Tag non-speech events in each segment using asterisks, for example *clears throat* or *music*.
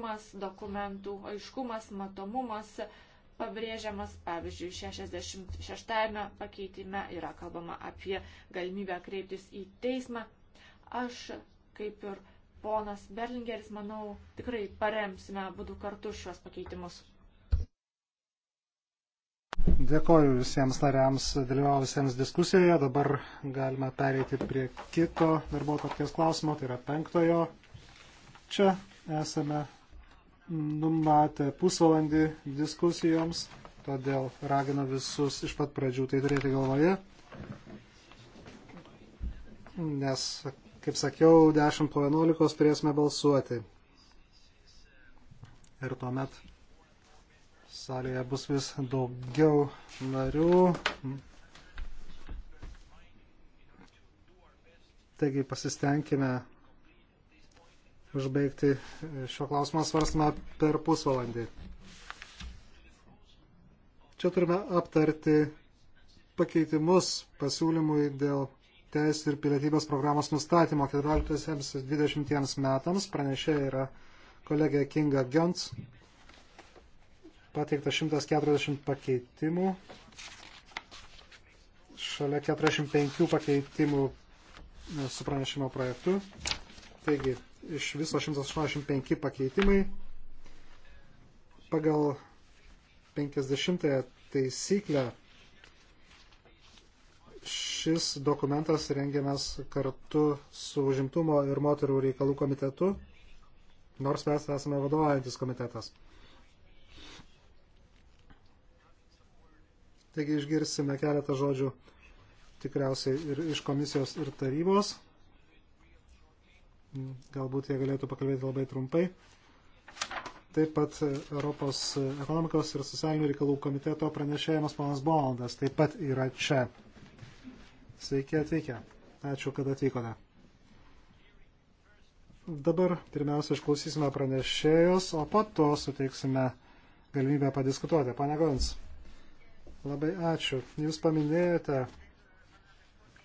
skaidrumas, dokumentų aiškumas, matomumas pabrėžiamas, pavyzdžiui, 66 pakeitime yra kalbama apie galimybę kreiptis į teismą. Aš, kaip ir ponas Berlingeris, manau, tikrai paremsime būdų kartu šios pakeitimus. Dėkoju visiems nariams dalyvavusiems diskusijoje. Dabar galime pereiti prie kito darbo tvarkės klausimo, tai yra penktojo. Čia esame numatę pusvalandį diskusijoms, todėl raginu visus iš pat pradžių tai turėti galvoje, nes, kaip sakiau, 10 po 11 turėsime balsuoti. Ir tuomet salėje bus vis daugiau narių. Taigi pasistengime užbaigti šio klausimo svarstymą per pusvalandį. Čia turime aptarti pakeitimus pasiūlymui dėl teisų ir pilietybės programos nustatymo 14-20 metams. Pranešė yra kolegė Kinga Gionts. Pateikta 140 pakeitimų. Šalia 45 pakeitimų su pranešimo projektu. Taigi, iš viso 185 pakeitimai pagal 50 taisyklę šis dokumentas rengiamas kartu su užimtumo ir moterų reikalų komitetu, nors mes esame vadovaujantis komitetas. Taigi išgirsime keletą žodžių tikriausiai ir iš komisijos ir tarybos. Galbūt jie galėtų pakalbėti labai trumpai. Taip pat Europos ekonomikos ir socialinių reikalų komiteto pranešėjimas panas Bonaldas taip pat yra čia. Sveiki atvykę. Ačiū, kad atvykote. Dabar pirmiausia išklausysime pranešėjus, o po to suteiksime galimybę padiskutuoti. Pane Gons, labai ačiū. Jūs paminėjote,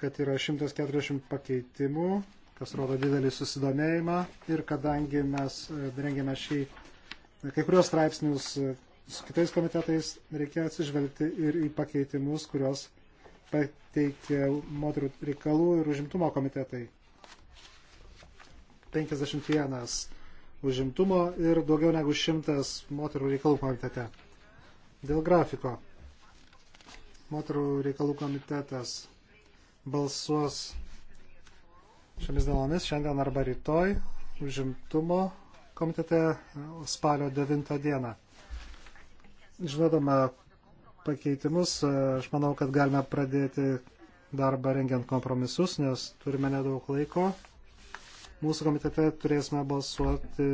kad yra 140 pakeitimų kas rodo didelį susidomėjimą ir kadangi mes e, rengėme šį, e, kai kurios straipsnius e, su kitais komitetais, reikia atsižvelgti ir į pakeitimus, kurios pateikė moterų reikalų ir užimtumo komitetai. 51 užimtumo ir daugiau negu 100 moterų reikalų komitete. Dėl grafiko. Moterų reikalų komitetas balsuos šiomis dienomis, šiandien arba rytoj, užimtumo komitete spalio 9 dieną. Žinodama pakeitimus, aš manau, kad galime pradėti darbą rengiant kompromisus, nes turime nedaug laiko. Mūsų komitete turėsime balsuoti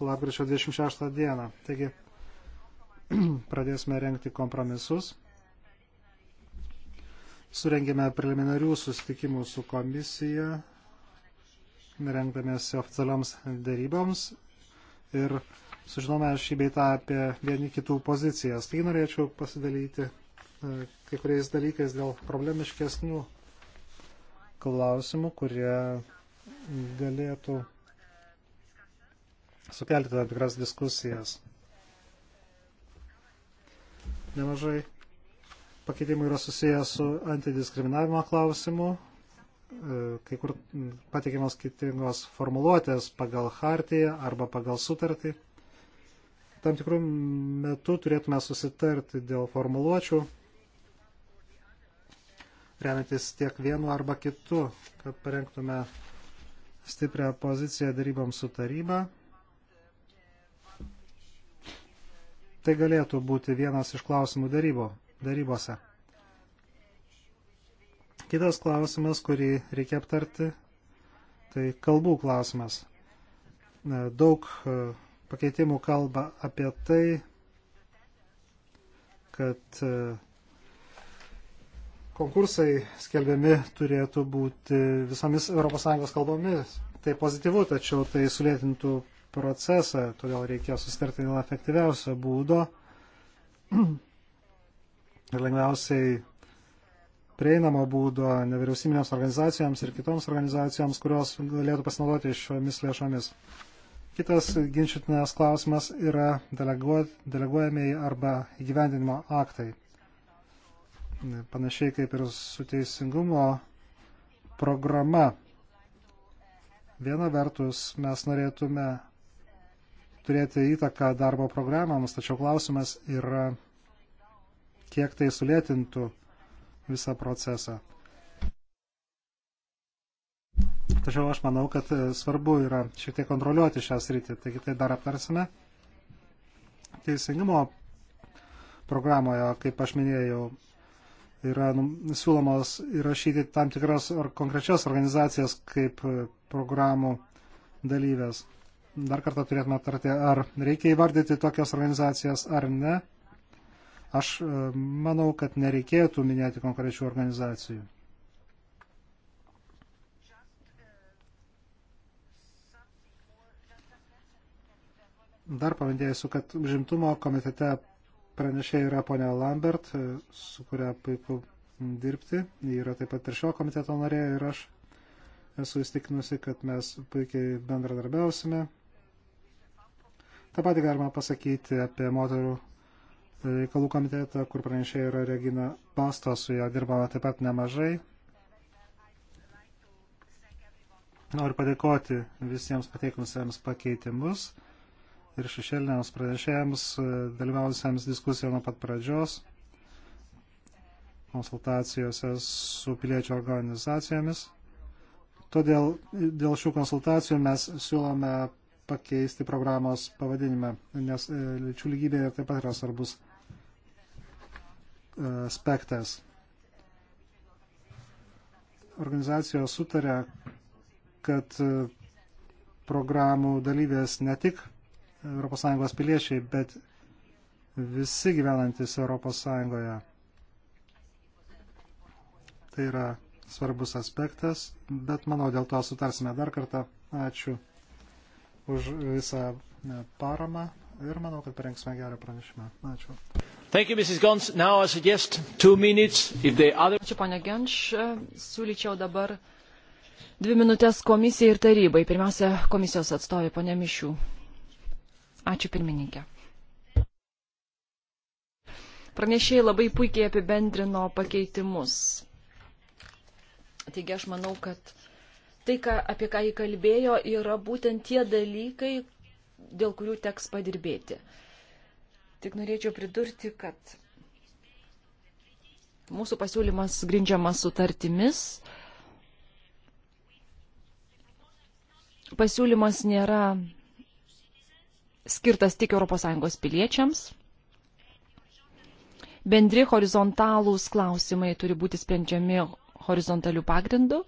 lapkričio 26 dieną. Taigi *clears throat* pradėsime renkti kompromisus. Surengėme preliminarių susitikimų su komisija rengdamėsi oficialioms daryboms ir sužinome šį beitą apie vieni kitų pozicijas. Tai norėčiau pasidalyti e, kai kuriais dalykais dėl problemiškesnių klausimų, kurie galėtų sukelti tam tikras diskusijas. Nemažai pakeitimų yra susijęs su antidiskriminavimo klausimu, kai kur patikimos skirtingos formuluotės pagal hartiją arba pagal sutartį. Tam tikrų metų turėtume susitarti dėl formuluočių, remiantis tiek vienu arba kitu, kad parengtume stiprią poziciją darybams su taryba. Tai galėtų būti vienas iš klausimų darybo, darybose. Kitas klausimas, kurį reikia aptarti, tai kalbų klausimas. Daug e, pakeitimų kalba apie tai, kad e, konkursai skelbiami turėtų būti visomis ES kalbomis. Tai pozityvu, tačiau tai sulėtintų procesą, todėl reikėjo susitarti dėl efektyviausio būdo *clears throat* ir lengviausiai prieinamo būdo nevyriausybinėms organizacijoms ir kitoms organizacijoms, kurios galėtų pasinaudoti šiomis lėšomis. Kitas ginčytinės klausimas yra deleguojamiai arba įgyvendinimo aktai. Panašiai kaip ir su teisingumo programa. Viena vertus mes norėtume turėti įtaką darbo programams, tačiau klausimas yra, kiek tai sulėtintų visą procesą. Tačiau aš manau, kad e, svarbu yra šiek tiek kontroliuoti šią sritį, taigi tai dar aptarsime. Teisingumo programoje, kaip aš minėjau, yra siūlomos įrašyti tam tikras ar konkrečias organizacijas kaip e, programų dalyvės. Dar kartą turėtume aptarti, ar reikia įvardyti tokias organizacijas ar ne. Aš e, manau, kad nereikėtų minėti konkrečių organizacijų. Dar pavindėsiu, kad žimtumo komitete pranešė yra ponia Lambert, e, su kuria puiku dirbti. Ji yra taip pat ir šio komiteto narė ir aš esu įstikinusi, kad mes puikiai bendradarbiausime. Ta pati galima pasakyti apie moterų reikalų komitetą, kur pranešė yra Regina Basto, su ją dirbame taip pat nemažai. Noriu padėkoti visiems pateikusiems pakeitimus ir šešėliniams pranešėjams, e, dalyvausiams diskusiją nuo pat pradžios, konsultacijose su piliečio organizacijomis. Todėl dėl šių konsultacijų mes siūlome pakeisti programos pavadinimą, nes e, lyčių lygybė taip pat yra svarbus aspektas. Organizacijos sutarė, kad programų dalyvės ne tik ES piliečiai, bet visi gyvenantis ES. Tai yra svarbus aspektas, bet manau dėl to sutarsime dar kartą. Ačiū už visą paramą ir manau, kad parengsime gerą pranešimą. Ačiū. You, other... Ačiū, ponia Genš. Siūlyčiau dabar dvi minutės komisijai ir tarybai. Pirmiausia, komisijos atstovė, ponia Mišių. Ačiū, pirmininkė. Pranešėjai labai puikiai apibendrino pakeitimus. Taigi aš manau, kad tai, ką, apie ką jį kalbėjo, yra būtent tie dalykai, dėl kurių teks padirbėti. Uh, Tik norėčiau pridurti, kad mūsų pasiūlymas grindžiamas sutartimis. Pasiūlymas nėra skirtas tik ES piliečiams. Bendri horizontalūs klausimai turi būti sprendžiami horizontalių pagrindų.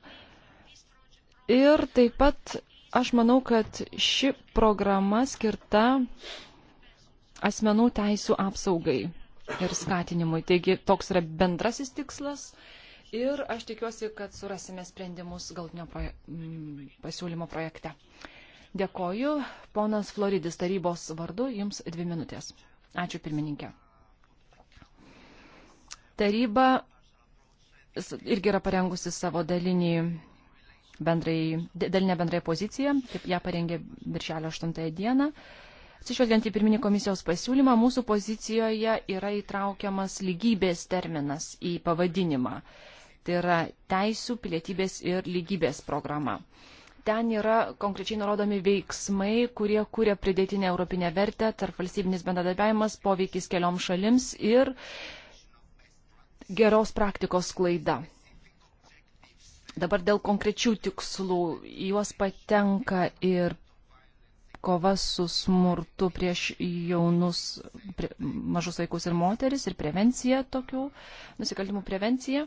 Ir taip pat aš manau, kad ši programa skirta asmenų teisų apsaugai ir skatinimui. Taigi toks yra bendrasis tikslas ir aš tikiuosi, kad surasime sprendimus galtinio proje pasiūlymo projekte. Dėkoju, ponas Floridis tarybos vardu, jums dvi minutės. Ačiū pirmininkė. Taryba irgi yra parengusi savo dalinį bendrai, dalinę bendrąją poziciją, taip ją parengė viršelio 8 dieną. Atsižvelgiant į pirminį komisijos pasiūlymą, mūsų pozicijoje yra įtraukiamas lygybės terminas į pavadinimą. Tai yra teisų, pilietybės ir lygybės programa. Ten yra konkrečiai nurodomi veiksmai, kurie kūrė pridėtinę europinę vertę, tarp valstybinis bendradarbiavimas, poveikis keliom šalims ir geros praktikos klaida. Dabar dėl konkrečių tikslų juos patenka ir kova su smurtu prieš jaunus, prie, mažus vaikus ir moteris ir prevencija tokių nusikaltimų prevencija.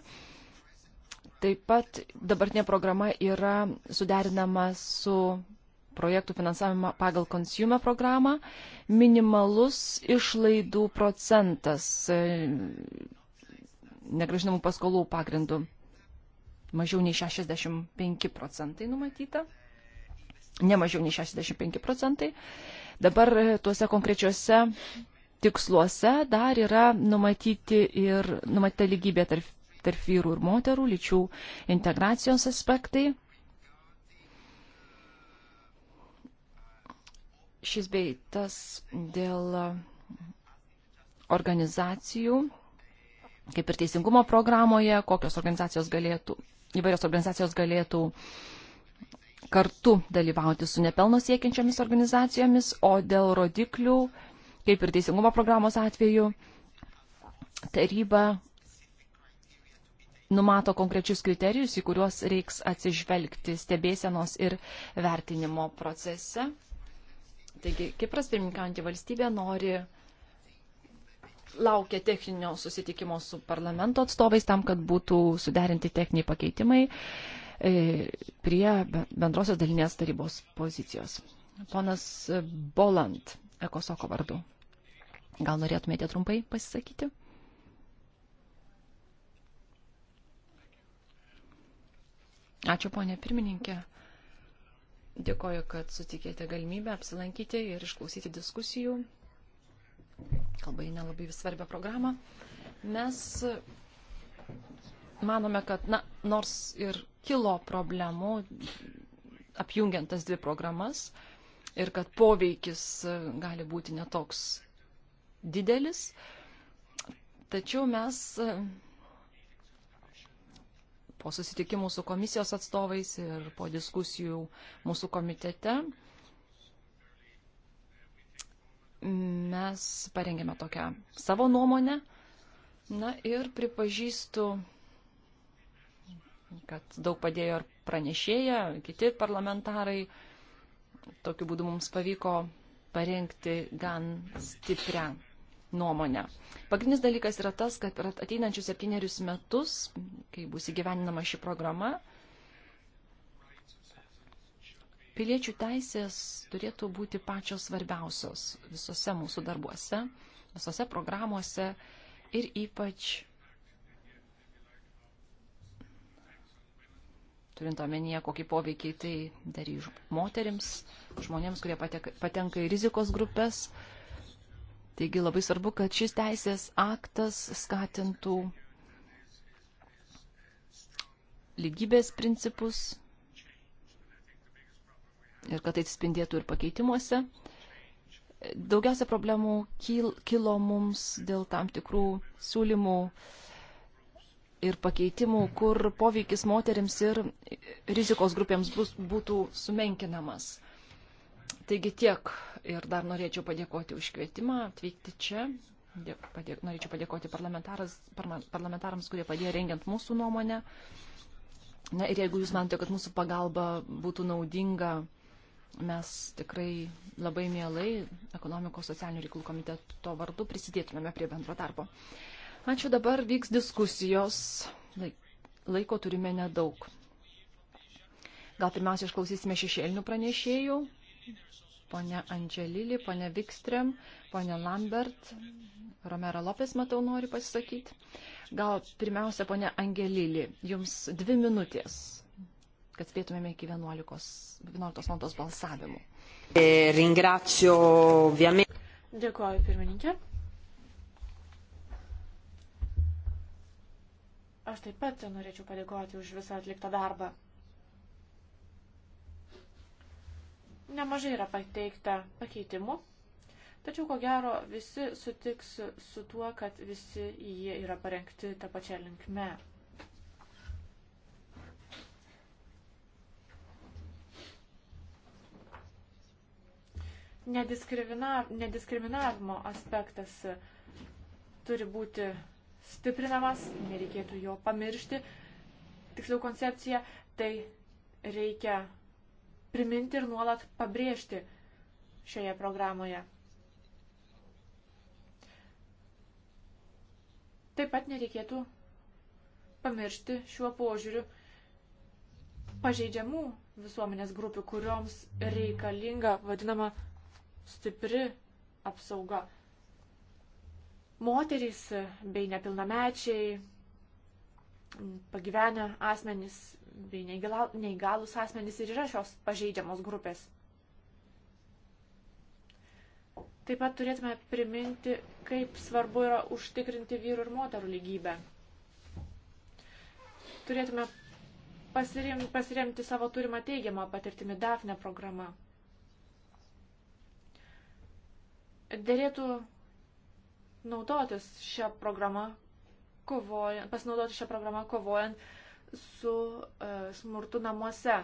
Taip pat dabartinė programa yra suderinama su projektų finansavimą pagal Consumer programą. Minimalus išlaidų procentas e, negražinamų paskolų pagrindų mažiau nei 65 procentai numatyta nemažiau nei 65 procentai. Dabar e, tuose konkrečiuose tiksluose dar yra numatyti ir numatyta lygybė tarp, tarp vyrų ir moterų, lyčių integracijos aspektai. Šis beitas dėl organizacijų, kaip ir teisingumo programoje, kokios organizacijos galėtų, įvairios organizacijos galėtų uh, kartu dalyvauti su nepelno siekiančiomis organizacijomis, o dėl rodiklių, kaip ir teisingumo programos atveju, taryba numato konkrečius kriterijus, į kuriuos reiks atsižvelgti stebėsenos ir vertinimo procese. Taigi, Kipras pirmininkaujantį valstybę nori laukia techninio susitikimo su parlamento atstovais tam, kad būtų suderinti techniniai pakeitimai. Uh, E, prie bendrosios dalinės tarybos pozicijos. Ponas Boland, Ekosoko vardu. Gal norėtumėte trumpai pasisakyti? Ačiū, ponė pirmininkė. Dėkoju, kad sutikėte galimybę apsilankyti ir išklausyti diskusijų. Kalba į nelabai svarbią programą. Mes manome, kad na, nors ir kilo problemų apjungiant tas dvi programas ir kad poveikis e, gali būti netoks didelis, tačiau mes e, po susitikimų su komisijos atstovais ir po diskusijų mūsų komitete mes parengėme tokią savo nuomonę. Na ir pripažįstu kad daug padėjo ir pranešėja, kiti parlamentarai. Tokiu būdu mums pavyko parengti gan stiprią nuomonę. Pagrindinis dalykas yra tas, kad per ateinančius septynerius metus, kai bus įgyveninama ši programa, piliečių teisės turėtų būti pačios svarbiausios visose mūsų darbuose, visose programuose ir ypač turint omenyje, kokį poveikį tai darys moterims, žmonėms, kurie patenka į rizikos grupės. Taigi labai svarbu, kad šis teisės aktas skatintų lygybės principus ir kad tai atsispindėtų ir pakeitimuose. Daugiausia problemų kilo mums dėl tam tikrų siūlymų uh, ir pakeitimų, kur poveikis moteriams ir rizikos grupėms bus, būtų sumenkinamas. Taigi tiek ir dar norėčiau padėkoti už kvietimą atvykti čia. Dėk, padėk, norėčiau padėkoti parlamentarams, kurie padėjo rengiant mūsų nuomonę. Na ir jeigu jūs manote, kad mūsų pagalba būtų naudinga, mes tikrai labai mielai ekonomikos socialinių reikalų komiteto vardu prisidėtumėme prie bendro darbo. Ačiū, dabar vyks diskusijos. Laiko turime nedaug. Gal pirmiausia išklausysime šešėlinių pranešėjų. Pone Andželili, pone Vikstrem, pone Lambert, Romero Lopes, matau, nori pasisakyti. Gal pirmiausia, pone Angelili, jums dvi minutės, kad spėtumėme iki 11, 11 valandos balsavimų. E, Dėkuoju, pirmininkė. Aš taip pat norėčiau padėkoti už visą atliktą darbą. Nemažai yra pateikta pakeitimų, tačiau ko gero visi sutiks su tuo, kad visi jie yra parengti tą pačią linkme. nediskriminavimo aspektas turi būti stiprinamas, nereikėtų jo pamiršti, tiksliau koncepcija, tai reikia priminti ir nuolat pabrėžti šioje programoje. Taip pat nereikėtų pamiršti šiuo požiūriu pažeidžiamų visuomenės grupių, kurioms reikalinga vadinama stipri apsauga. Moterys bei nepilnamečiai, pagyvenę asmenys bei neįgalus asmenys ir yra šios pažeidžiamos grupės. Taip pat turėtume priminti, kaip svarbu yra užtikrinti vyrų ir moterų lygybę. Turėtume pasirim, pasiremti savo turimą teigiamą patirtimį DAFNE programą. Dėlėtų naudotis šią programą, kovojant, pasinaudoti šią programą kovojant su uh, smurtu namuose.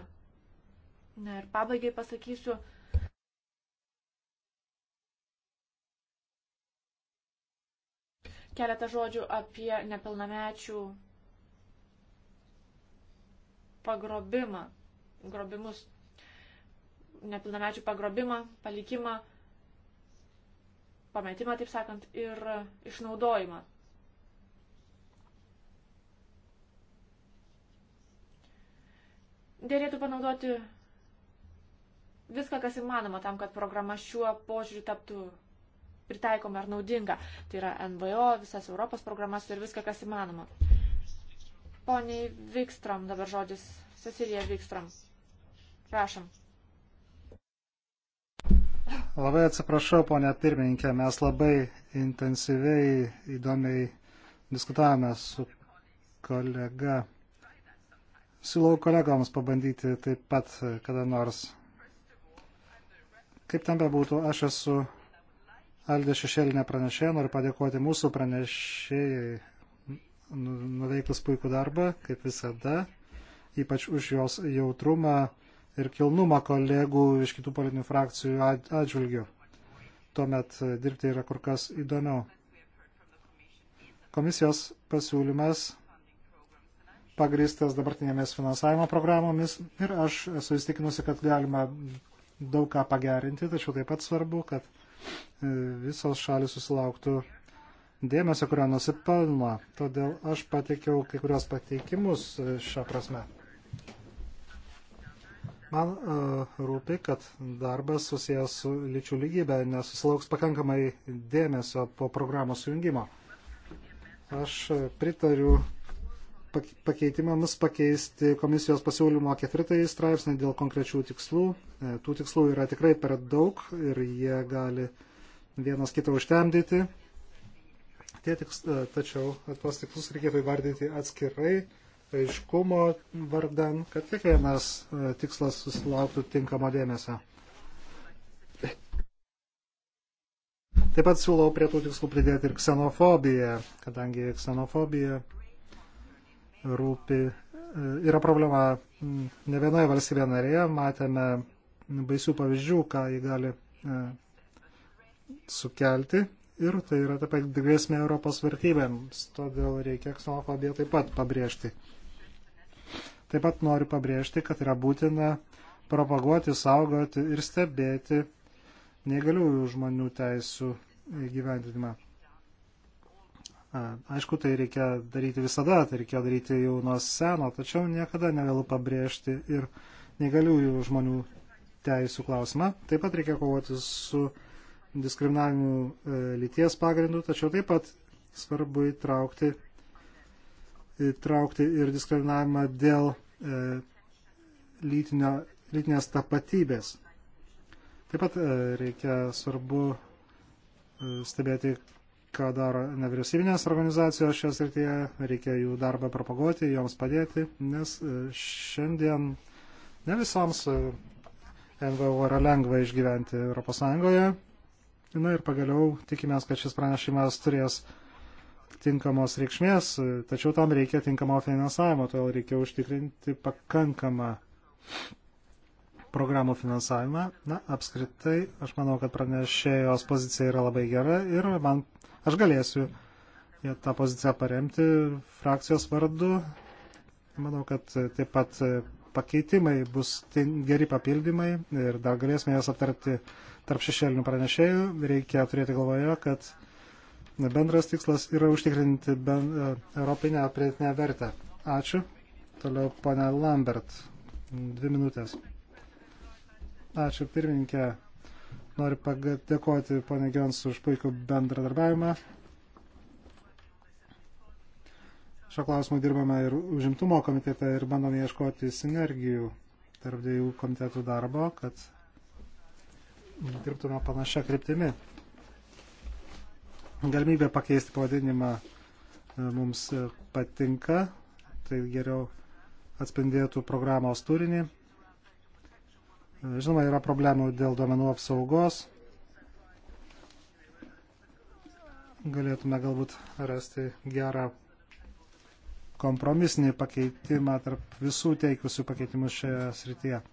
Na ir pabaigai pasakysiu. Keletą žodžių apie nepilnamečių pagrobimą, grobimus, nepilnamečių pagrobimą, palikimą pametimą, taip sakant, ir išnaudojimą. Dėlėtų panaudoti viską, kas įmanoma tam, kad programa šiuo požiūriu taptų pritaikoma ar naudinga. Tai yra NVO, visas Europos programas ir viską, kas įmanoma. Poniai Vikstrom, dabar žodis Cecilija Vikstrom. Prašom. Labai atsiprašau, ponė pirmininkė, mes labai intensyviai, įdomiai diskutavome su kolega. Siūlau kolegoms pabandyti taip pat kada nors. Kaip ten bebūtų, aš esu Aldė Šešėlinė pranešėja, noriu padėkoti mūsų pranešėjai nu, nuveikus puikų darbą, kaip visada, ypač už jos jautrumą ir kilnumą kolegų iš kitų politinių frakcijų atžvilgių. Tuomet e, dirbti yra kur kas įdomiau. Komisijos pasiūlymas pagristas dabartinėmis finansavimo programomis ir aš esu įstikinusi, kad galima daug ką pagerinti, tačiau taip pat svarbu, kad e, visos šalis susilauktų dėmesio, kurio nusipelno. Todėl aš pateikiau kai kurios pateikimus e, šią prasme. Man uh, rūpi, kad darbas susijęs su lyčių lygybė nesusilauks pakankamai dėmesio po programos sujungimo. Aš pritariu pakeitimams pakeisti komisijos pasiūlymo ketvirtąjį straipsnį dėl konkrečių tikslų. E, tų tikslų yra tikrai per daug ir jie gali vienas kitą užtemdyti. Tie tiks, e, tačiau tuos tikslus reikėtų įvardyti atskirai aiškumo vardan, kad kiekvienas e, tikslas susilauktų tinkamo dėmesio. Taip pat siūlau prie tų tikslų pridėti ir ksenofobiją, kadangi ksenofobija rūpi, e, yra problema ne vienoje valstybėje narėje, matėme baisių pavyzdžių, ką jį gali e, sukelti ir tai yra taip pat grėsmė Europos vertybėms, todėl reikia ksenofobiją taip pat pabrėžti. Taip pat noriu pabrėžti, kad yra būtina propaguoti, saugoti ir stebėti negaliųjų žmonių teisų įgyvendinimą. Aišku, tai reikia daryti visada, tai reikia daryti jau nuo seno, tačiau niekada negalu pabrėžti ir negaliųjų žmonių teisų klausimą. Taip pat reikia kovoti su diskriminavimu e, lyties pagrindu, tačiau taip pat svarbu įtraukti, įtraukti ir diskriminavimą dėl e, lytinio, lytinės tapatybės. Taip pat e, reikia svarbu e, stebėti, ką daro nevyriausybinės organizacijos šios rytyje, reikia jų darbą propaguoti, joms padėti, nes e, šiandien ne visoms e, NVO yra lengva išgyventi ES. Na ir pagaliau tikimės, kad šis pranešimas turės tinkamos reikšmės, tačiau tam reikia tinkamo finansavimo, todėl reikia užtikrinti pakankamą programų finansavimą. Na, apskritai, aš manau, kad pranešėjos pozicija yra labai gera ir man, aš galėsiu tą poziciją paremti frakcijos vardu. Manau, kad taip pat pakeitimai bus geri papildymai ir dar galėsime jas aptarti tarp šešėlinių pranešėjų. Reikia turėti galvoje, kad Bendras tikslas yra užtikrinti ben, e, europinę prietinę vertę. Ačiū. Toliau pane Lambert. Dvi minutės. Ačiū pirmininkė. Noriu padėkoti pane Gions už puikų bendradarbiavimą. Šio klausimu dirbame ir užimtumo komitete ir bandome ieškoti sinergijų tarp dviejų komitetų darbo, kad dirbtume panašia kryptimi. Galimybė pakeisti pavadinimą e, mums e, patinka, tai geriau atspindėtų programos turinį. E, žinoma, yra problemų dėl duomenų apsaugos. Galėtume galbūt rasti gerą kompromisinį pakeitimą tarp visų teikusių pakeitimus šioje srityje.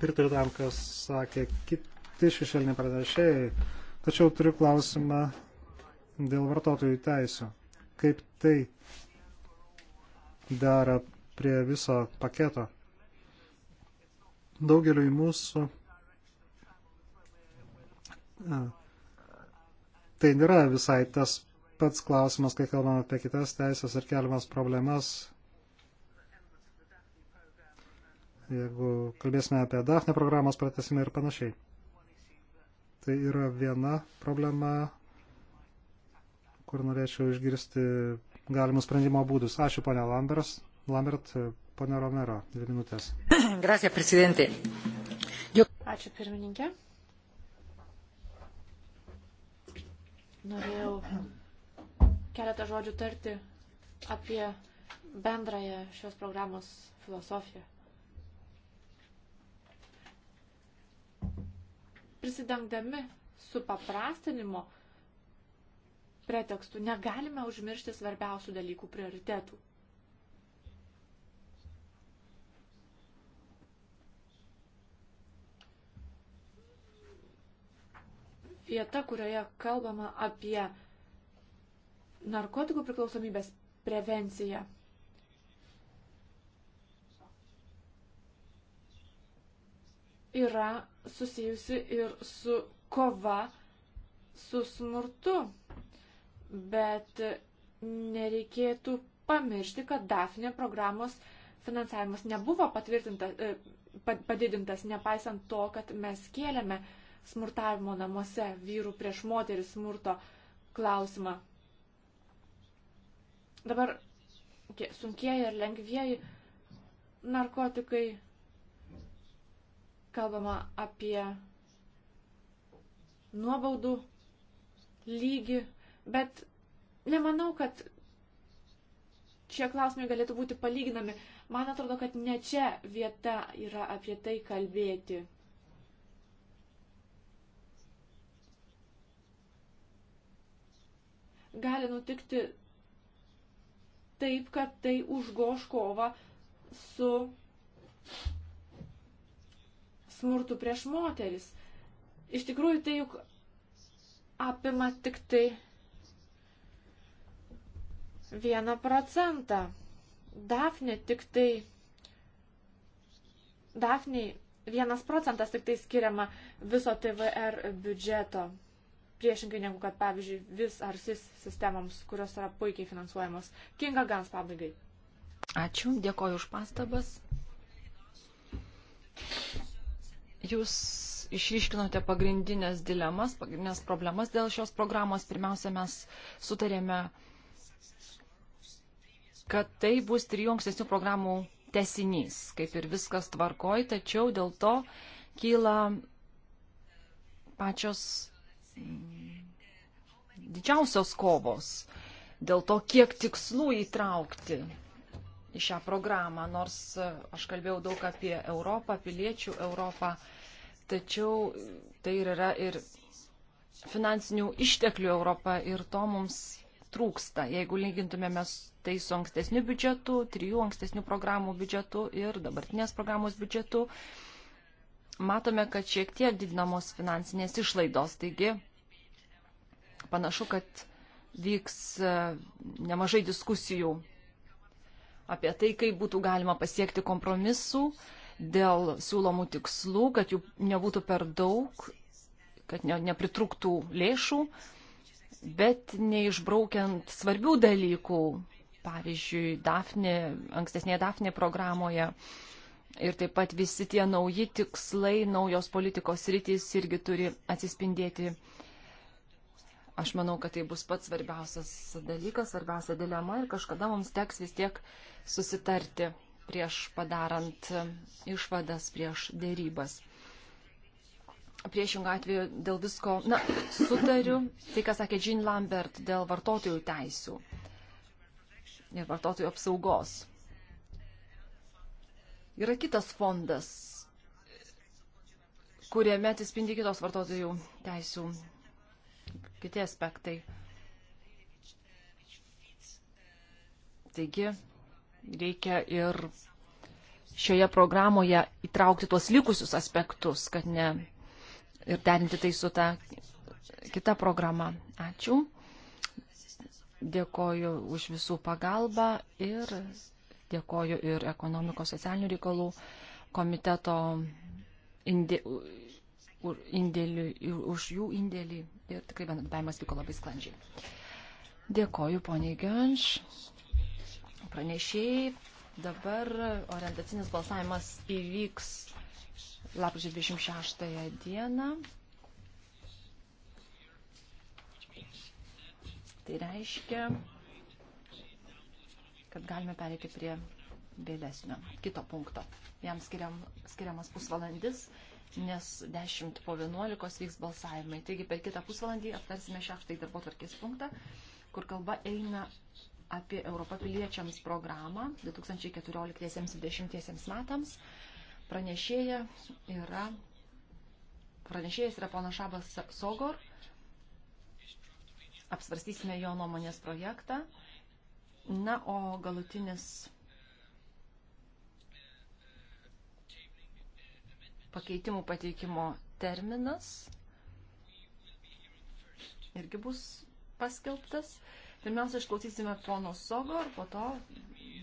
Pritariu tam, kas sakė kiti šešėliniai pranešėjai Tačiau turiu klausimą dėl vartotojų teisų. Kaip tai dera prie viso paketo? Daugeliu į mūsų. A, tai nėra visai tas pats klausimas, kai kalbame apie kitas teisės ir keliamas problemas. Jeigu kalbėsime apie DAFNE programos pratesimą ir panašiai. Tai yra viena problema, kur norėčiau išgirsti galimus sprendimo būdus. Ačiū, ponia Lambers. Lambert, ponia Romero, dvi minutės. *clears throat* Grazie, prezidentė. Ačiū, pirmininkė. Norėjau keletą žodžių tarti apie bendrąją šios programos filosofiją. prisidengdami su paprastinimo pretekstu negalime užmiršti svarbiausių dalykų prioritetų. Vieta, kurioje kalbama apie narkotikų priklausomybės prevenciją yra susijusi ir su kova su smurtu. Bet nereikėtų pamiršti, kad Dafne programos finansavimas nebuvo patvirtintas, e, padidintas, nepaisant to, kad mes kėlėme smurtavimo namuose vyrų prieš moterį smurto klausimą. Dabar sunkieji ir lengvieji narkotikai kalbama apie nuobaudų lygį, bet nemanau, kad šie klausimai galėtų būti palyginami. Man atrodo, kad ne čia vieta yra apie tai kalbėti. Gali nutikti taip, kad tai užgoš kovą su smurtų prieš moteris. Iš tikrųjų, tai juk apima tik tai vieną procentą. Dafne tik tai. Dafniai vienas procentas tik tai skiriama viso TVR biudžeto. Priešingai negu kad, pavyzdžiui, vis ar sis sistemoms, kurios yra puikiai finansuojamos. Kinga Gans pabaigai. Ačiū, dėkoju už pastabas. Jūs išryškinote pagrindinės dilemas, pagrindinės problemas dėl šios programos. Pirmiausia, mes sutarėme, kad tai bus trijų ankstesnių programų tesinys, kaip ir viskas tvarkoj, tačiau dėl to kyla pačios mm, didžiausios kovos dėl to, kiek tikslų įtraukti į šią programą, nors e, aš kalbėjau daug apie Europą, piliečių Europą, tačiau tai ir yra ir finansinių išteklių Europą ir to mums trūksta. Jeigu lygintumėme tai su ankstesniu biudžetu, trijų ankstesnių programų biudžetu ir dabartinės programos biudžetu, matome, kad šiek tiek didinamos finansinės išlaidos. Taigi, panašu, kad vyks e, nemažai diskusijų apie tai, kaip būtų galima pasiekti kompromisų dėl siūlomų tikslų, kad jų nebūtų per daug, kad ne, nepritrūktų lėšų, bet neišbraukiant svarbių dalykų, pavyzdžiui, Dafne, ankstesnėje Dafne programoje. Ir taip pat visi tie nauji tikslai, naujos politikos rytis irgi turi atsispindėti uh, Aš manau, kad tai bus pats svarbiausias dalykas, svarbiausia dilema ir kažkada mums teks vis tiek susitarti prieš padarant išvadas, prieš dėrybas. Priešingų atveju dėl visko, na, sutariu, tai ką sakė Jean Lambert dėl vartotojų teisių ir vartotojų apsaugos. Yra kitas fondas, kuriame atsispindi kitos vartotojų teisų kiti aspektai. Taigi, reikia ir šioje programoje įtraukti tuos likusius aspektus, kad ne ir derinti tai su ta kita programa. Ačiū. Dėkoju už visų pagalbą ir dėkoju ir ekonomikos socialinių reikalų komiteto indi, už, indėlį, už jų indėlį ir tikrai bendradarbiavimas vyko labai sklandžiai. Dėkoju, poniai Gönš. Pranešėjai, dabar orientacinis balsavimas įvyks lapkričio 26 dieną. Tai reiškia, kad galime pereiti prie vėlesnio kito punkto. Jam skiriam, skiriamas pusvalandis nes 10 po 11 vyks balsavimai. Taigi per kitą pusvalandį aptarsime šeštąjį darbo tvarkės punktą, kur kalba eina apie Europą piliečiams programą 2014-2020 metams. Pranešėja yra, pranešėjas yra ponas Šabas Sogor. Apsvarstysime jo nuomonės projektą. Na, o galutinis pakeitimų pateikimo terminas irgi bus paskelbtas. Pirmiausia, išklausysime pono Sogo ir po to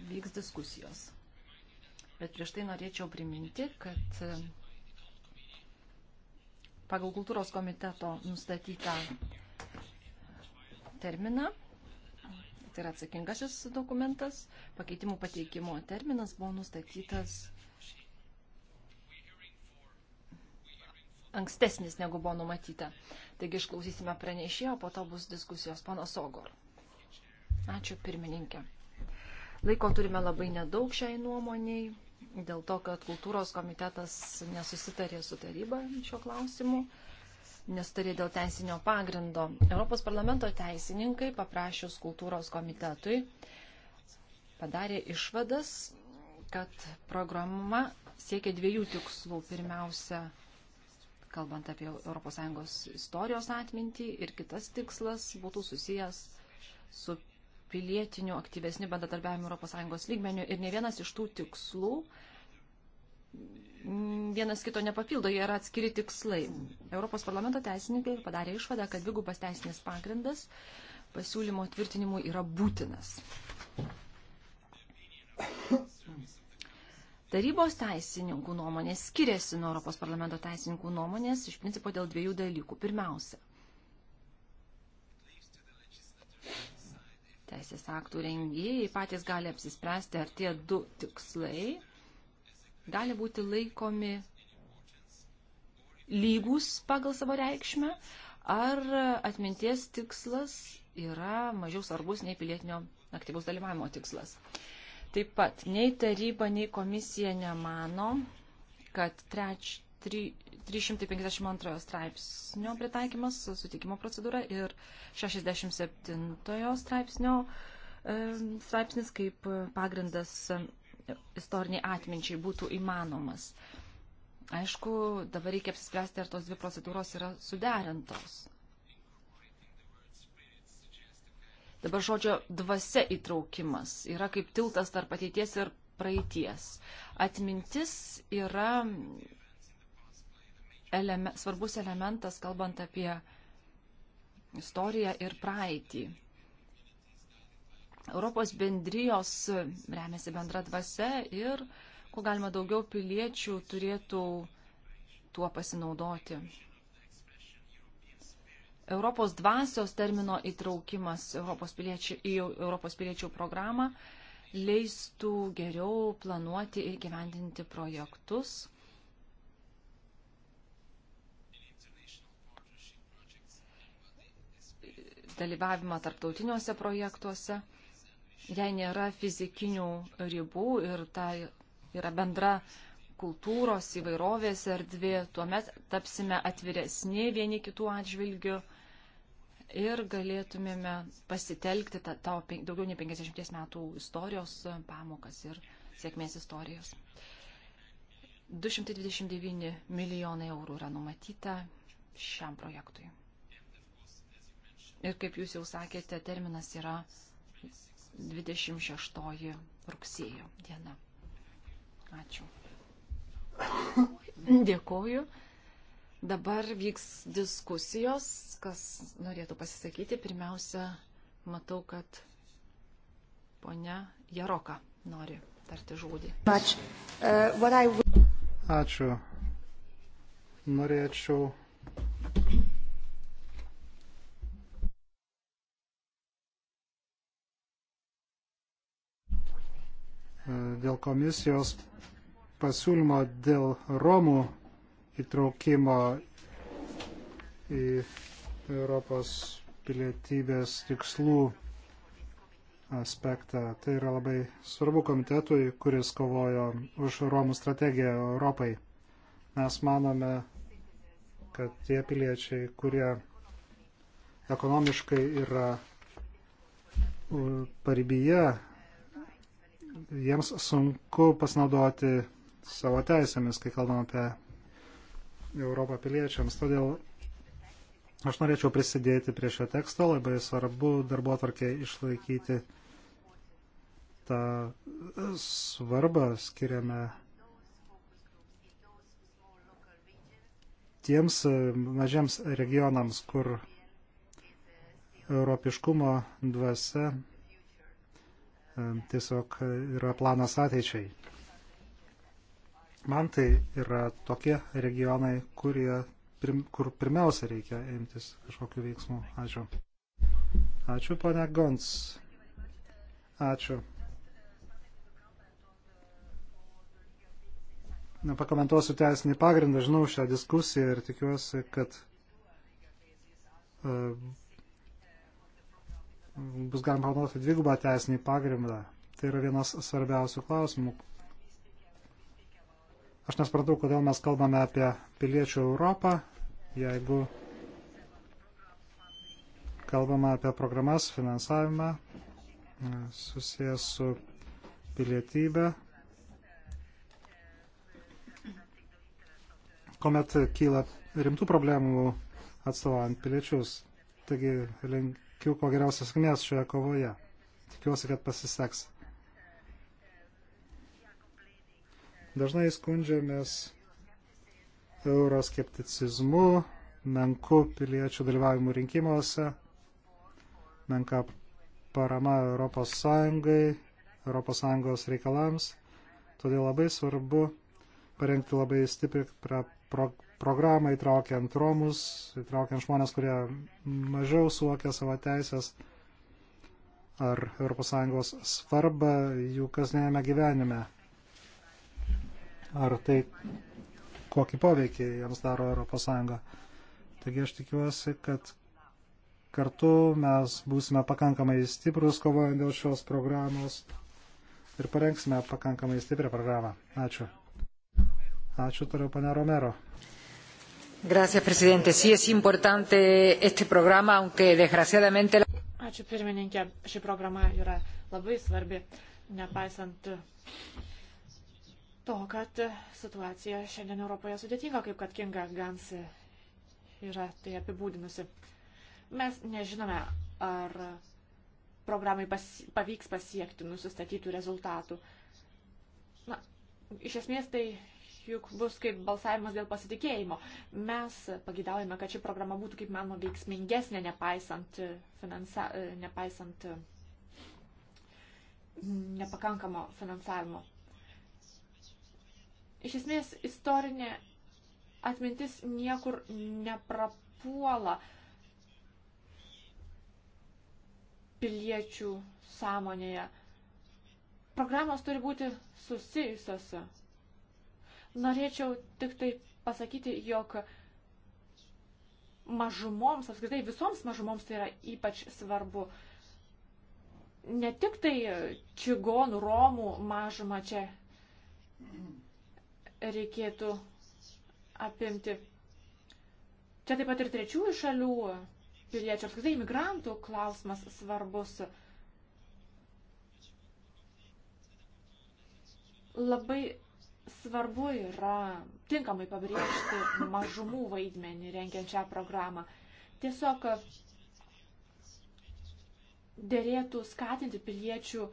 vyks diskusijos. Bet prieš tai norėčiau priminti, kad e, pagal kultūros komiteto nustatytą terminą, tai yra atsakingasis dokumentas, pakeitimų pateikimo terminas buvo nustatytas ankstesnis negu buvo numatyta. Taigi išklausysime pranešėjo, po to bus diskusijos. Panas Ogor. Ačiū pirmininkė. Laiko turime labai nedaug šiai nuomoniai, dėl to, kad kultūros komitetas nesusitarė su taryba šiuo klausimu, nesutarė dėl teisinio pagrindo. Europos parlamento teisininkai paprašius kultūros komitetui padarė išvadas, kad programa siekia dviejų tikslų. Pirmiausia, kalbant apie ES istorijos atmintį ir kitas tikslas būtų susijęs su pilietiniu aktyvesniu bendradarbiavimu ES lygmeniu ir ne vienas iš tų tikslų mm, vienas kito nepapildo, jie yra atskiri tikslai. Europos parlamento teisininkai padarė išvadą, kad dvigubas teisinis pagrindas pasiūlymo tvirtinimui yra būtinas. Tarybos teisininkų nuomonės skiriasi nuo Europos parlamento teisininkų nuomonės iš principo dėl dviejų dalykų. Pirmiausia, teisės aktų rengėjai patys gali apsispręsti, ar tie du tikslai gali būti laikomi lygus pagal savo reikšmę, ar atminties tikslas yra mažiau svarbus nei pilietinio aktyvaus dalyvavimo tikslas. Uh, Taip pat nei taryba, nei komisija nemano, kad treč, tri, 352 straipsnio pritaikymas sutikimo procedūra ir 67 straipsnio e, straipsnis kaip pagrindas istoriniai atminčiai būtų įmanomas. Aišku, dabar reikia apsispręsti, ar tos dvi procedūros yra suderintos. Dabar žodžio dvasia įtraukimas yra kaip tiltas tarp ateities ir praeities. Atmintis yra eleme, svarbus elementas, kalbant apie istoriją ir praeitį. Europos bendrijos remiasi bendra dvasia ir kuo galima daugiau piliečių turėtų tuo pasinaudoti. Europos dvasios termino įtraukimas Europos piliečių, į Europos piliečių programą leistų geriau planuoti ir gyvendinti projektus. dalyvavimą tarptautiniuose projektuose, jei nėra fizikinių ribų ir ta yra bendra kultūros įvairovės erdvė, tuomet tapsime atviresni vieni kitų atžvilgių ir galėtumėme pasitelkti tą, tą daugiau nei 50 metų istorijos pamokas ir sėkmės istorijos. 229 milijonai eurų yra numatyta šiam projektui. Ir kaip jūs jau sakėte, terminas yra 26 rugsėjo diena. Ačiū. Dėkoju. Dabar vyks diskusijos, kas norėtų pasisakyti. Pirmiausia, matau, kad ponia Jaroka nori tarti žodį. Uh, Ačiū. Norėčiau. Dėl komisijos pasiūlymo dėl Romų įtraukimo į Europos pilietybės tikslų aspektą. Tai yra labai svarbu komitetui, kuris kovojo už Romų strategiją Europai. Mes manome, kad tie piliečiai, kurie ekonomiškai yra paribyje, jiems sunku pasinaudoti savo teisėmis, kai kalbam apie Europą piliečiams. Todėl aš norėčiau prisidėti prie šio teksto. Labai svarbu darbo tvarkė išlaikyti tą svarbą skiriame tiems mažiems regionams, kur europiškumo dvasia e, tiesiog yra planas ateičiai. Man tai yra tokie regionai, kurie, prim, kur pirmiausia reikia imtis kažkokiu veiksmu. Ačiū. Ačiū, ponia Gons. Ačiū. Pakomentuosiu teisinį pagrindą, žinau šią diskusiją ir tikiuosi, kad uh, bus galima panaudoti dvigubą teisinį pagrindą. Tai yra vienas svarbiausių klausimų, Aš nesupratau, kodėl mes kalbame apie piliečių Europą, jeigu kalbame apie programas, finansavimą e, susijęs su pilietybė, kuomet kyla rimtų problemų atstovant piliečius. Taigi linkiu ko geriausios sėkmės šioje kovoje. Tikiuosi, kad pasiseks. Dažnai skundžiamės euroskepticizmu, menku piliečių dalyvavimu rinkimuose, menka parama Europos Sąjungai, Europos Sąjungos reikalams. Todėl labai svarbu parengti labai stiprią pro programą įtraukiant romus, įtraukiant žmonės, kurie mažiau suokia savo teisės ar ES svarbą jų kasdienėme gyvenime ar tai kokį poveikį jiems daro ES. Taigi aš tikiuosi, kad kartu mes būsime pakankamai stiprus kovojant dėl šios programos ir parengsime pakankamai stiprią programą. Ačiū. Ačiū toliau, pane Romero. Gracias, presidente. Sí es importante este programa, aunque desgraciadamente. Ačiū pirmininkė. Ši programa yra labai svarbi, nepaisant to, kad situacija šiandien Europoje sudėtinga, kaip kad Kinga Gans yra tai apibūdinusi. Mes nežinome, ar programai pas, pavyks pasiekti nusistatytų rezultatų. Na, iš esmės tai juk bus kaip balsavimas dėl pasitikėjimo. Mes pagidaujame, kad ši programa būtų kaip manoma veiksmingesnė, nepaisant, finansa, nepaisant mm, nepakankamo finansavimo. Iš esmės, istorinė atmintis niekur neprapuola piliečių sąmonėje. Programos turi būti susijusios. Norėčiau tik tai pasakyti, jog mažumoms, apskritai visoms mažumoms tai yra ypač svarbu. Ne tik tai čigonų, romų mažumą čia reikėtų apimti. Čia taip pat ir trečiųjų šalių piliečių, apskritai imigrantų klausimas svarbus. Labai svarbu yra tinkamai pabrėžti mažumų vaidmenį renkiant šią programą. Tiesiog dėrėtų skatinti piliečių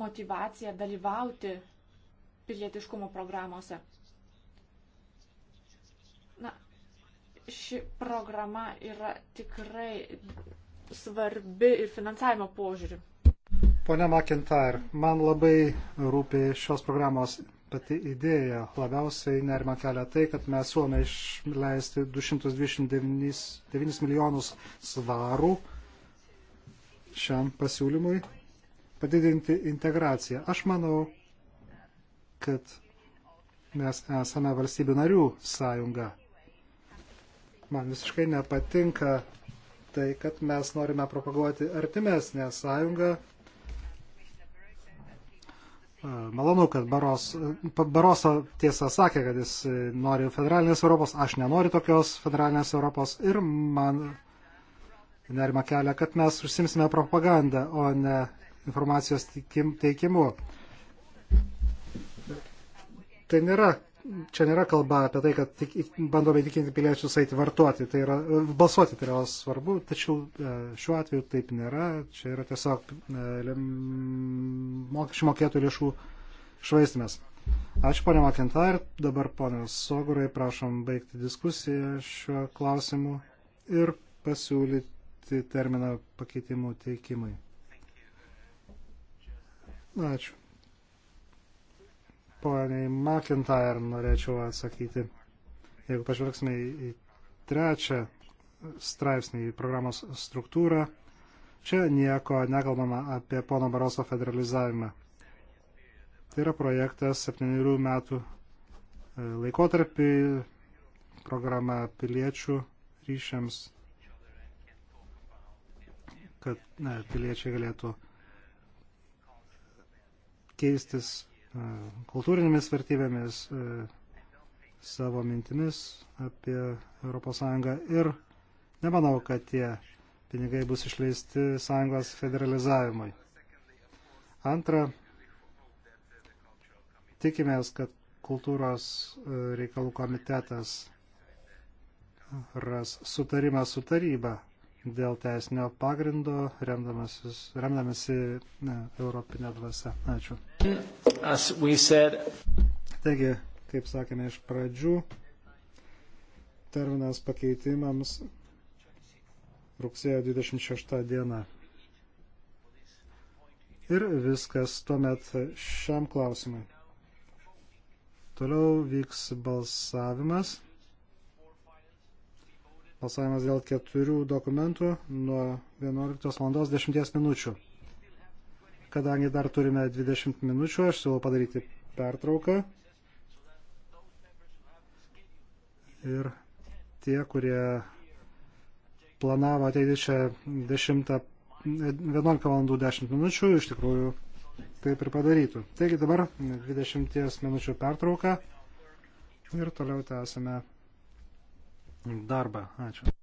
motivaciją dalyvauti pilietiškumo programuose. Na, ši programa yra tikrai svarbi ir finansavimo požiūriu. Pone McIntyre, man labai rūpi šios programos pati idėja. Labiausiai nerima kelia tai, kad mes suome išleisti 229 milijonus svarų šiam pasiūlymui padidinti integraciją. Aš manau, kad mes esame valstybių narių sąjunga. Man visiškai nepatinka tai, kad mes norime propaguoti artimesnę sąjungą. Malonu, kad Baros, Baroso tiesą sakė, kad jis nori federalinės Europos, aš nenoriu tokios federalinės Europos ir man nerima kelia, kad mes užsimsime propagandą, o ne informacijos teikimu tai nėra, čia nėra kalba apie tai, kad tik, bandome įtikinti piliečius eiti vartuoti, tai yra, balsuoti tai yra svarbu, tačiau e, šiuo atveju taip nėra, čia yra tiesiog e, mokesčių mokėtų lėšų švaistimas. Ačiū ponia Makintar, dabar ponios Sogurai, prašom baigti diskusiją šiuo klausimu ir pasiūlyti terminą pakeitimų teikimui. Ačiū poniai McIntyre norėčiau atsakyti. Jeigu pažvelgsime į trečią straipsnį, į programos struktūrą, čia nieko nekalbama apie pono Baroso federalizavimą. Tai yra projektas septynių metų e, laikotarpį, programa piliečių ryšiams, kad ne, piliečiai galėtų keistis kultūrinėmis vertybėmis, savo mintimis apie ES ir nemanau, kad tie pinigai bus išleisti sąjungos federalizavimui. Antra, tikimės, kad kultūros reikalų komitetas ras sutarimą su taryba dėl teisinio pagrindo, remdamasi ne, Europinė dvasia. Ačiū. Said... Taigi, kaip sakėme iš pradžių, terminas pakeitimams rugsėjo 26 diena. Ir viskas tuomet šiam klausimui. Toliau vyks balsavimas. Balsavimas dėl keturių dokumentų nuo 11 val. 10 minučių. Kadangi dar turime 20 minučių, aš siūlau padaryti pertrauką. Ir tie, kurie planavo ateiti čia 10, 11 valandų 10 minučių, iš tikrųjų taip ir padarytų. Taigi dabar 20 minučių pertrauka ir toliau tęsime darbą. Ačiū.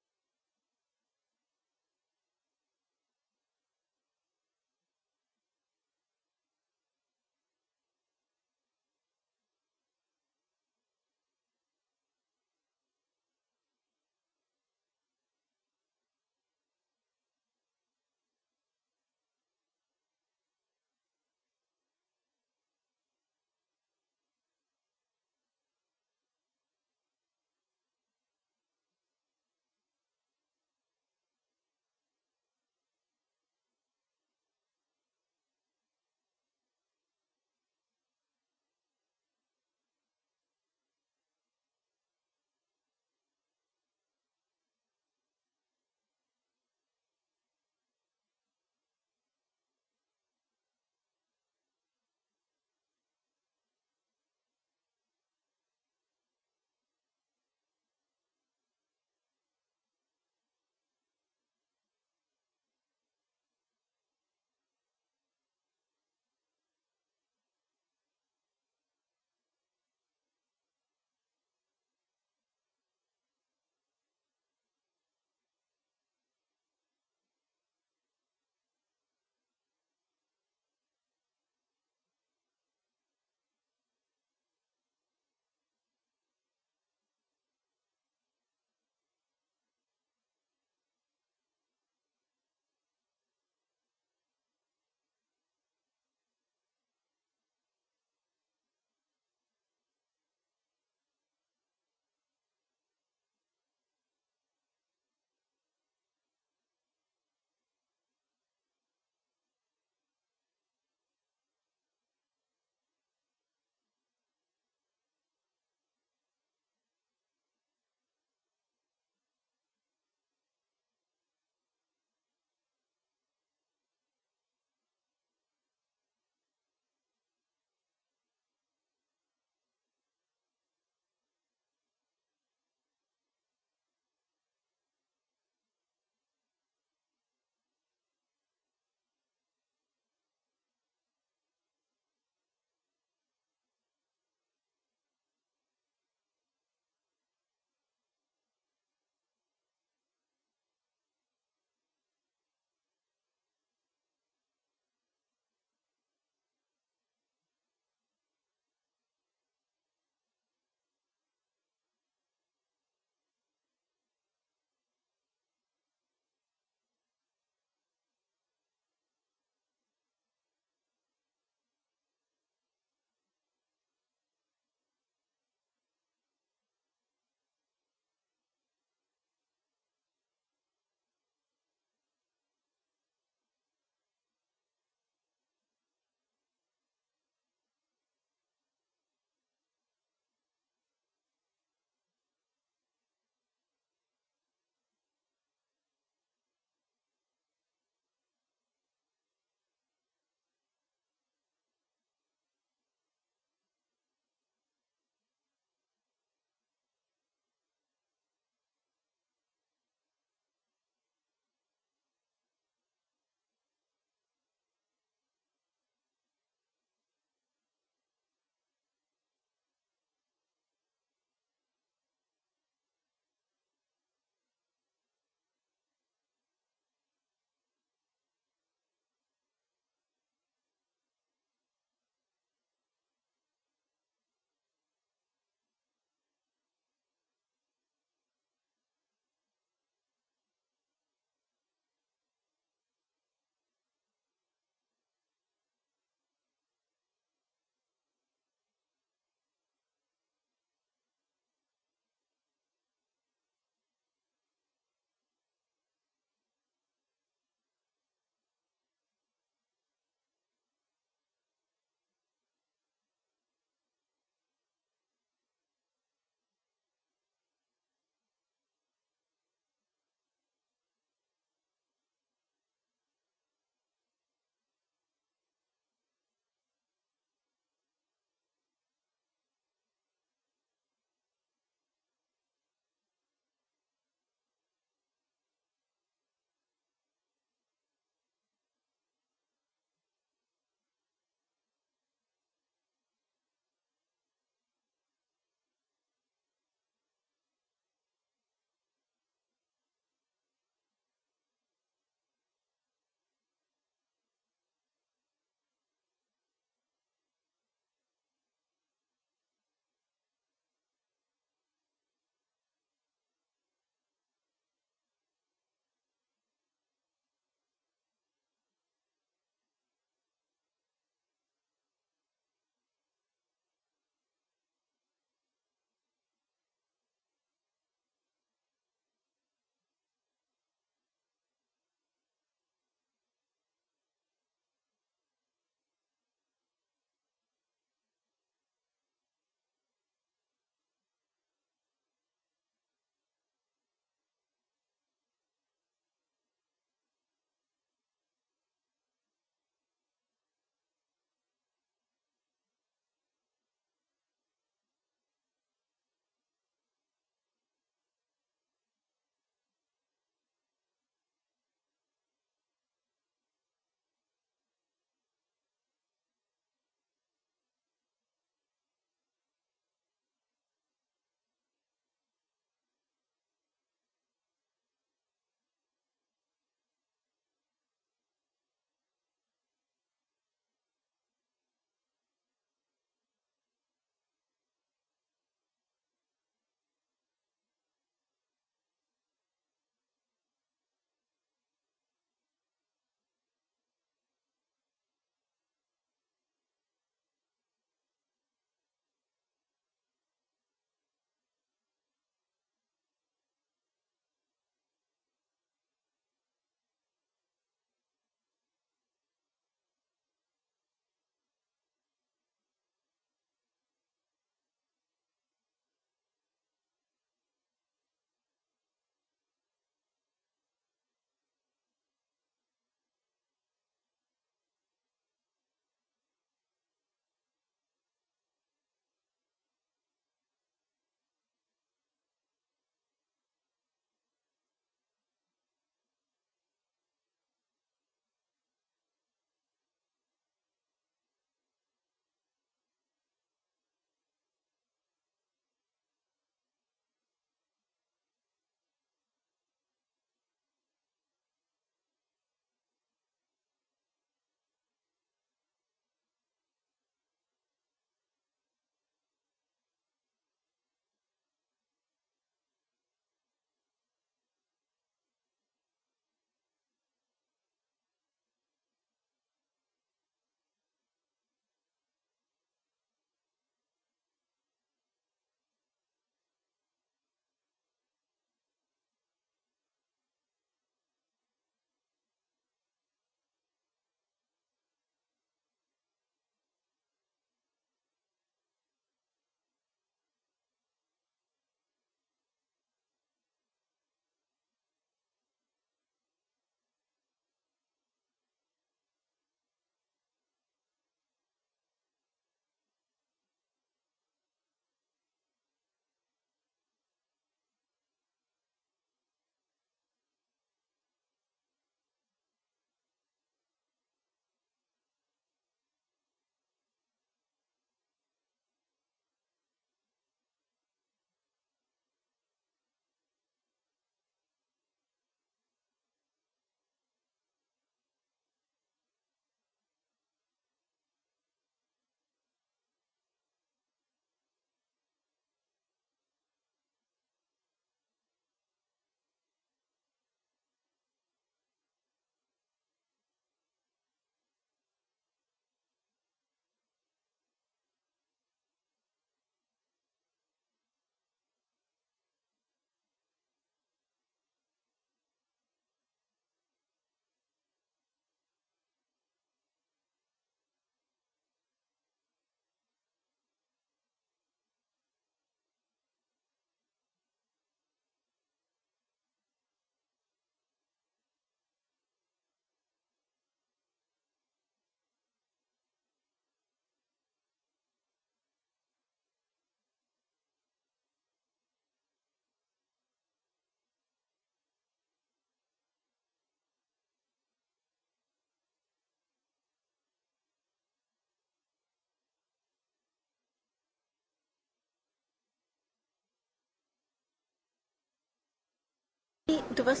Dovas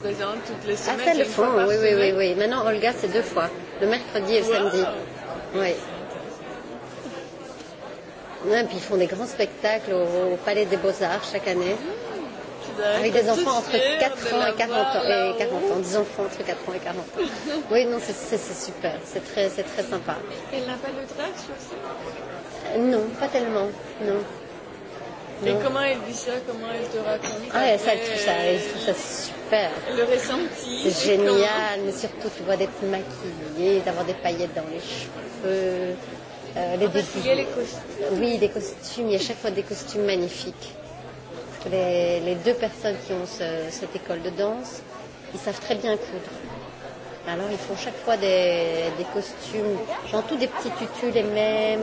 présente toutes les ah, semaines. Ah, ça le font, oui, oui, oui, oui. Maintenant, Olga, c'est deux fois, le mercredi et le wow. samedi. Oui. Et puis ils font des grands spectacles au, au Palais des Beaux-Arts chaque année. Mmh, avec des enfants entre 4 ans et 40 ans, et 40 ans, des enfants entre 4 ans et 40 ans. *laughs* oui, non, c'est super, c'est très, très sympa. Elle n'a pas le trac sur ça euh, Non, pas tellement, non. Et comment elle vit ça Comment elle te raconte Ah, ça, elle trouve ça, elle trouve ça super. Le ressenti. C'est génial, comment... mais surtout, tu vois, d'être maquillée, d'avoir des paillettes dans les cheveux. Euh, les défilés. les costumes. Oui, des costumes. Il y a chaque fois des costumes magnifiques. Les, les deux personnes qui ont ce, cette école de danse, ils savent très bien coudre. Alors, ils font chaque fois des, des costumes, genre tous des petits tutus les mêmes,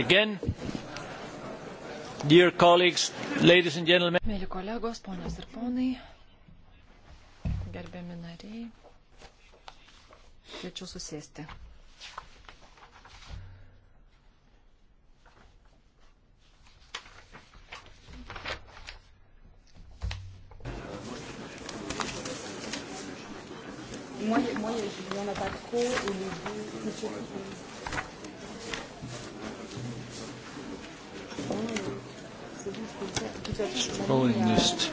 Again, dear colleagues, ladies and gentlemen. Mėly kolegos, ponios ir ponai, gerbiami nariai, kviečiu susėsti. Moi, moi, il n'y en a pas trop et les deux, Rolling list.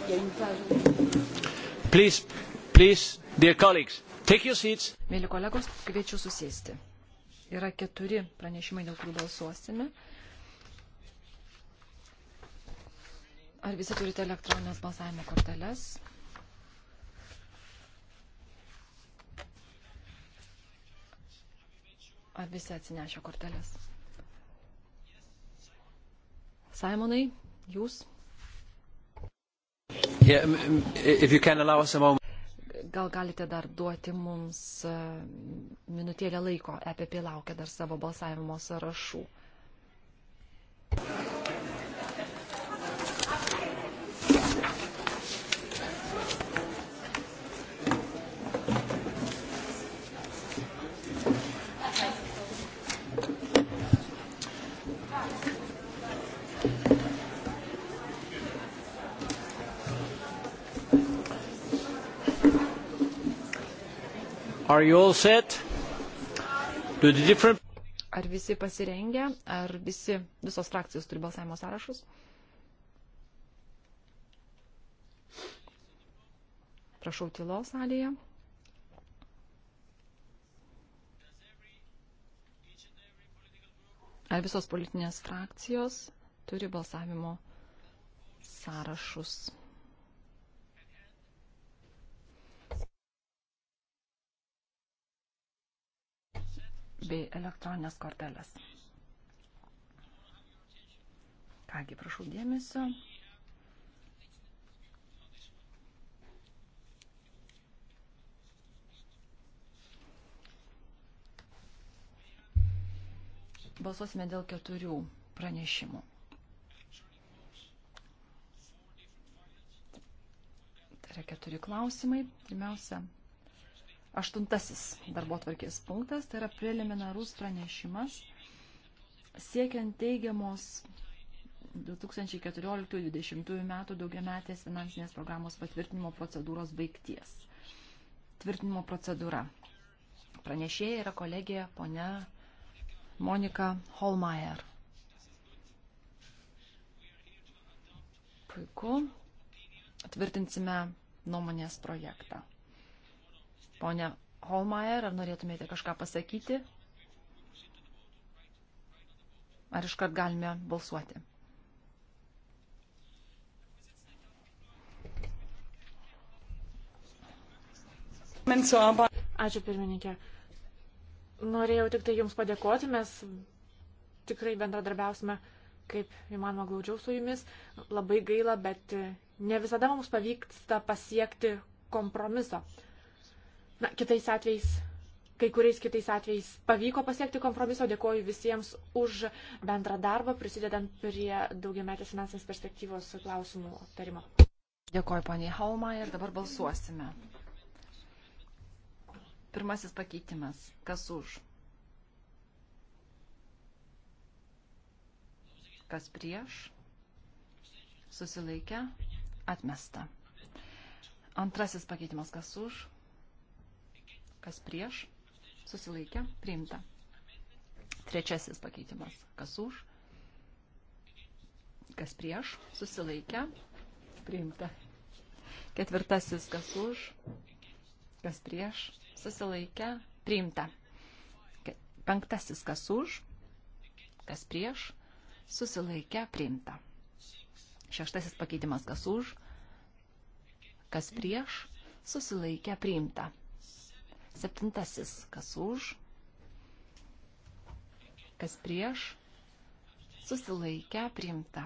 Please, please, dear colleagues, take your seats. Mėly kolegos, kviečiu susėsti. Yra keturi pranešimai, dėl kurių balsuosime. Ar visi turite elektroninės balsavimo korteles? Ar visi atsinešė korteles? Simonai, Jūs? Yeah, Gal galite dar duoti mums e, minutėlę laiko, EPP laukia dar savo balsavimo sąrašų. Different... Ar visi pasirengę, ar visi, visos frakcijos turi balsavimo sąrašus? Prašau tylos salėje. Ar visos politinės frakcijos turi balsavimo sąrašus? bei elektroninės kortelės. Kągi, prašau dėmesio. Balsuosime dėl keturių pranešimų. Tai yra keturi klausimai. Pirmiausia, Aštuntasis darbo tvarkės punktas tai yra preliminarus pranešimas siekiant teigiamos 2014-2020 metų daugiametės finansinės programos patvirtinimo procedūros baigties. Tvirtinimo procedūra. Pranešėja yra kolegija ponia Monika Holmeier. Puiku. Tvirtinsime nuomonės projektą. Pone Holmeier, ar norėtumėte kažką pasakyti? Ar iškart galime balsuoti? Ačiū pirmininkė. Norėjau tik tai Jums padėkoti, mes tikrai bendradarbiausime kaip įmanoma glaudžiau su Jumis. Labai gaila, bet ne visada mums pavyksta pasiekti kompromiso. Na, kitais atvejais, kai kuriais kitais atvejais pavyko pasiekti kompromiso. Dėkoju visiems už bendrą darbą, prisidedant prie daugiametės finansinės perspektyvos klausimų aptarimo. Dėkoju, poniai Hauma, ir dabar balsuosime. Pirmasis pakeitimas. Kas už? Kas prieš? Susilaikę? Atmesta. Antrasis pakeitimas. Kas už? kas prieš, susilaikė, priimta. Trečiasis pakeitimas, kas už, kas prieš, susilaikė, priimta. Ketvirtasis, kas už, kas prieš, susilaikė, priimta. Penktasis, kas už, kas prieš, susilaikė, priimta. Šeštasis pakeitimas, kas už, kas prieš, susilaikė, priimta. Septintasis. Kas už? Kas prieš? Susilaikę priimta.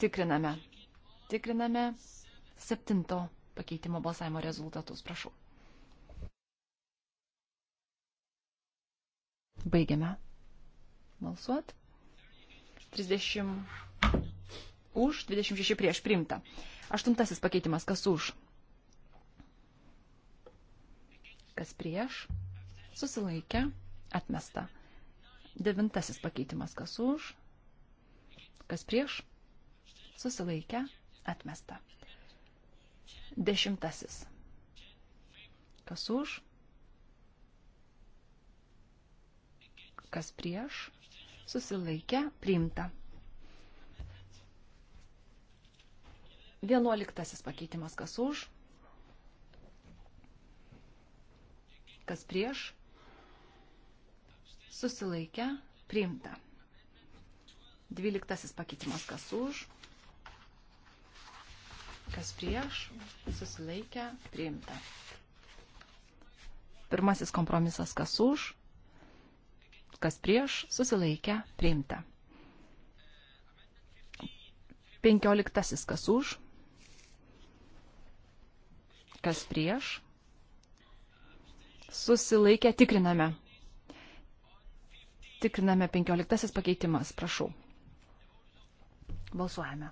Tikriname. Tikriname septinto pakeitimo balsavimo rezultatus. Prašau. Baigiame. Balsuot. 30 už, 26 prieš priimta. Aštuntasis pakeitimas. Kas už? kas prieš, susilaikė, atmesta. Devintasis pakeitimas, kas už, kas prieš, susilaikė, atmesta. Dešimtasis, kas už, kas prieš, susilaikė, priimta. Vienuoliktasis pakeitimas, kas už, kas prieš, susilaikę, priimta. Dvyliktasis pakeitimas, kas už, kas prieš, susilaikę, priimta. Pirmasis kompromisas, kas už, kas prieš, susilaikę, priimta. Penkioliktasis, kas už, kas prieš, susilaikę tikriname. Tikriname 15 pakeitimas, prašau. Balsuojame.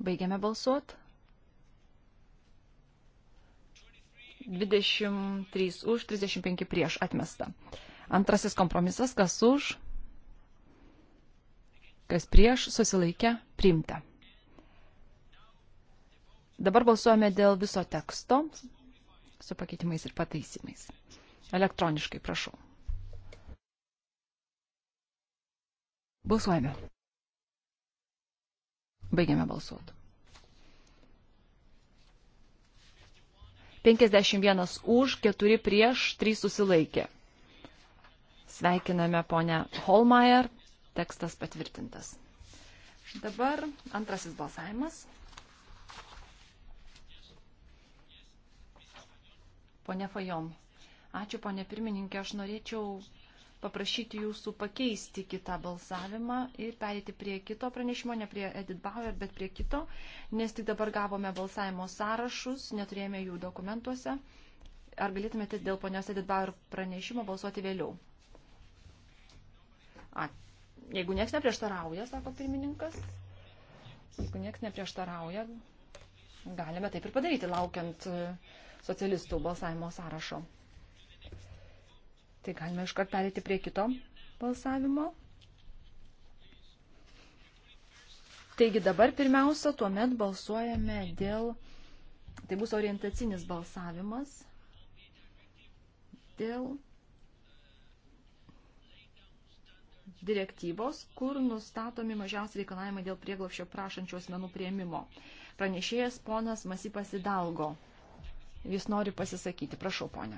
Baigiame balsuot. 23 už, 35 prieš atmesta. Antrasis kompromisas, kas už, kas prieš, susilaikę, priimta. Dabar balsuojame dėl viso teksto su pakeitimais ir pataisimais. Elektroniškai, prašau. Balsuojame. Baigiame balsuoti. 51 už, 4 prieš, 3 susilaikė. Sveikiname ponę Holmeier, tekstas patvirtintas. Dabar antrasis balsavimas. Pone Fajom. Ačiū, ponė pirmininkė. Aš norėčiau paprašyti jūsų pakeisti kitą balsavimą ir perėti prie kito pranešimo, ne prie Edith Bauer, bet prie kito, nes tik dabar gavome balsavimo sąrašus, neturėjome jų dokumentuose. Ar galėtumėte dėl ponios Edith Bauer pranešimo balsuoti vėliau? A, jeigu nieks neprieštarauja, sako pirmininkas, jeigu nieks neprieštarauja, galime taip ir padaryti, laukiant uh, socialistų balsavimo sąrašo. Tai galime iškart perėti prie kito balsavimo. Taigi dabar pirmiausia, tuomet balsuojame dėl, tai bus orientacinis balsavimas, dėl direktyvos, kur nustatomi mažiausi reikalavimai dėl prieglopščio prašančių asmenų prieimimo. Pranešėjas ponas Masipas Idalgo. Jis nori pasisakyti. Prašau, ponė.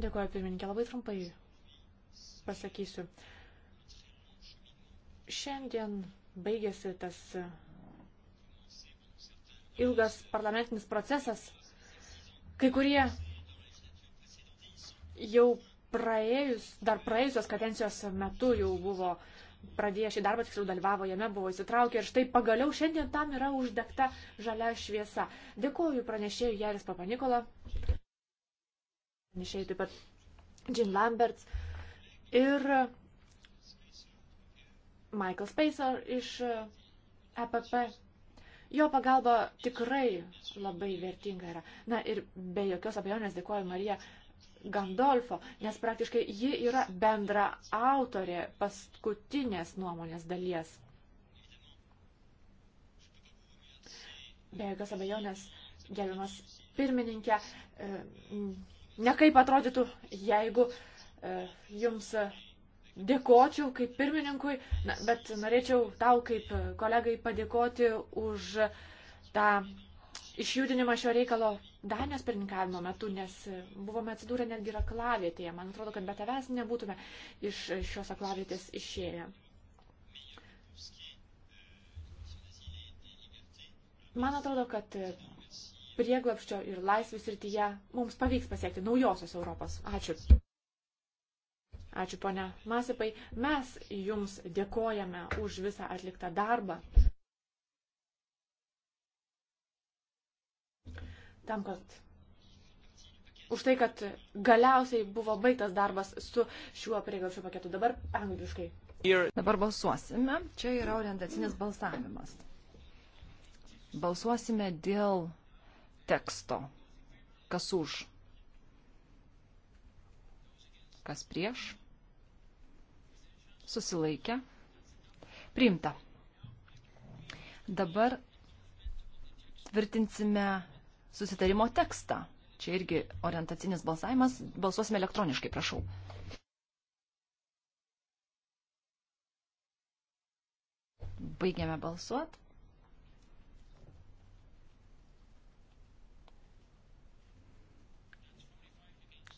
Dėkuoju, pirmininkė. Labai trumpai pasakysiu. Šiandien baigėsi tas ilgas parlamentinis procesas. Kai kurie jau praėjus, dar praėjusios kadencijos metu jau buvo uh, pradėję šį darbą, tiksliau dalyvavo jame, buvo įsitraukę ir štai pagaliau šiandien tam yra uždegta žalia šviesa. Dėkuoju pranešėjui Jaris Papanikola, pranešėjai taip pat Jean Lamberts ir Michael Spacer iš EPP. E jo pagalba tikrai labai vertinga yra. Na ir be jokios abejonės dėkuoju Marija Gandolfo, nes praktiškai ji yra bendra autorė paskutinės nuomonės dalies. Be jokios abejonės, gerbiamas pirmininkė, e, nekaip atrodytų, jeigu e, jums dėkočiau kaip pirmininkui, na, bet norėčiau tau kaip kolegai padėkoti už tą išjudinimą šio reikalo Danijos pirmininkavimo metu, nes buvome atsidūrę netgi aklavietėje. Man atrodo, kad be tavęs nebūtume iš šios aklavietės išėję. Man atrodo, kad prieglapščio ir laisvės rytyje mums pavyks pasiekti naujosios Europos. Ačiū. Ačiū, ponia Masipai. Mes jums dėkojame už visą atliktą darbą. tam, kad už tai, kad galiausiai buvo baigtas darbas su šiuo prieglapšio paketu. Dabar angliškai. Dabar balsuosime. Čia yra orientacinis balsavimas. Balsuosime dėl teksto. Kas už? Kas prieš? Susilaikę. Priimta. Dabar tvirtinsime susitarimo tekstą. Čia irgi orientacinis balsavimas. Balsuosime elektroniškai, prašau. Baigiame balsuot.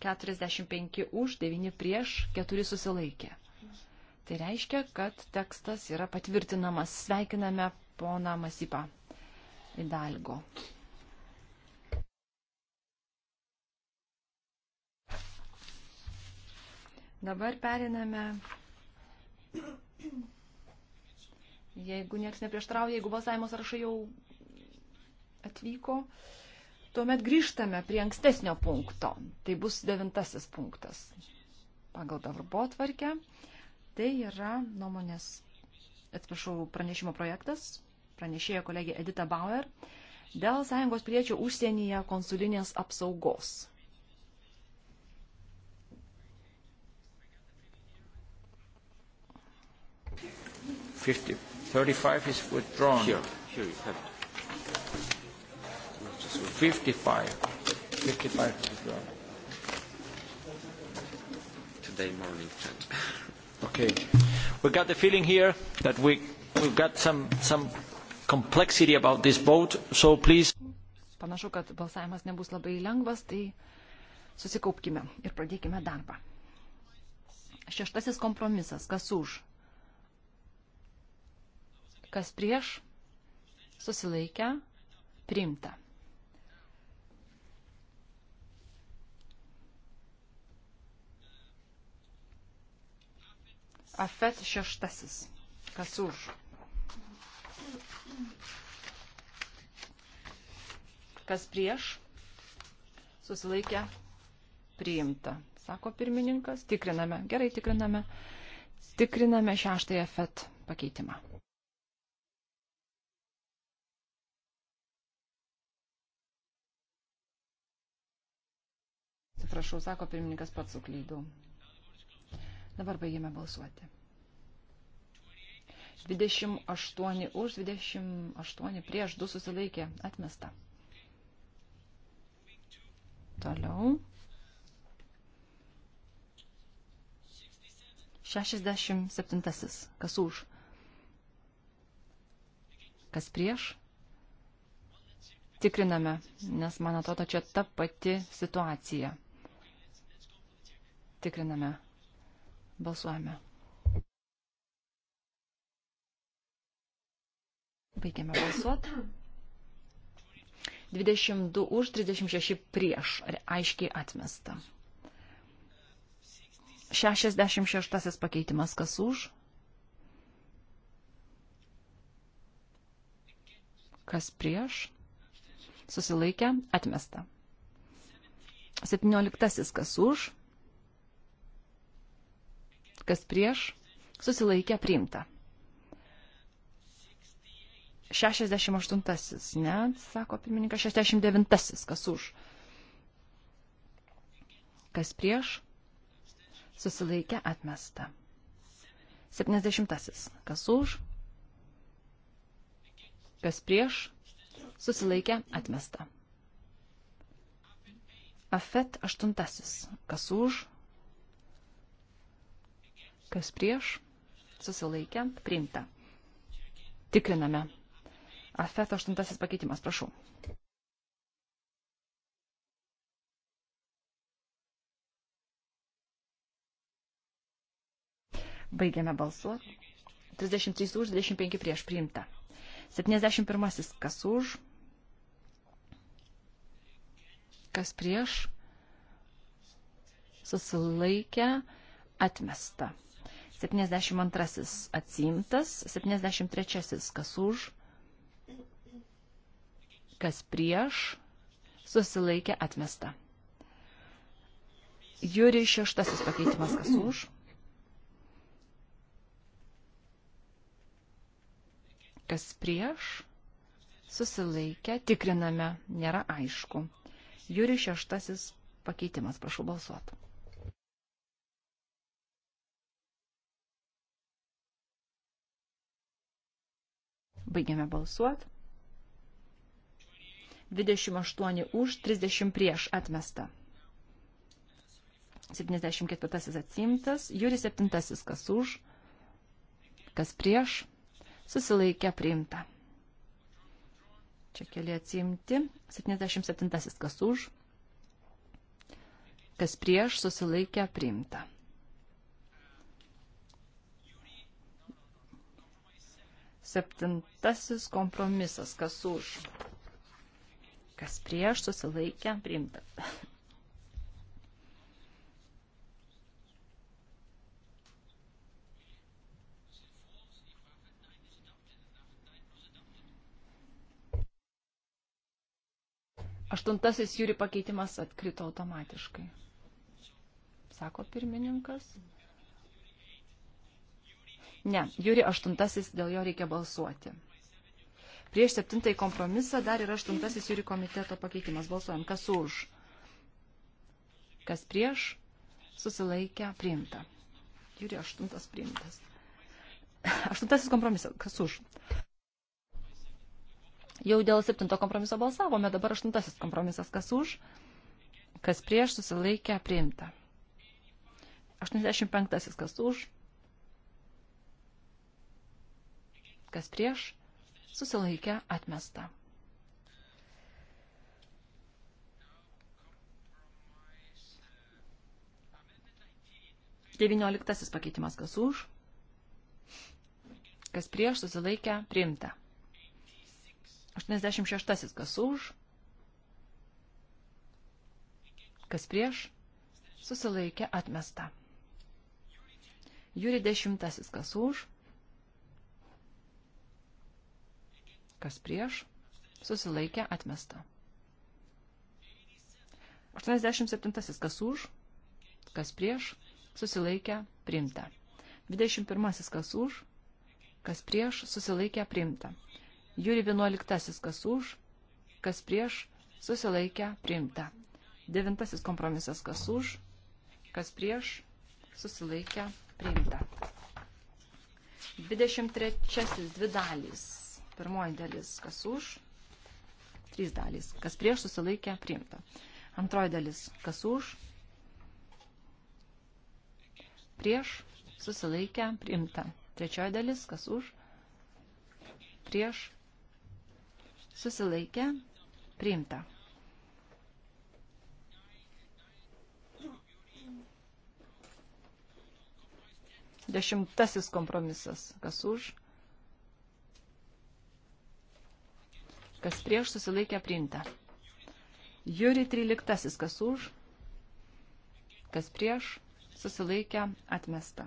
Keturiasdešimt penki už, devyni prieš, keturi susilaikė. Tai reiškia, kad tekstas yra patvirtinamas. Sveikiname poną Masipą Idalgo. Dabar periname. Jeigu nieks neprieštrauja, jeigu balsavimo sąrašai jau atvyko, tuomet grįžtame prie ankstesnio punkto. Tai bus devintasis punktas pagal darbo tvarkę. Tai yra nuomonės, atsiprašau, pranešimo projektas, pranešėjo kolegė Edita Bauer, dėl Sąjungos piliečių užsienyje konsulinės apsaugos. 50, 35 is withdrawn. Here, here you have it. 55. 55 is withdrawn. Today morning. *laughs* okay. We got the feeling here that we, we've got some, some complexity about this vote, so please. Panašu, kad balsavimas nebus labai lengvas, tai susikaupkime ir pradėkime darbą. Šeštasis kompromisas. Kas už? kas prieš, susilaikę, priimta. Afet šeštasis. Kas už? Kas prieš? Susilaikė priimta, sako pirmininkas. Tikriname, gerai tikriname. Tikriname šeštąją FET pakeitimą. atsiprašau, sako pirmininkas pats suklydau. Dabar baigėme balsuoti. 28 už, 28 prieš, 2 susilaikė, atmesta. Toliau. 67. Kas už? Kas prieš? Tikriname, nes man atrodo, čia ta pati situacija. Tikriname. Balsuojame. Baigiame balsuoti. 22 už, 36 prieš. Aiškiai atmesta. 66 pakeitimas kas už? Kas prieš? Susilaikė, atmesta. 17 kas už? kas prieš, susilaikė priimta. 68, ne, sako pirmininkas, 69, kas už. Kas prieš, susilaikė atmesta. 70, kas už, kas prieš, susilaikė atmesta. Afet 8, kas už, Kas prieš? Susilaikę. Priimta. Tikriname. Afet aštuntasis pakeitimas, prašau. Baigiame balsuoti. 33 už, 25 prieš priimta. 71 kas už, kas prieš, susilaikę, atmesta. 72 atsimtas, 73 kas už, kas prieš, susilaikė atmesta. Jūri šeštasis pakeitimas kas už, kas prieš, susilaikę, tikriname, nėra aišku. Jūri šeštasis pakeitimas, prašau balsuoti. Baigiame balsuoti. 28 už, 30 prieš atmesta. 74 atsimtas, Jūri 7 kas už, kas prieš, susilaikė priimta. Čia keli atsimti, 77 kas už, kas prieš, susilaikė priimta. Septintasis kompromisas. Kas už? Kas prieš susilaikę priimta. Aštuntasis jūri pakeitimas atkrito automatiškai. Sako pirmininkas. Ne, Jūri aštuntasis, dėl jo reikia balsuoti. Prieš septintąjį kompromisą dar yra aštuntasis Jūri komiteto pakeitimas. Balsuojam, kas už, kas prieš, susilaikę, priimta. Jūri aštuntas priimtas. Aštuntasis kompromisas, kas už. Jau dėl septinto kompromiso balsavome, dabar aštuntasis kompromisas, kas už, kas prieš, susilaikę, priimta. 85 kas už, kas prieš, susilaikė atmesta. Devynioliktasis pakeitimas kas už, kas prieš, susilaikė priimta. 86 kas už, kas prieš, susilaikė atmesta. Jūri dešimtasis kas už, Kas prieš? Susilaikė atmesta. 87. Kas už? Kas prieš? Susilaikė priimta. 21. Kas už? Kas prieš? Susilaikė priimta. Jūri 11. Kas už? Kas prieš? Susilaikė priimta. 9. Kompromisas. Kas už? Kas prieš? Susilaikė priimta. 23. Dvi dalys Pirmoji dalis, kas už, trys dalys, kas prieš susilaikė, priimta. Antroji dalis, kas už, prieš susilaikę, priimta. Trečioji dalis, kas už, prieš susilaikę, priimta. Dešimtasis kompromisas, kas už, kas prieš susilaikė priimta. Jūri 13, kas už, kas prieš susilaikė atmesta.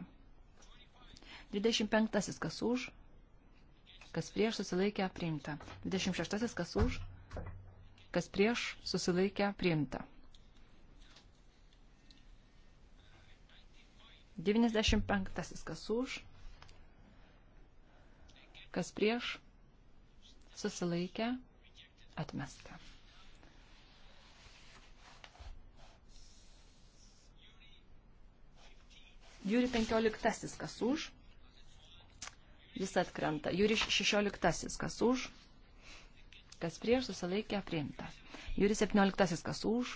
25, kas už, kas prieš susilaikė priimta. 26, kas už, kas prieš susilaikė priimta. 95, kas už, kas prieš susilaikė Atmesta. Jūri 15 kas už. Jis atkrenta. Jūri 16 kas už. Kas prieš susilaikė priimta. Jūri 17 kas už.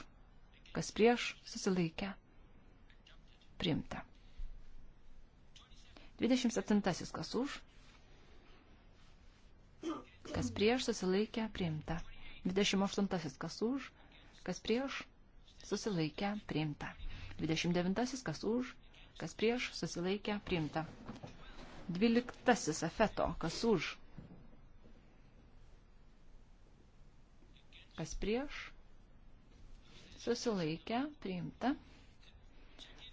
Kas prieš susilaikė priimta. 27 kas už. Kas prieš susilaikė priimta. 28 kas už, kas prieš, susilaikę, priimta. 29 kas už, kas prieš, susilaikę, priimta. 12 afeto, kas už, kas prieš, susilaikę, priimta.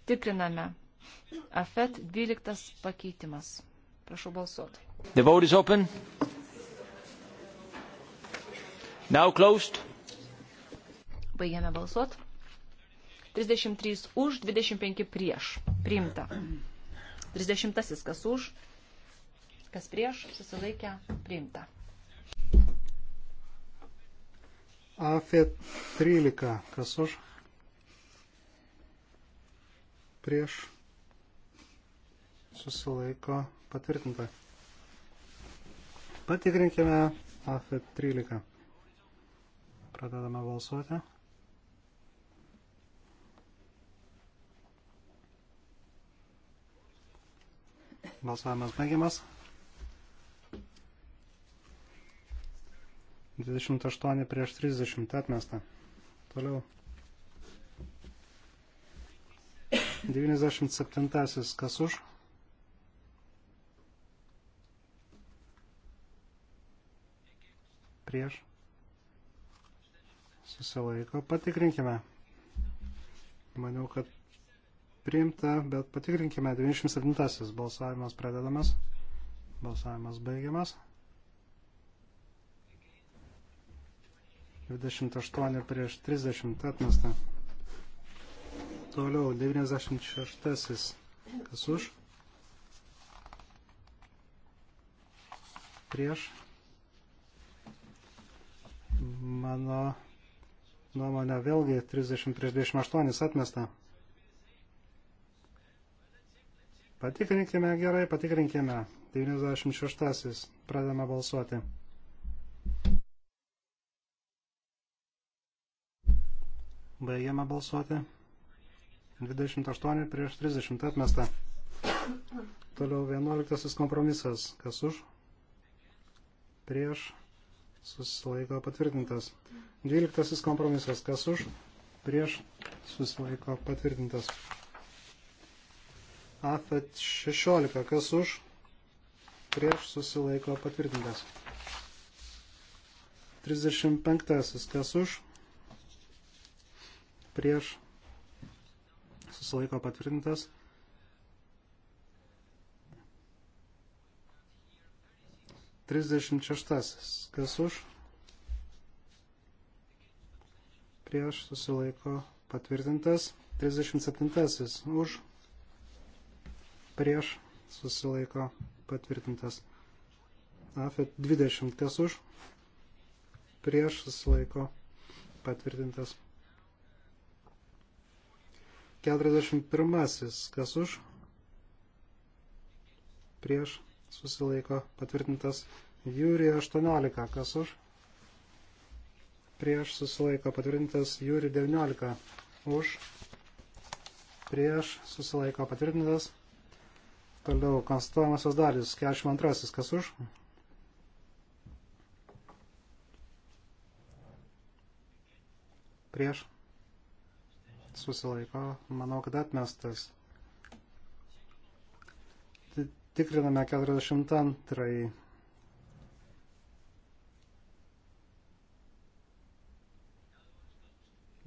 Tikriname. Afet 12 pakeitimas. Prašau balsuoti. The vote is open. Now closed. Baigiame balsuot. 33 už, 25 prieš. Priimta. 30 kas už, kas prieš, susilaikę, priimta. AFE 13 kas už, prieš, susilaiko, patvirtinta. Patikrinkime AFE 13. Pradedame balsuoti. Balsavimas baigiamas. 28 prieš 30 atmesta. Toliau. 97 kas už? Prieš susilaiko. Patikrinkime. Maniau, kad priimta, bet patikrinkime. 97 balsavimas pradedamas. Balsavimas baigiamas. 28 prieš 30 atmesta. Toliau 96. Kas už? Prieš. Mano nuomonę vėlgi 30 prieš 28 atmesta. Patikrinkime gerai, patikrinkime. 96. Pradame balsuoti. Baigiame balsuoti. 28 prieš 30 atmesta. Toliau 11 kompromisas. Kas už? Prieš susilaiko patvirtintas. 12 kompromisas, kas už, prieš, susilaiko patvirtintas. AFET 16, kas už, prieš, susilaiko patvirtintas. 35, kas už, prieš, susilaiko patvirtintas. 36. Kas už? Prieš susilaiko patvirtintas. 37. Už? Prieš susilaiko patvirtintas. AFET 20. Kas už? Prieš susilaiko patvirtintas. 41. Kas už? Prieš susilaiko patvirtintas Jūri 18, kas už, prieš susilaiko patvirtintas Jūri 19, už, prieš susilaiko patvirtintas, toliau konstatuojamasios dalis 42, kas už, prieš susilaiko, manau, kad atmestas Tikriname 42.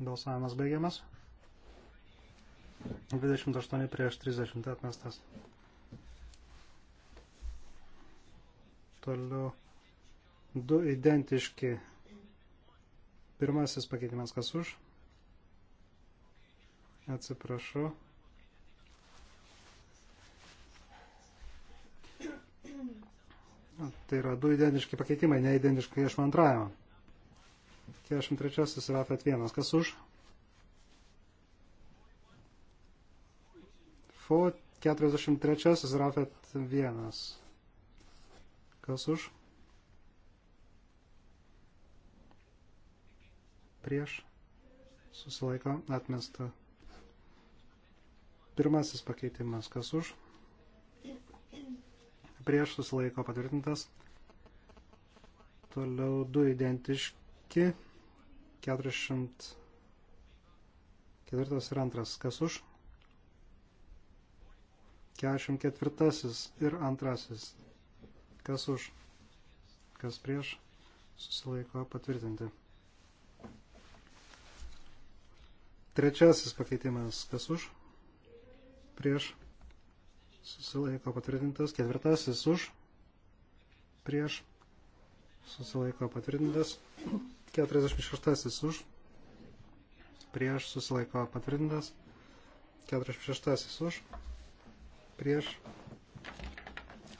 Balsavimas baigiamas. 28 prieš 30 atmestas. Toliau du identiški. Pirmasis pakeitimas kas už. Atsiprašau. Tai yra du identiški pakeitimai, neidentiškai iš antrajame. 43 yra FET1. Kas už? FO 43 yra FET1. Kas už? Prieš. Susilaiko atmesta. Pirmasis pakeitimas. Kas už? prieš susilaiko patvirtintas. Toliau 2 identiški. 44 ir 2. Kas už? 44 ir 2. Kas už? Kas prieš? Susilaiko patvirtinti. Trečiasis pakeitimas. Kas už? Prieš susilaiko patvirtintas, ketvirtasis už, prieš, susilaiko patvirtintas, 46 už, prieš, susilaiko patvirtintas, 46 už, prieš,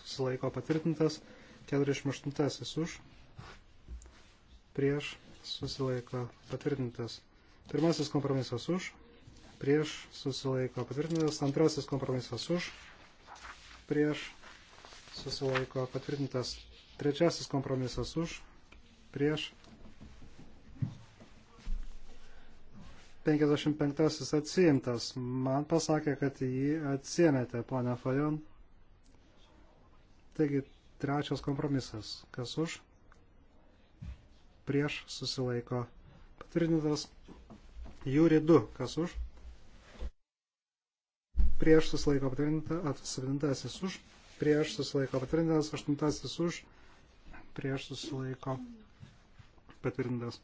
susilaiko patvirtintas, 48 už, prieš, susilaiko patvirtintas, pirmasis kompromisas už, prieš, susilaiko patvirtintas, antrasis kompromisas už, prieš, prieš, susilaiko patvirtintas. Trečiasis kompromisas už, prieš. 55 atsiimtas. Man pasakė, kad jį atsiemėte, ponia Fajon. Taigi, trečias kompromisas. Kas už? Prieš susilaiko patvirtintas. Jūri 2. Kas už? prieš susilaiko patvirtintas, septintasis už, prieš susilaiko patvirtintas, aštuntasis už, prieš susilaiko patvirtintas,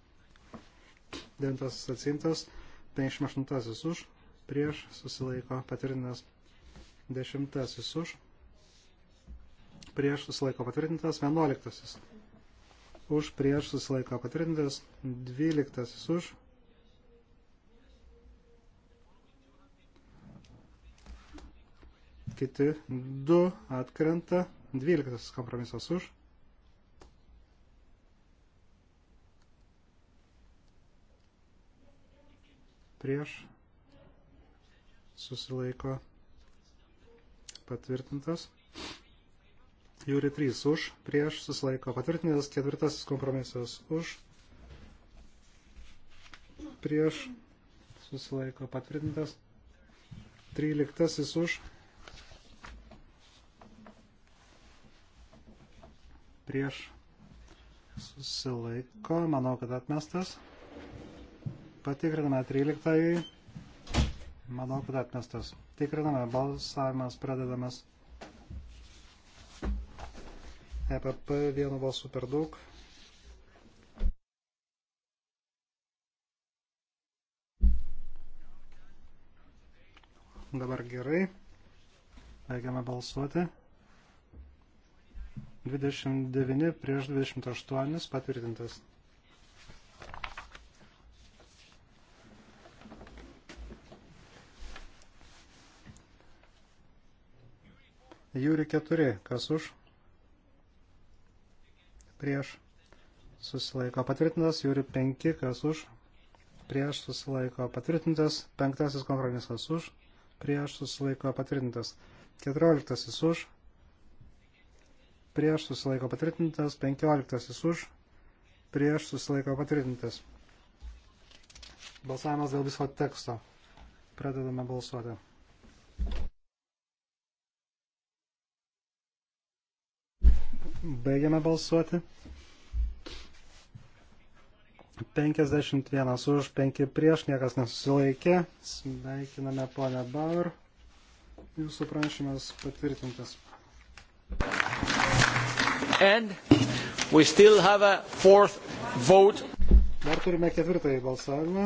devintasis atsimtas, 58 už, prieš susilaiko patvirtintas, dešimtasis už, prieš susilaiko patvirtintas, vienuoliktasis už, prieš susilaiko patvirtintas, dvyliktasis už, kiti du atkrenta, dvyliktas kompromisas už. Prieš susilaiko patvirtintas. Jūri 3 už, prieš susilaiko patvirtintas, ketvirtasis kompromisas už, prieš susilaiko patvirtintas, tryliktasis už, prieš susilaiko, manau, kad atmestas. Patikriname 13, manau, kad atmestas. Tikriname, balsavimas pradedamas. EPP vienu balsu per daug. Dabar gerai. Baigiame balsuoti. 29 prieš 28 patvirtintas. Jūri 4, kas už? Prieš susilaiko patvirtintas, Jūri 5, kas už? Prieš susilaiko patvirtintas, penktasis kompromisas už, prieš susilaiko patvirtintas, keturioliktasis už, prieš susilaiko patvirtintas, 15 už, prieš susilaiko patvirtintas. Balsavimas dėl viso teksto. Pradedame balsuoti. Baigiame balsuoti. 51 už 5 prieš, niekas nesusilaikė. Sveikiname ponę Bauer. Jūsų prašymas patvirtintas. And we still have a fourth vote. Dar turime ketvirtąjį balsavimą,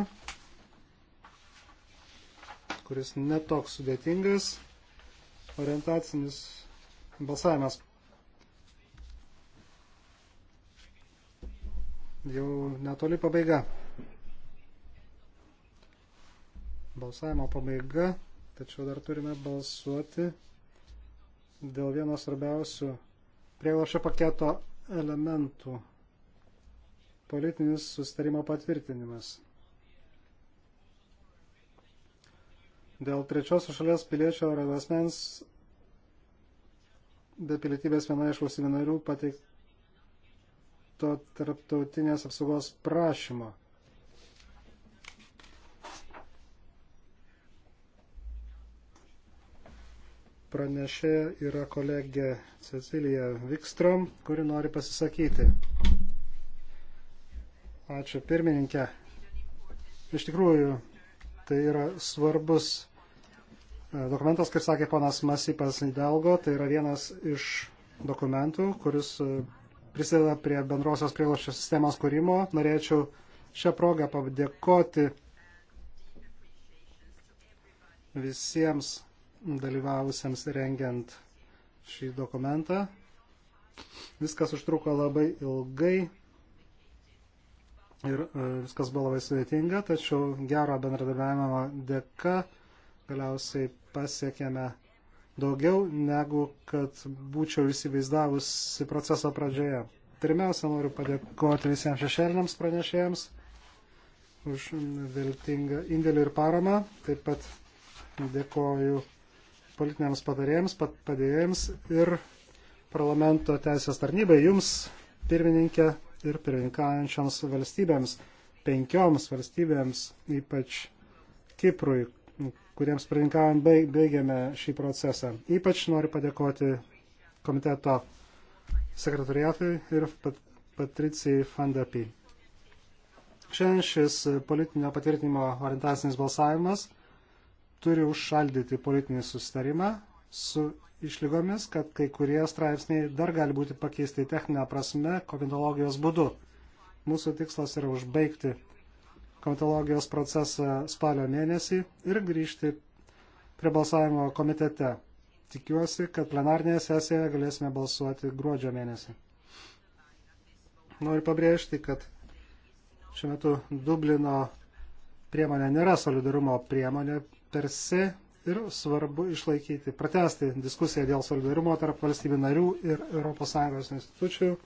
kuris netoks sudėtingas, orientacinis balsavimas. Jau netoli pabaiga. Balsavimo pabaiga, tačiau dar turime balsuoti dėl vieno svarbiausių prieglašio paketo elementų politinis sustarimo patvirtinimas. Dėl trečiosios šalies piliečio ar asmens be pilietybės viena iš valstybių narių pateikto tarptautinės apsaugos prašymo. pranešė yra kolegė Cecilija Vikstrom, kuri nori pasisakyti. Ačiū pirmininkė. Iš tikrųjų, tai yra svarbus e, dokumentas, kaip sakė ponas Masipas Nidelgo, tai yra vienas iš dokumentų, kuris e, prisideda prie bendrosios prieglošio sistemos kūrimo. Norėčiau šią progą padėkoti visiems dalyvavusiems rengiant šį dokumentą. Viskas užtruko labai ilgai ir e, viskas buvo labai sudėtinga, tačiau gero bendradarbiavimo dėka galiausiai pasiekėme daugiau, negu kad būčiau įsivaizdavusi proceso pradžioje. Pirmiausia, noriu padėkoti visiems šešėliniams pranešėjams už viltingą indėlį ir paramą. Taip pat dėkoju politiniams patarėjams, padėjėjams ir parlamento teisės tarnybai, jums, pirmininkė, ir pirmininkaujančioms valstybėms, penkioms valstybėms, ypač Kiprui, kuriems pirmininkaujant baigėme šį procesą. Ypač noriu padėkoti komiteto sekretariatui ir Pat Patricijai Fandapi. Šiandien šis politinio patvirtinimo orientacinis balsavimas – turi užšaldyti politinį sustarimą su išlygomis, kad kai kurie straipsniai dar gali būti pakeisti techninę prasme komitologijos būdu. Mūsų tikslas yra užbaigti komitologijos procesą spalio mėnesį ir grįžti prie balsavimo komitete. Tikiuosi, kad plenarnėje sesijoje galėsime balsuoti gruodžio mėnesį. Noriu pabrėžti, kad šiuo metu Dublino priemonė nėra solidarumo priemonė, per se ir svarbu išlaikyti, pratesti diskusiją dėl solidarumo tarp valstybių narių ir ES institucijų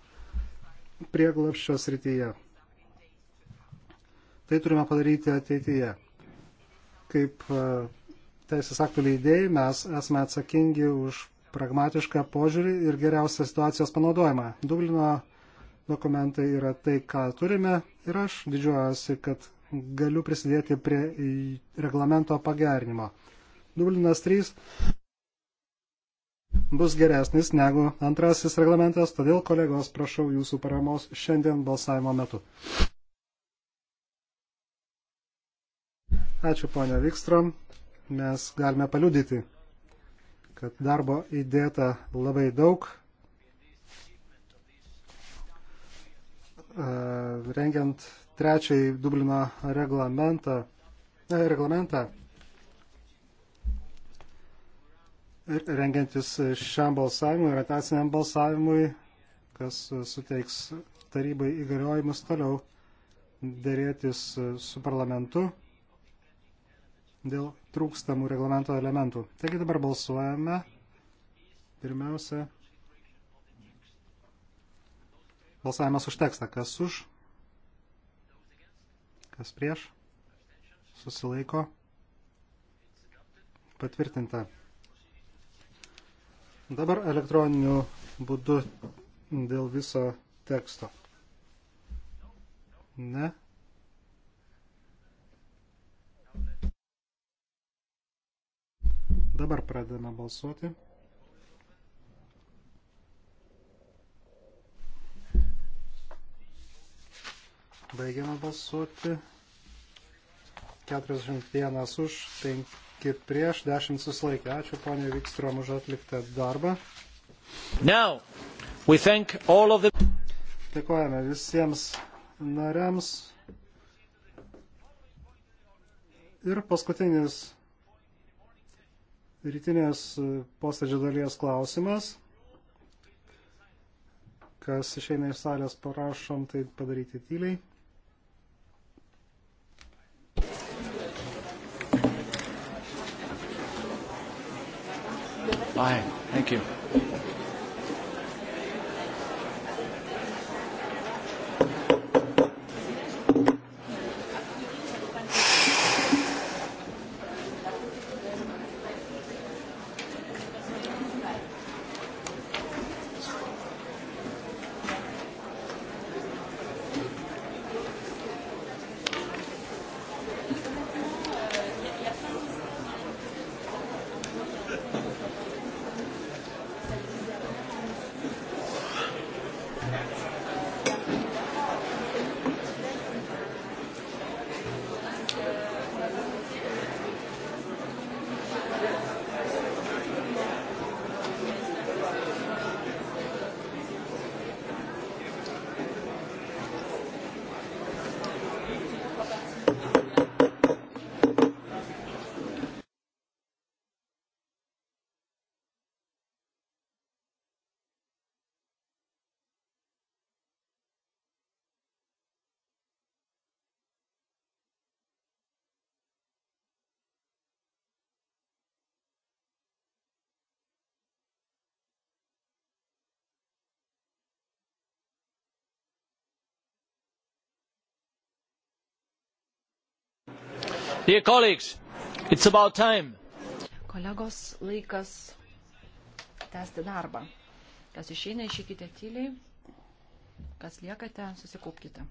prieglapščio srityje. Tai turime padaryti ateityje. Kaip e, teisės aktų leidėjai mes esame atsakingi už pragmatišką požiūrį ir geriausią situacijos panaudojimą. Dublino dokumentai yra tai, ką turime ir aš didžiuojasi, kad galiu prisidėti prie reglamento pagernimo. Dublinas 3 bus geresnis negu antrasis reglamentas, todėl kolegos prašau jūsų paramos šiandien balsavimo metu. Ačiū ponia Vikstrom, mes galime paliudyti, kad darbo įdėta labai daug. rengiant trečiąjį Dublino reglamentą, ne, reglamentą ir rengiantis šiam balsavimui ir atesiniam balsavimui, kas suteiks tarybai įgaliojimus toliau dėrėtis su parlamentu dėl trūkstamų reglamento elementų. Taigi dabar balsuojame. Pirmiausia, balsavimas už tekstą. Kas už? Kas prieš? Susilaiko. Patvirtinta. Dabar elektroniniu būdu dėl viso teksto. Ne. Dabar pradedame balsuoti. Baigiame balsuoti. 41 už, 5 prieš, 10 susilaikė. Ačiū ponė Vikstrom už atliktą darbą. Now, we thank all of the... Dėkojame visiems nariams. Ir paskutinis rytinės posėdžio dalies klausimas. Kas išeina iš salės, parašom tai padaryti tyliai. Bye. Thank you. Dear colleagues, it's about time. Kolegos, laikas tęsti darbą. Kas išeina, išeikite tyliai. Kas liekate, susikaupkite.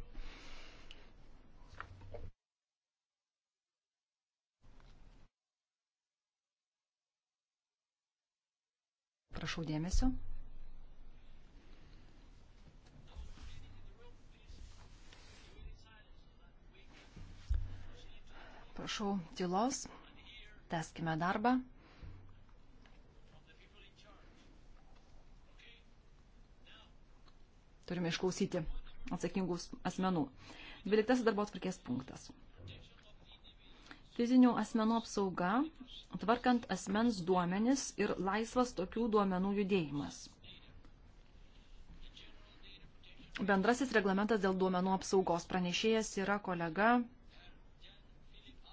Prašau dėmesio. Prašau tylos, teskime darbą. Turime išklausyti atsakingus asmenų. 12 darbo atvarkės punktas. Fizinių asmenų apsauga, tvarkant asmens duomenis ir laisvas tokių duomenų judėjimas. Bendrasis reglamentas dėl duomenų apsaugos pranešėjas yra kolega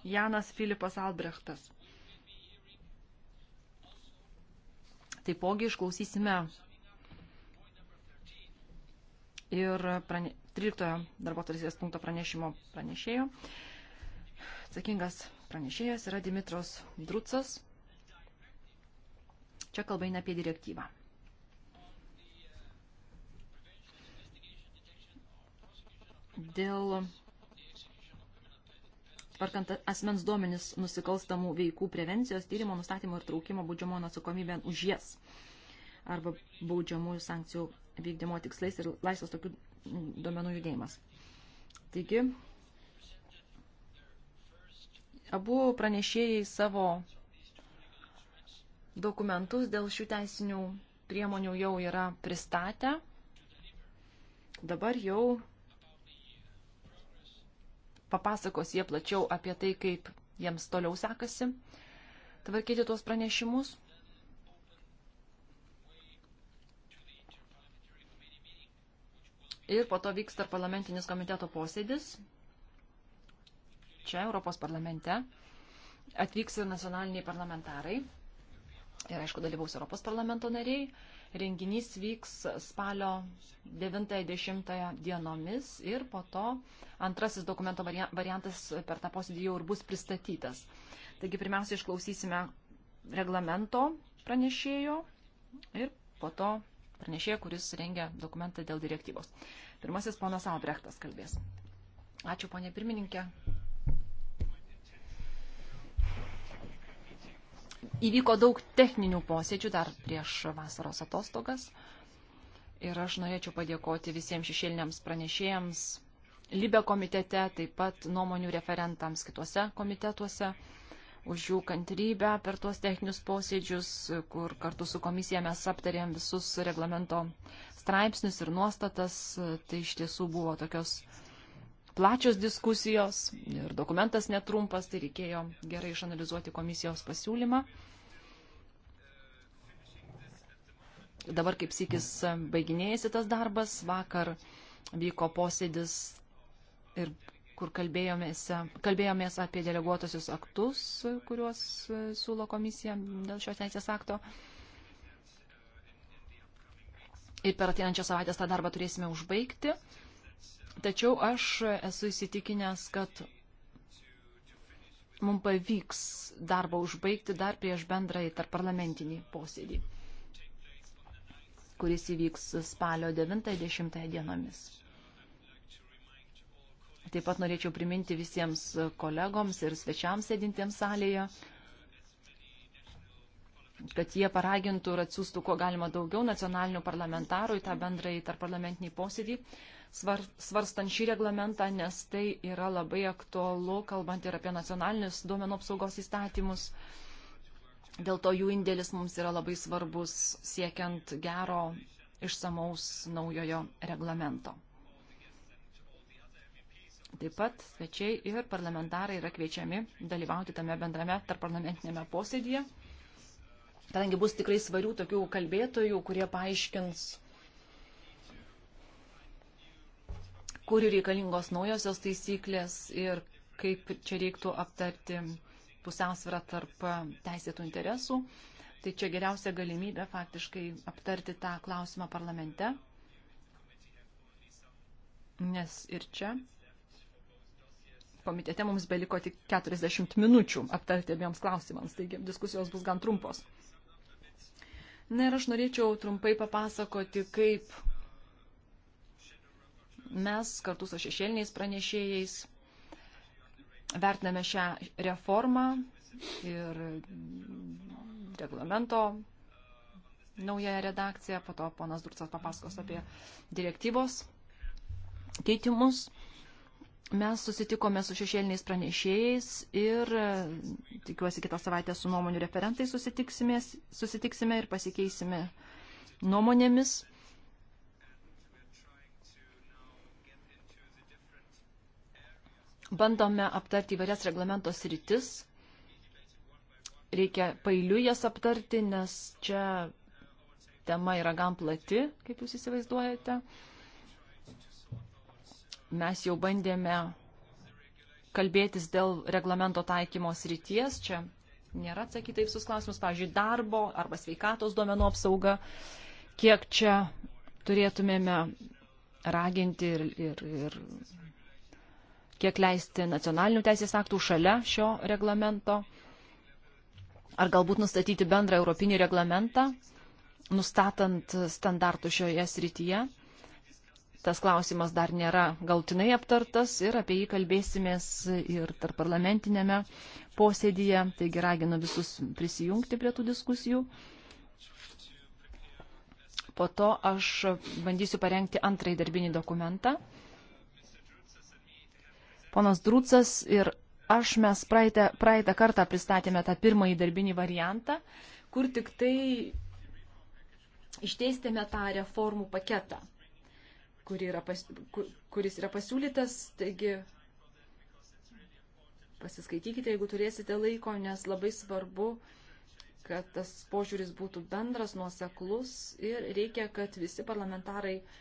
Janas Filipas Albrechtas. Taipogi išklausysime ir prane, 13 darbo tarsės punkto pranešimo pranešėjo. Atsakingas pranešėjas yra Dimitros Drucas. Čia kalba eina apie direktyvą. Dėl tvarkant asmens duomenis nusikalstamų veikų prevencijos, tyrimo, nustatymo ir traukimo baudžiamojo atsakomybę už jas arba baudžiamųjų sankcijų vykdymo tikslais ir laisvas tokių duomenų judėjimas. Taigi, abu pranešėjai savo dokumentus dėl šių teisinių priemonių jau yra pristatę. Dabar jau papasakos jie plačiau apie tai, kaip jiems toliau sekasi tvarkyti tuos pranešimus. Ir po to vyks tarp parlamentinis komiteto posėdis. Čia Europos parlamente atvyks ir nacionaliniai parlamentarai. Ir aišku, dalyvaus Europos parlamento nariai. Renginys vyks spalio 9-10 dienomis ir po to antrasis dokumento variantas per tą posėdį jau ir bus pristatytas. Taigi pirmiausia išklausysime reglamento pranešėjo ir po to pranešėjo, kuris rengia dokumentą dėl direktyvos. Pirmasis ponas Albrechtas kalbės. Ačiū, ponė pirmininkė. Įvyko daug techninių posėdžių dar prieš vasaros atostogas. Ir aš norėčiau padėkoti visiems šešėliniams pranešėjams, Libe komitete, taip pat nuomonių referentams kitose komitetuose už jų kantrybę per tuos techninius posėdžius, kur kartu su komisija mes aptarėm visus reglamento straipsnius ir nuostatas. Tai iš tiesų buvo tokios plačios diskusijos ir dokumentas netrumpas, tai reikėjo gerai išanalizuoti komisijos pasiūlymą. Dabar kaip sykis baiginėjasi tas darbas, vakar vyko posėdis ir kur kalbėjomės, kalbėjomės apie deleguotosius aktus, kuriuos siūlo komisija dėl šios teisės akto. Ir per ateinančią savaitę tą darbą turėsime užbaigti. Tačiau aš esu įsitikinęs, kad mums pavyks darbą užbaigti dar prieš bendrąjį tarparlamentinį posėdį, kuris įvyks spalio 9-10 dienomis. Taip pat norėčiau priminti visiems kolegoms ir svečiams sėdintiems salėje, kad jie paragintų ir atsiųstų kuo galima daugiau nacionalinių parlamentarų į tą bendrąjį tarparlamentinį posėdį, svar, svarstant šį reglamentą, nes tai yra labai aktualu, kalbant ir apie nacionalinius duomenų apsaugos įstatymus. Dėl to jų indėlis mums yra labai svarbus siekiant gero išsamaus naujojo reglamento. Taip pat svečiai ir parlamentarai yra kviečiami dalyvauti tame bendrame tarparlamentinėme posėdėje, kadangi bus tikrai svarių tokių kalbėtojų, kurie paaiškins kur reikalingos naujosios taisyklės ir kaip čia reiktų aptarti pusiausvyrą tarp teisėtų interesų. Tai čia geriausia galimybė faktiškai aptarti tą klausimą parlamente, nes ir čia komitete mums beliko tik 40 minučių aptarti abiems klausimams, taigi diskusijos bus gan trumpos. Na ir aš norėčiau trumpai papasakoti, kaip Mes kartu su šešėliniais pranešėjais vertiname šią reformą ir reglamento naują redakciją, po to ponas Durcas papasakos apie direktyvos keitimus. Mes susitikome su šešėliniais pranešėjais ir tikiuosi kitą savaitę su nuomonių referentais susitiksime ir pasikeisime nuomonėmis. bandome aptarti įvairias reglamentos rytis. Reikia pailiu jas aptarti, nes čia tema yra gan plati, kaip jūs įsivaizduojate. Mes jau bandėme kalbėtis dėl reglamento taikymo srities. Čia nėra atsakyta į visus klausimus, pavyzdžiui, darbo arba sveikatos duomenų apsauga, kiek čia turėtumėme raginti ir, ir, ir kiek leisti nacionalinių teisės aktų šalia šio reglamento, ar galbūt nustatyti bendrą europinį reglamentą, nustatant standartų šioje srityje. Tas klausimas dar nėra galtinai aptartas ir apie jį kalbėsimės ir tarp parlamentinėme posėdyje, taigi raginu visus prisijungti prie tų diskusijų. Po to aš bandysiu parengti antrąjį darbinį dokumentą Ponas Drūcas ir aš mes praeitą, praeitą kartą pristatėme tą pirmąjį darbinį variantą, kur tik tai išteistėme tą reformų paketą, kur yra pas, kur, kuris yra pasiūlytas. Taigi pasiskaitykite, jeigu turėsite laiko, nes labai svarbu, kad tas požiūris būtų bendras, nuoseklus ir reikia, kad visi parlamentarai uh,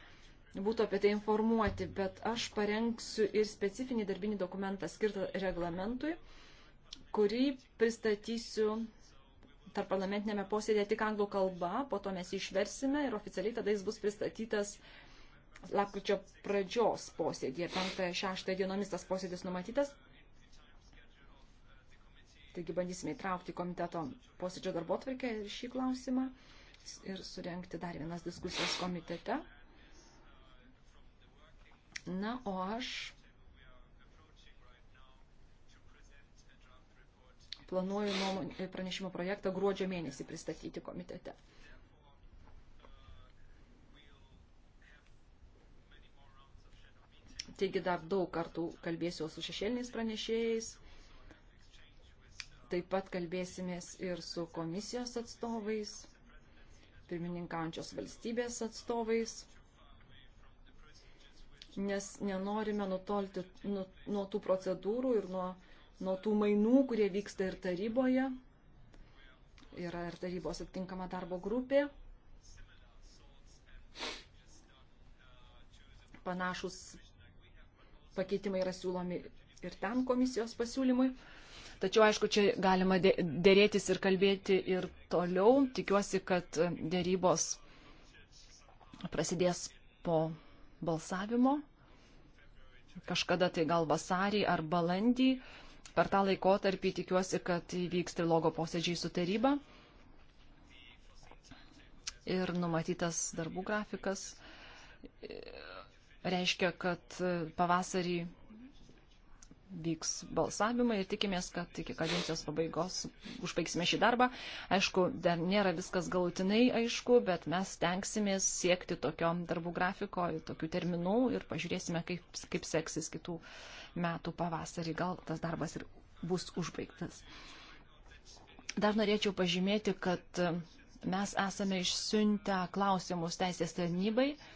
būtų apie tai informuoti, bet aš parengsiu ir specifinį darbinį dokumentą skirtą reglamentui, kurį pristatysiu tarp parlamentinėme posėdėje tik anglų kalba, po to mes jį išversime ir oficialiai tada jis bus pristatytas lapkričio pradžios posėdėje, 5-6 dienomis tas posėdis numatytas. Taigi bandysime įtraukti komiteto posėdžio darbo tvarkę šį klausimą ir surenkti dar vienas diskusijas komitete. Na, o aš planuoju nuomonė, e, pranešimo projektą gruodžio mėnesį pristatyti komitete. Taigi dar daug kartų kalbėsiu su šešėliniais pranešėjais. Taip pat kalbėsimės ir su komisijos atstovais, pirmininkaujančios valstybės atstovais nes nenorime nutolti nu, nuo tų procedūrų ir nuo, nuo tų mainų, kurie vyksta ir taryboje. Yra ir tarybos atitinkama darbo grupė. Panašus pakeitimai yra siūlomi ir ten komisijos pasiūlymui. Tačiau, aišku, čia galima dėrėtis ir kalbėti ir toliau. Tikiuosi, kad dėrybos prasidės po balsavimo kažkada tai gal vasarį ar balandį. Per tą laikotarpį tikiuosi, kad įvyks trilogo posėdžiai su taryba ir numatytas darbų grafikas reiškia, kad pavasarį vyks balsavimai ir tikimės, kad iki kadencijos pabaigos užbaigsime šį darbą. Aišku, dar nėra viskas galutinai aišku, bet mes tenksimės siekti tokio darbų grafiko, tokių terminų ir pažiūrėsime, kaip, kaip seksis kitų metų pavasarį. Gal tas darbas ir bus užbaigtas. Dar norėčiau pažymėti, kad mes esame išsiuntę klausimus teisės tarnybai. Tai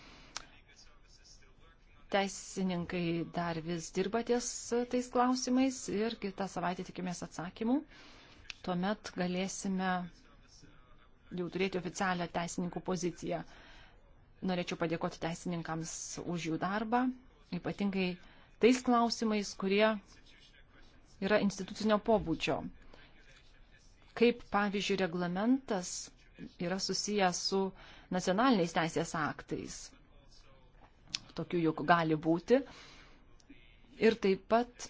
Teisininkai dar vis dirba ties tais klausimais ir kitą savaitę tikimės atsakymų. Tuomet galėsime jau turėti oficialią teisininkų poziciją. Norėčiau padėkoti teisininkams už jų darbą, ypatingai tais klausimais, kurie yra institucinio pobūdžio. Kaip pavyzdžiui reglamentas yra susijęs su nacionaliniais teisės aktais tokių juk gali būti, ir taip pat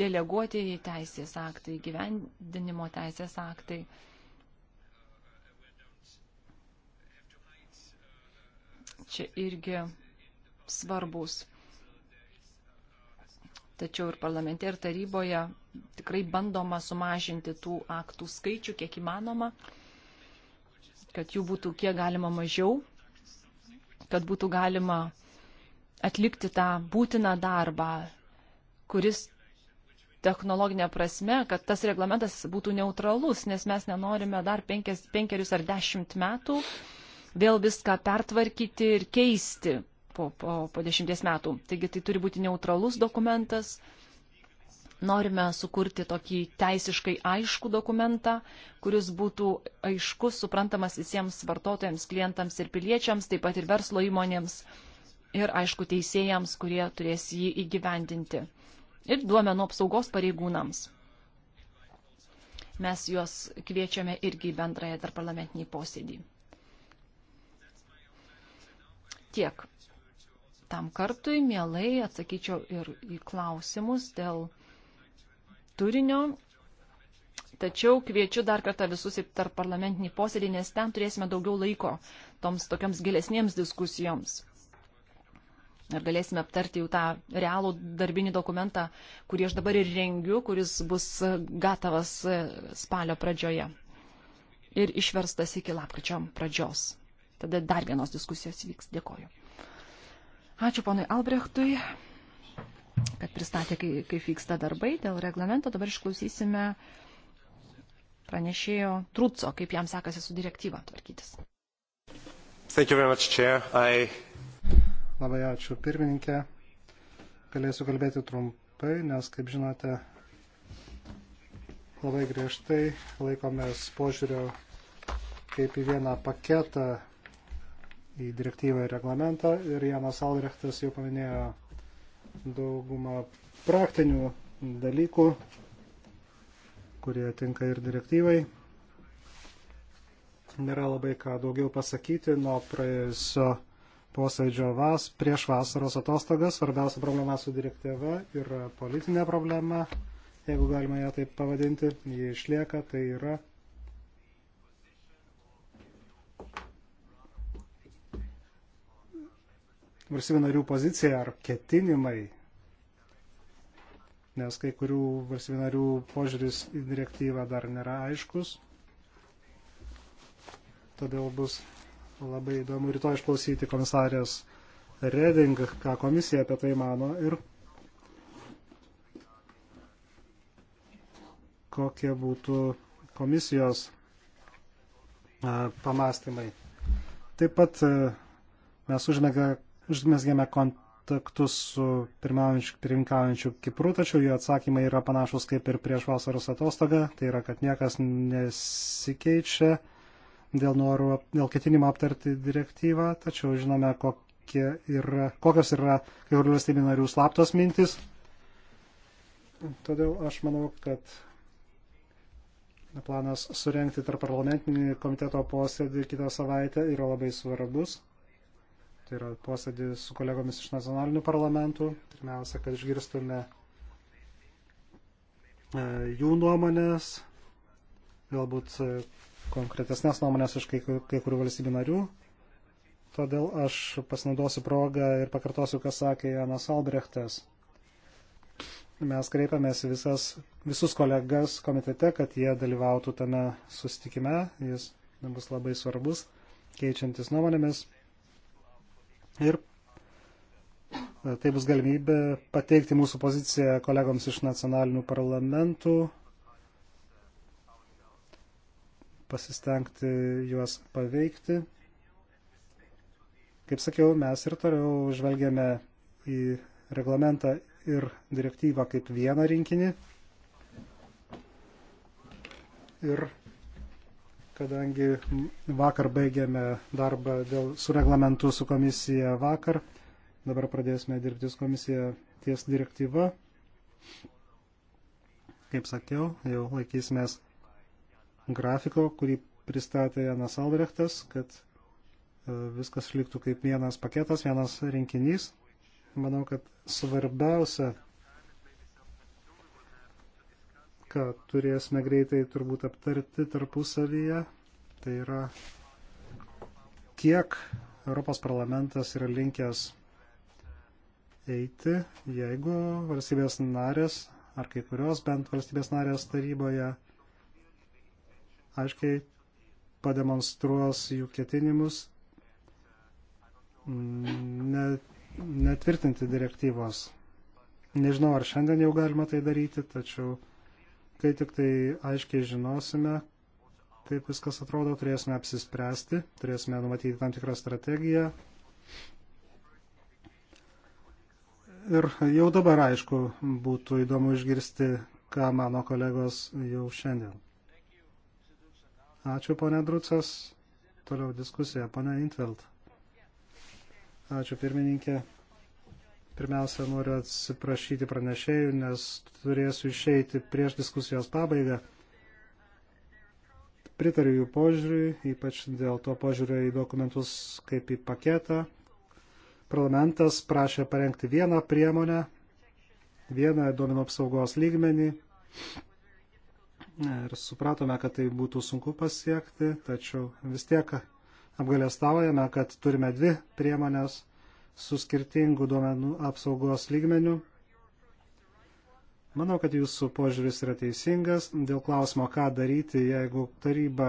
deleguotieji teisės aktai, gyvendinimo teisės aktai. Čia irgi svarbus. Tačiau ir parlamente, ir taryboje tikrai bandoma sumažinti tų aktų skaičių kiek įmanoma, kad jų būtų kiek galima mažiau kad būtų galima atlikti tą būtiną darbą, kuris technologinė prasme, kad tas reglamentas būtų neutralus, nes mes nenorime dar penkis, penkerius ar dešimt metų vėl viską pertvarkyti ir keisti po, po, po dešimties metų. Taigi tai turi būti neutralus dokumentas, Norime sukurti tokį teisiškai aišku dokumentą, kuris būtų aiškus, suprantamas visiems vartotojams, klientams ir piliečiams, taip pat ir verslo įmonėms ir, aišku, teisėjams, kurie turės jį įgyvendinti ir duomenų apsaugos pareigūnams. Mes juos kviečiame irgi į bendrąją dar parlamentinį posėdį. Tiek. Tam kartui mielai atsakyčiau ir į klausimus dėl turinio. Tačiau kviečiu dar kartą visus į tarp parlamentinį posėdį, nes ten turėsime daugiau laiko toms tokiams gilesniems diskusijoms. Ir galėsime aptarti jau tą realų darbinį dokumentą, kurį aš dabar ir rengiu, kuris bus gatavas spalio pradžioje ir išverstas iki lapkričio pradžios. Tada dar vienos diskusijos vyks. Dėkoju. Ačiū ponui Albrechtui kad pristatė, kaip, kaip vyksta darbai dėl reglamento. Dabar išklausysime pranešėjo Trūco, kaip jam sekasi su direktyva tvarkytis. Much, Chair. I... Labai ačiū, pirmininkė. Galėsiu kalbėti trumpai, nes, kaip žinote, labai griežtai laikomės požiūrio kaip į vieną paketą į direktyvą ir reglamentą ir Janas Alrechtas jau paminėjo daugumą praktinių dalykų, kurie tinka ir direktyvai. Nėra labai ką daugiau pasakyti nuo praėjusio posėdžio vas, prieš vasaros atostogas. Svarbiausia problema su direktyva yra politinė problema, jeigu galima ją taip pavadinti. Ji išlieka, tai yra valstybių narių pozicija ar ketinimai, nes kai kurių valstybių narių požiūris į direktyvą dar nėra aiškus. Todėl bus labai įdomu rytoj išklausyti komisarės Reding, ką komisija apie tai mano ir kokie būtų komisijos pamastymai. Taip pat mes užmėgame Užmesgėme kontaktus su pirmininkaujančiu Kipru, tačiau jų atsakymai yra panašus kaip ir prieš vasaros atostogą, tai yra, kad niekas nesikeičia dėl, norų, dėl ketinimo aptarti direktyvą, tačiau žinome, kokie yra, kokios yra kai kurių valstybių narių slaptos mintis. Todėl aš manau, kad planas surenkti tarp parlamentinį komiteto posėdį kitą savaitę yra labai svarbus tai yra posėdį su kolegomis iš nacionalinių parlamentų, pirmiausia, kad išgirstume e, jų nuomonės, galbūt e, konkretesnės nuomonės iš kai, kai kurių valstybių narių. Todėl aš pasinaudosiu progą ir pakartosiu, ką sakė Janas Albrechtas. Mes kreipiamės visas, visus kolegas komitete, kad jie dalyvautų tame susitikime. Jis bus labai svarbus, keičiantis nuomonėmis ir e, tai bus galimybė pateikti mūsų poziciją kolegoms iš nacionalinių parlamentų, pasistengti juos paveikti. Kaip sakiau, mes ir toliau žvelgiame į reglamentą ir direktyvą kaip vieną rinkinį. Ir kadangi vakar baigėme darbą dėl, su reglamentu su komisija vakar, dabar pradėsime dirbti su komisija ties direktyva. Kaip sakiau, jau laikysimės grafiko, kurį pristatė Janas Albrechtas, kad e, viskas liktų kaip vienas paketas, vienas rinkinys. Manau, kad svarbiausia ką turėsime greitai turbūt aptarti tarpusavyje, tai yra kiek Europos parlamentas yra linkęs eiti, jeigu valstybės narės ar kai kurios bent valstybės narės taryboje aiškiai pademonstruos jų ketinimus net, netvirtinti direktyvos. Nežinau, ar šiandien jau galima tai daryti, tačiau Kai tik tai aiškiai žinosime, kaip viskas atrodo, turėsime apsispręsti, turėsime numatyti tam tikrą strategiją. Ir jau dabar, aišku, būtų įdomu išgirsti, ką mano kolegos jau šiandien. Ačiū, ponė Drucas. Toliau diskusija, ponė Intveld. Ačiū, pirmininkė. Pirmiausia, noriu atsiprašyti pranešėjų, nes turėsiu išeiti prieš diskusijos pabaigą. Pritariu jų požiūriui, ypač dėl to požiūrio į dokumentus kaip į paketą. Parlamentas prašė parengti vieną priemonę, vieną duomenų apsaugos lygmenį. Ir supratome, kad tai būtų sunku pasiekti, tačiau vis tiek apgalėstaujame, kad turime dvi priemonės su skirtingu duomenų apsaugos lygmeniu. Manau, kad jūsų požiūris yra teisingas dėl klausimo, ką daryti, jeigu taryba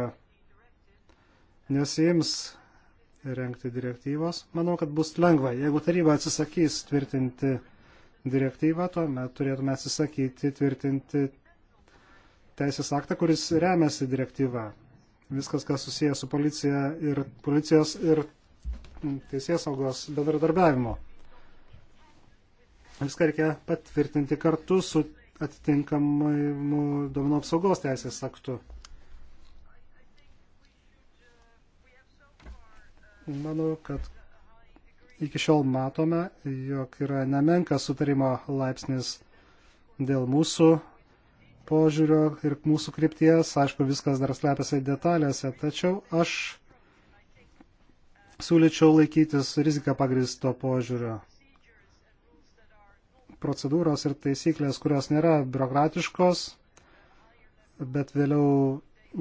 nesiims renkti direktyvos. Manau, kad bus lengva. Jeigu taryba atsisakys tvirtinti direktyvą, tuomet turėtume atsisakyti tvirtinti teisės aktą, kuris remiasi direktyva. Viskas, kas susijęs su policija ir policijos ir teisės saugos bendradarbiavimo. Viską reikia patvirtinti kartu su atitinkamu duomenų apsaugos teisės aktu. Manau, kad iki šiol matome, jog yra nemenkas sutarimo laipsnis dėl mūsų požiūrio ir mūsų krypties. Aišku, viskas dar slepiasi detalėse, tačiau aš Sūlyčiau laikytis riziką pagristo požiūrio. Procedūros ir taisyklės, kurios nėra biurokratiškos, bet vėliau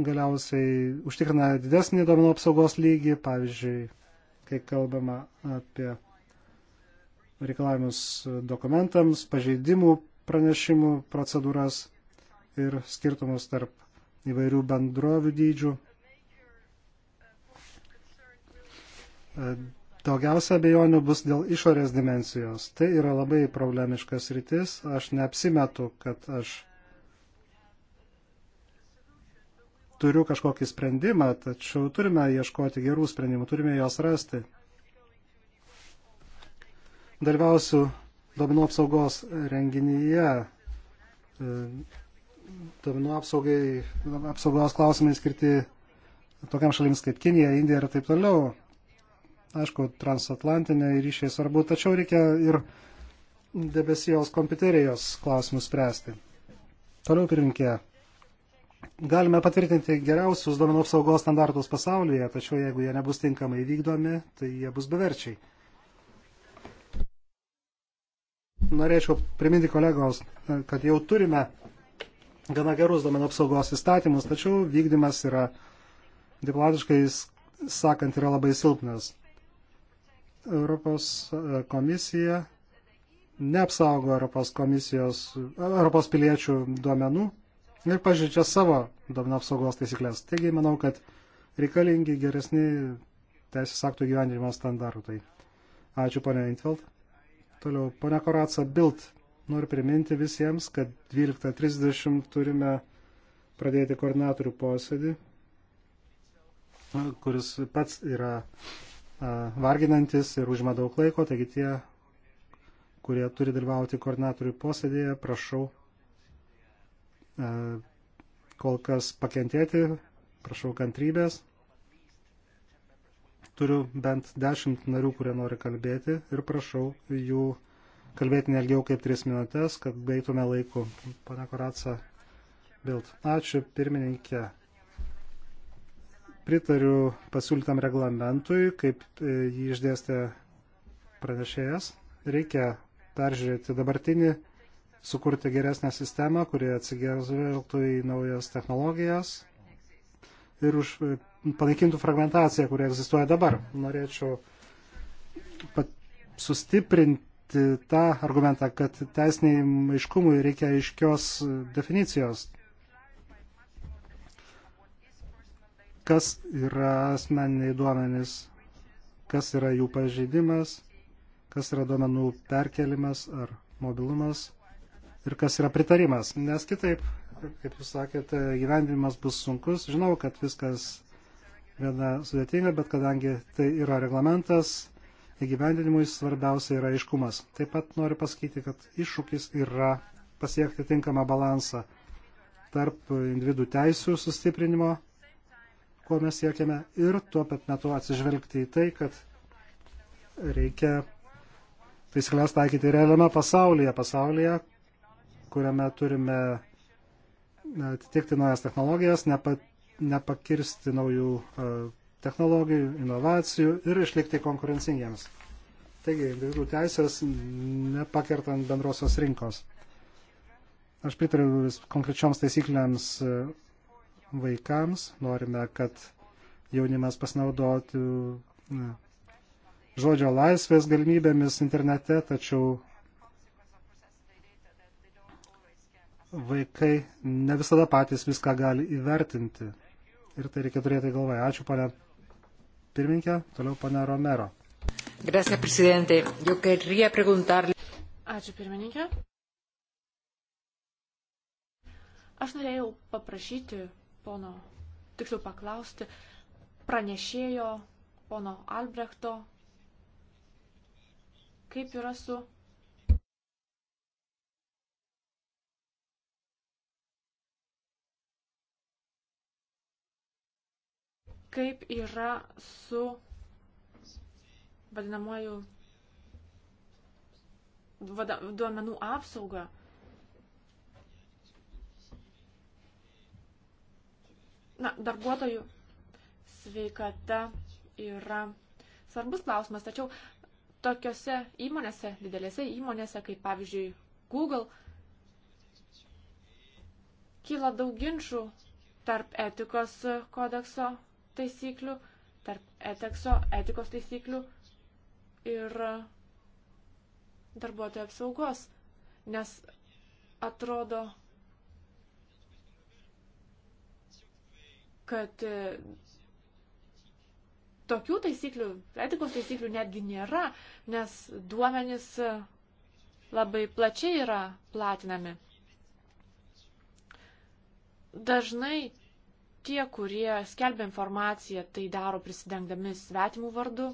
galiausiai užtikrina didesnį duomenų apsaugos lygį, pavyzdžiui, kai kalbama apie reikalavimus dokumentams, pažeidimų pranešimų procedūras ir skirtumus tarp įvairių bendrovių dydžių. E, daugiausia abejonių bus dėl išorės dimensijos. Tai yra labai problemiškas rytis. Aš neapsimetu, kad aš turiu kažkokį sprendimą, tačiau turime ieškoti gerų sprendimų, turime juos rasti. Dalyvausiu domino apsaugos renginyje. E, domino apsaugai, apsaugos klausimai skirti tokiam šalims kaip Kinija, Indija ir taip toliau. Aišku, transatlantiniai ryšiai svarbu, tačiau reikia ir debesijos kompiuterijos klausimus spręsti. Toliau pirminkė. Galime patvirtinti geriausius duomenų apsaugos standartus pasaulyje, tačiau jeigu jie nebus tinkamai vykdomi, tai jie bus beverčiai. Norėčiau priminti kolegos, kad jau turime gana gerus duomenų apsaugos įstatymus, tačiau vykdymas yra, diplomatiškai sakant, yra labai silpnas. Europos e, komisija neapsaugo Europos komisijos, e, Europos piliečių duomenų ir pažydžia savo duomenų apsaugos taisyklės. Taigi manau, kad reikalingi geresni teisės aktų gyvenimo standartai. Ačiū, ponia Intveld. Toliau, ponia Koratsa Bild. Noriu priminti visiems, kad 12.30 turime pradėti koordinatorių posėdį, kuris pats yra varginantis ir užima daug laiko, taigi tie, kurie turi dalyvauti koordinatorių posėdėje, prašau kol kas pakentėti, prašau kantrybės. Turiu bent dešimt narių, kurie nori kalbėti ir prašau jų kalbėti nelgiau kaip tris minutės, kad baigtume laiku. Pane Koratsa, Bilt. Ačiū pirmininkė pritariu pasiūlytam reglamentui, kaip e, jį išdėstė pranešėjas. Reikia peržiūrėti dabartinį, sukurti geresnę sistemą, kuri atsigerzvėltų į naujas technologijas ir už, e, panaikintų fragmentaciją, kuri egzistuoja dabar. Norėčiau pat, sustiprinti tą argumentą, kad teisiniai aiškumui reikia aiškios definicijos kas yra asmeniniai duomenys, kas yra jų pažeidimas, kas yra duomenų perkelimas ar mobilumas ir kas yra pritarimas. Nes kitaip, kaip jūs sakėte, gyvendinimas bus sunkus. Žinau, kad viskas viena sudėtinga, bet kadangi tai yra reglamentas, įgyvendinimui svarbiausia yra aiškumas. Taip pat noriu pasakyti, kad iššūkis yra pasiekti tinkamą balansą tarp individų teisų sustiprinimo ko mes siekiame ir tuo pat metu atsižvelgti į tai, kad reikia taisyklės taikyti realiame pasaulyje, pasaulyje, kuriame turime atitikti naujas technologijas, nepa, nepakirsti naujų e, technologijų, inovacijų ir išlikti konkurencingiems. Taigi, individų teisės nepakertant bendrosios rinkos. Aš pritariu konkrečioms taisyklėms vaikams, norime, kad jaunimas pasinaudotų na, žodžio laisvės galimybėmis internete, tačiau vaikai ne visada patys viską gali įvertinti. Ir tai reikia turėti galvoje. Ačiū, pane pirmininkė, toliau pane Romero. Gracias, presidente. Yo querría preguntarle. Ačiū, pirmininkė. Aš norėjau paprašyti pono, tiksliau paklausti, pranešėjo pono Albrechto, kaip yra su. Kaip yra su vadinamuoju duomenų apsauga Na, darbuotojų sveikata yra svarbus klausimas, tačiau tokiose įmonėse, didelėse įmonėse, kaip pavyzdžiui Google, kyla daug ginčių tarp etikos kodekso taisyklių, tarp etekso, etikos taisyklių ir darbuotojų apsaugos, nes atrodo, kad e, tokių taisyklių, etikos taisyklių netgi nėra, nes duomenys e, labai plačiai yra platinami. Dažnai tie, kurie skelbia informaciją, tai daro prisidengdami svetimų vardu.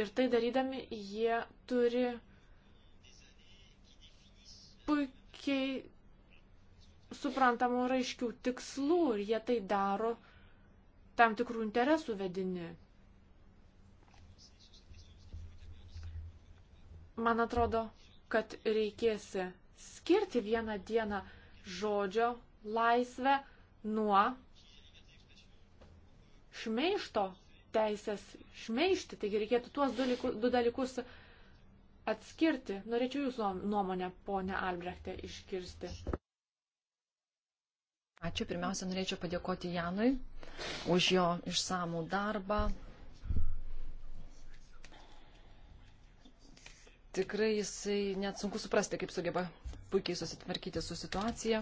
Ir tai darydami jie turi puikiai suprantamų ir aiškių tikslų ir jie tai daro tam tikrų interesų vedini. Man atrodo, kad reikės skirti vieną dieną žodžio laisvę nuo šmeišto teisės šmeišti. Taigi reikėtų tuos du dalykus atskirti. Norėčiau jūsų nuomonę, ponė Albrechtė, iškirsti. Ačiū. Pirmiausia, norėčiau padėkoti Janui už jo išsamų darbą. Tikrai jisai net sunku suprasti, kaip sugeba puikiai susitvarkyti su situacija.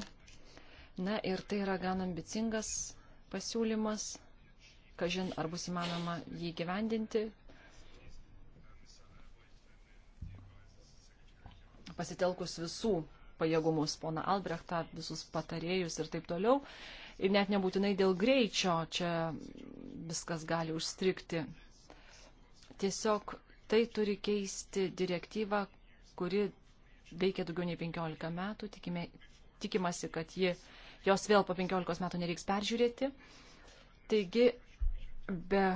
Na ir tai yra gan ambicingas pasiūlymas, kažin ar bus įmanoma jį gyvendinti, pasitelkus visų pajėgumus, pona Albrechtą, visus patarėjus ir taip toliau. Ir net nebūtinai dėl greičio čia viskas gali užstrikti. Tiesiog tai turi keisti direktyvą, kuri veikia daugiau nei 15 metų. Tikime, tikimasi, kad ji, jos vėl po 15 metų nereiks peržiūrėti. Taigi, be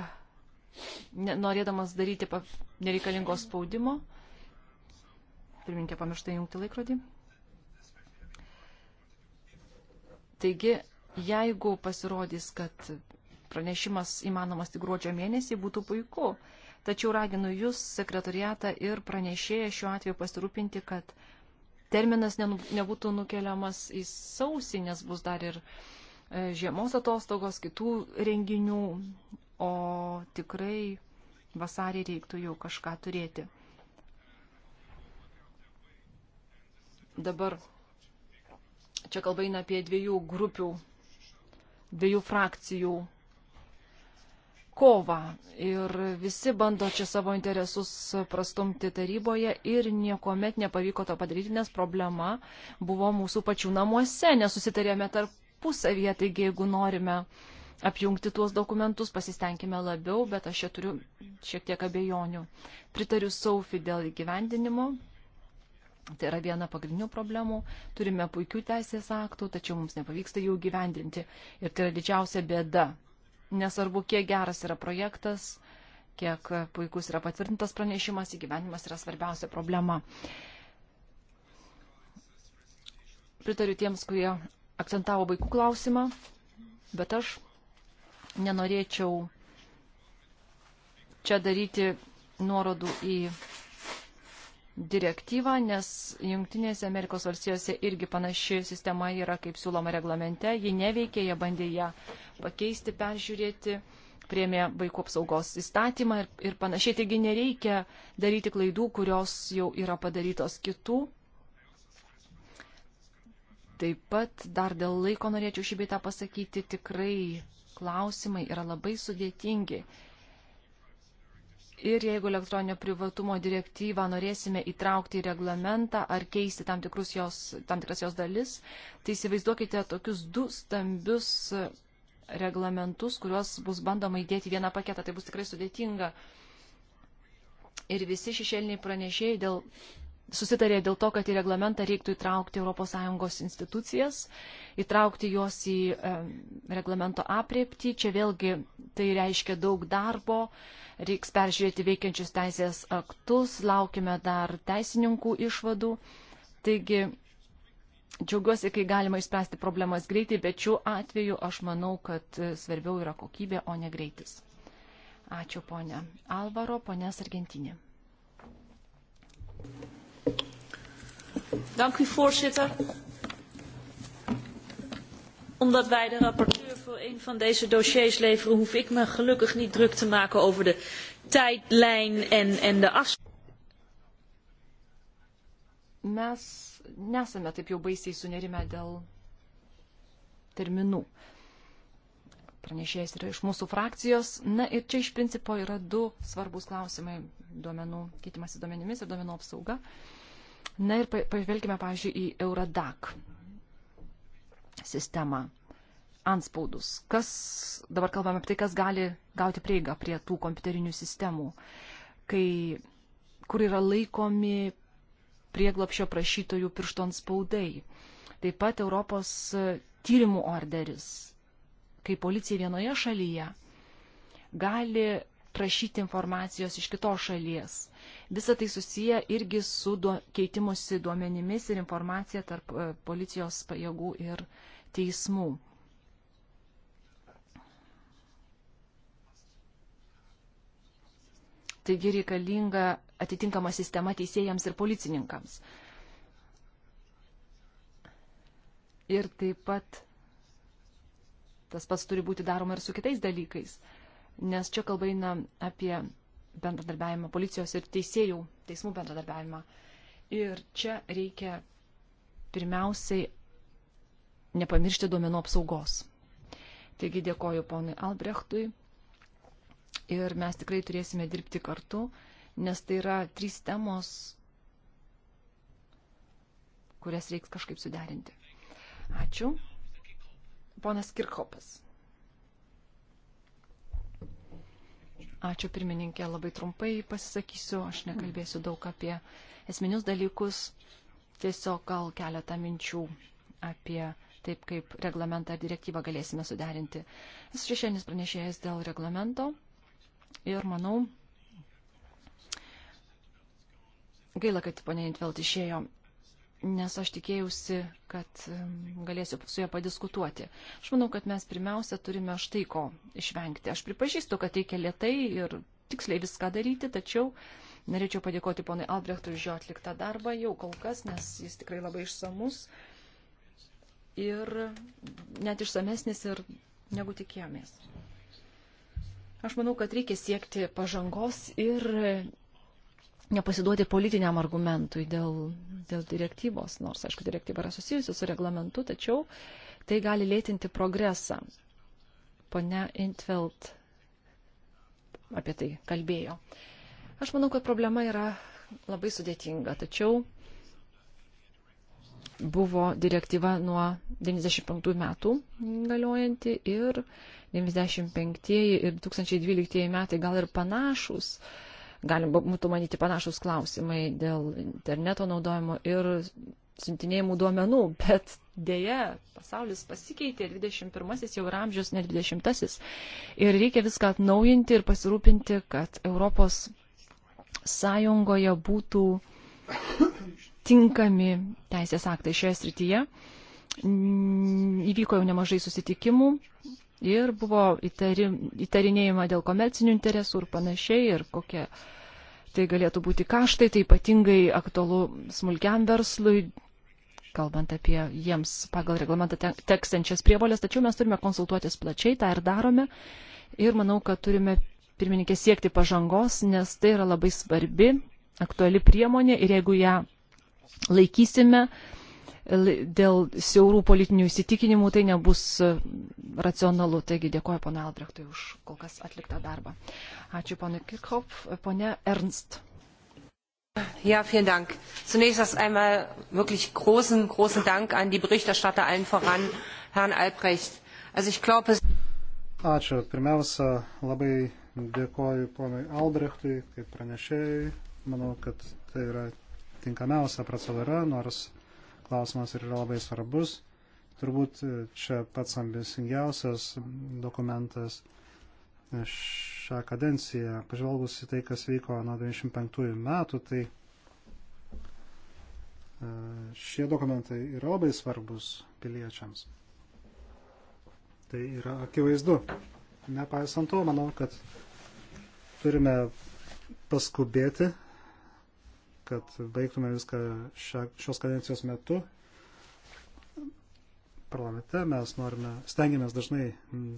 norėdamas daryti nereikalingos spaudimo, Pirminkė pamiršta jungti laikrodį. Taigi, jeigu pasirodys, kad pranešimas įmanomas tik gruodžio mėnesį, būtų puiku. Tačiau raginu Jūs, sekretariatą ir pranešėją šiuo atveju pasirūpinti, kad terminas nebūtų nukeliamas į sausį, nes bus dar ir e, žiemos atostogos, kitų renginių, o tikrai vasarį reiktų jau kažką turėti. Dabar čia kalba eina apie dviejų grupių, dviejų frakcijų kovą ir visi bando čia savo interesus prastumti taryboje ir niekuomet nepavyko to padaryti, nes problema buvo mūsų pačių namuose, nesusitarėme tarpusavyje, taigi jeigu norime apjungti tuos dokumentus, pasistengime labiau, bet aš čia turiu šiek tiek abejonių. Pritariu Saufi dėl įgyvendinimo, Tai yra viena pagrindinių problemų. Turime puikių teisės aktų, tačiau mums nepavyksta jų gyvendinti. Ir tai yra didžiausia bėda. Nesvarbu, kiek geras yra projektas, kiek puikus yra patvirtintas pranešimas, įgyvenimas yra svarbiausia problema. Pritariu tiems, kurie akcentavo vaikų klausimą, bet aš nenorėčiau čia daryti nuorodų į direktyvą, nes Junktinėse Amerikos valstijose irgi panaši sistema yra, kaip siūloma reglamente. Ji neveikė, jie bandė ją pakeisti, peržiūrėti, priemė vaikų apsaugos įstatymą ir, ir panašiai. Taigi nereikia daryti klaidų, kurios jau yra padarytos kitų. Taip pat dar dėl laiko norėčiau šį beitą pasakyti, tikrai klausimai yra labai sudėtingi Ir jeigu elektroninio privatumo direktyvą norėsime įtraukti į reglamentą ar keisti tam, jos, tam tikras jos dalis, tai įsivaizduokite tokius du stambius reglamentus, kuriuos bus bandoma įdėti vieną paketą. Tai bus tikrai sudėtinga. Ir visi šešėliniai pranešėjai dėl susitarė dėl to, kad į reglamentą reiktų įtraukti ES institucijas, įtraukti juos į reglamento apriepti. Čia vėlgi tai reiškia daug darbo, reiks peržiūrėti veikiančius teisės aktus, laukime dar teisininkų išvadų. Taigi, džiaugiuosi, kai galima išspręsti problemas greitai, bet šiuo atveju aš manau, kad svarbiau yra kokybė, o ne greitis. Ačiū, ponė Alvaro, ponės Argentinė. Dank u, voorzitter. Omdat wij de rapporteur voor een van deze dossiers leveren, hoef ik me gelukkig niet druk te maken over de tijdlijn en, en de afspraak. Mes nesame taip jau baisiai sunerime dėl terminų. Pranešėjas yra iš mūsų frakcijos. Na ir čia iš principo yra du svarbus klausimai - duomenų keitimas į duomenimis ir duomenų apsauga. Uh, Na ir pažvelgime, pavyzdžiui, į Euradak sistemą. Anspaudus. Kas, dabar kalbame apie tai, kas gali gauti prieigą prie tų kompiuterinių sistemų, kai, kur yra laikomi prieglopšio prašytojų piršto anspaudai. Taip pat Europos tyrimų orderis, kai policija vienoje šalyje gali prašyti informacijos iš kitos šalies. Visą tai susiję irgi su duo, keitimusi duomenimis ir informacija tarp e, policijos pajėgų ir teismų. Taigi reikalinga atitinkama sistema teisėjams ir policininkams. Ir taip pat tas pats turi būti daroma ir su kitais dalykais nes čia kalba eina apie bendradarbiavimą policijos ir teisėjų, teismų bendradarbiavimą. Ir čia reikia pirmiausiai nepamiršti duomenų apsaugos. Taigi dėkoju ponui Albrechtui ir mes tikrai turėsime dirbti kartu, nes tai yra trys temos, kurias reiks kažkaip suderinti. Ačiū. Ponas Kirkhopas. Ačiū pirmininkė, labai trumpai pasisakysiu, aš nekalbėsiu daug apie esminius dalykus, tiesiog gal keletą minčių apie taip, kaip reglamentą ar direktyvą galėsime suderinti. Esu šešėlinis pranešėjas dėl reglamento ir manau, gaila, kad ponė Intvelt išėjo nes aš tikėjausi, kad galėsiu su ja padiskutuoti. Aš manau, kad mes pirmiausia turime štai ko išvengti. Aš pripažįstu, kad reikia lietai ir tiksliai viską daryti, tačiau norėčiau padėkoti ponai Albrechtui už jo atliktą darbą jau kol kas, nes jis tikrai labai išsamus ir net išsamesnis ir negu tikėjomės. Aš manau, kad reikia siekti pažangos ir nepasiduoti politiniam argumentui dėl, dėl direktyvos, nors, aišku, direktyva yra susijusi su reglamentu, tačiau tai gali lėtinti progresą. Pone Intveld apie tai kalbėjo. Aš manau, kad problema yra labai sudėtinga, tačiau buvo direktyva nuo 95 metų galiojanti ir 95 ir 2012 metai gal ir panašus. Uh, galima būtų manyti panašus klausimai dėl interneto naudojimo ir siuntinėjimų duomenų, *laughs* bet dėja, pasaulis pasikeitė, 21-asis jau yra amžius, ne 20-asis. Ir reikia viską atnaujinti ir pasirūpinti, kad Europos sąjungoje būtų tinkami teisės aktai šioje srityje. Įvyko jau nemažai susitikimų ir buvo įtari, įtarinėjama dėl komercinių interesų ir panašiai, ir kokie tai galėtų būti kaštai, tai ypatingai aktualu smulkiam verslui, kalbant apie jiems pagal reglamentą teksančias prievolės, tačiau mes turime konsultuotis plačiai, tą ir darome, ir manau, kad turime pirmininkė siekti pažangos, nes tai yra labai svarbi, aktuali priemonė ir jeigu ją laikysime, dėl siaurų politinių įsitikinimų tai nebus e, racionalu. Taigi dėkoju pana Albrechtui už kol kas atliktą darbą. Ačiū pana Kirchhoff, pana Ernst. Ja, vielen Dank. Zunächst erst einmal wirklich großen, großen Dank an die Berichterstatter allen voran, Herrn Albrecht. Also ich glaube, es Ačiū. Pirmiausia, labai dėkoju ponui Albrechtui, kaip pranešėjai. Manau, kad tai yra tinkamiausia procedūra, nors klausimas ir yra labai svarbus. Turbūt čia pats ambisingiausias dokumentas šią kadenciją. Pažvelgus į tai, kas vyko nuo 95 metų, tai e, šie dokumentai yra labai svarbus piliečiams. Tai yra akivaizdu. Nepaisant to, manau, kad turime paskubėti kad baigtume viską šia, šios kadencijos metu. Parlamente mes norime, stengiamės dažnai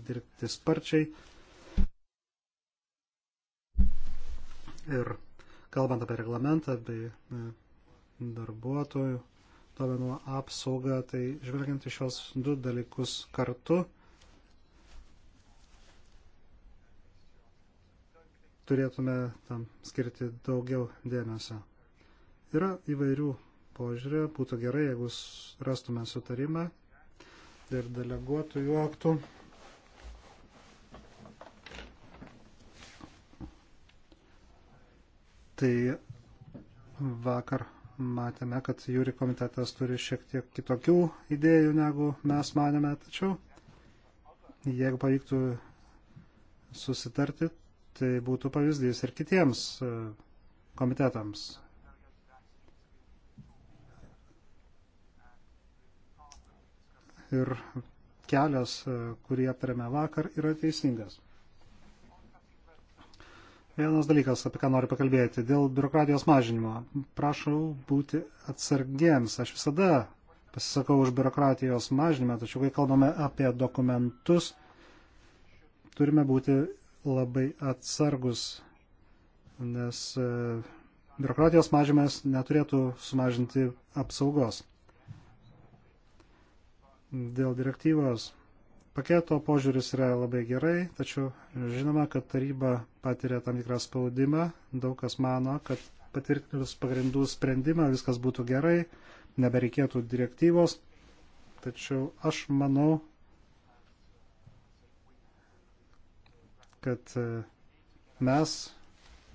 dirbti sparčiai. Ir kalbant apie reglamentą bei e, darbuotojų duomenų apsaugą, tai žvelgiant į šios du dalykus kartu, turėtume tam skirti daugiau dėmesio. Yra įvairių požiūrė, būtų gerai, jeigu rastume sutarimą ir deleguotųjų aktų. Tai vakar matėme, kad jūri komitetas turi šiek tiek kitokių idėjų, negu mes manėme, tačiau jeigu pavyktų susitarti, tai būtų pavyzdys ir kitiems e, komitetams. ir kelias, e, kurį aptarėme vakar, yra teisingas. Vienas dalykas, apie ką noriu pakalbėti, dėl biurokratijos mažinimo. Prašau būti atsargiems. Aš visada pasisakau už biurokratijos mažinimą, tačiau kai kalbame apie dokumentus, turime būti labai atsargus, nes e, biurokratijos mažinimas neturėtų sumažinti apsaugos dėl direktyvos paketo požiūris yra labai gerai, tačiau žinoma, kad taryba patiria tam tikrą spaudimą, daug kas mano, kad patvirtinus pagrindų sprendimą viskas būtų gerai, nebereikėtų direktyvos, tačiau aš manau, kad e, mes,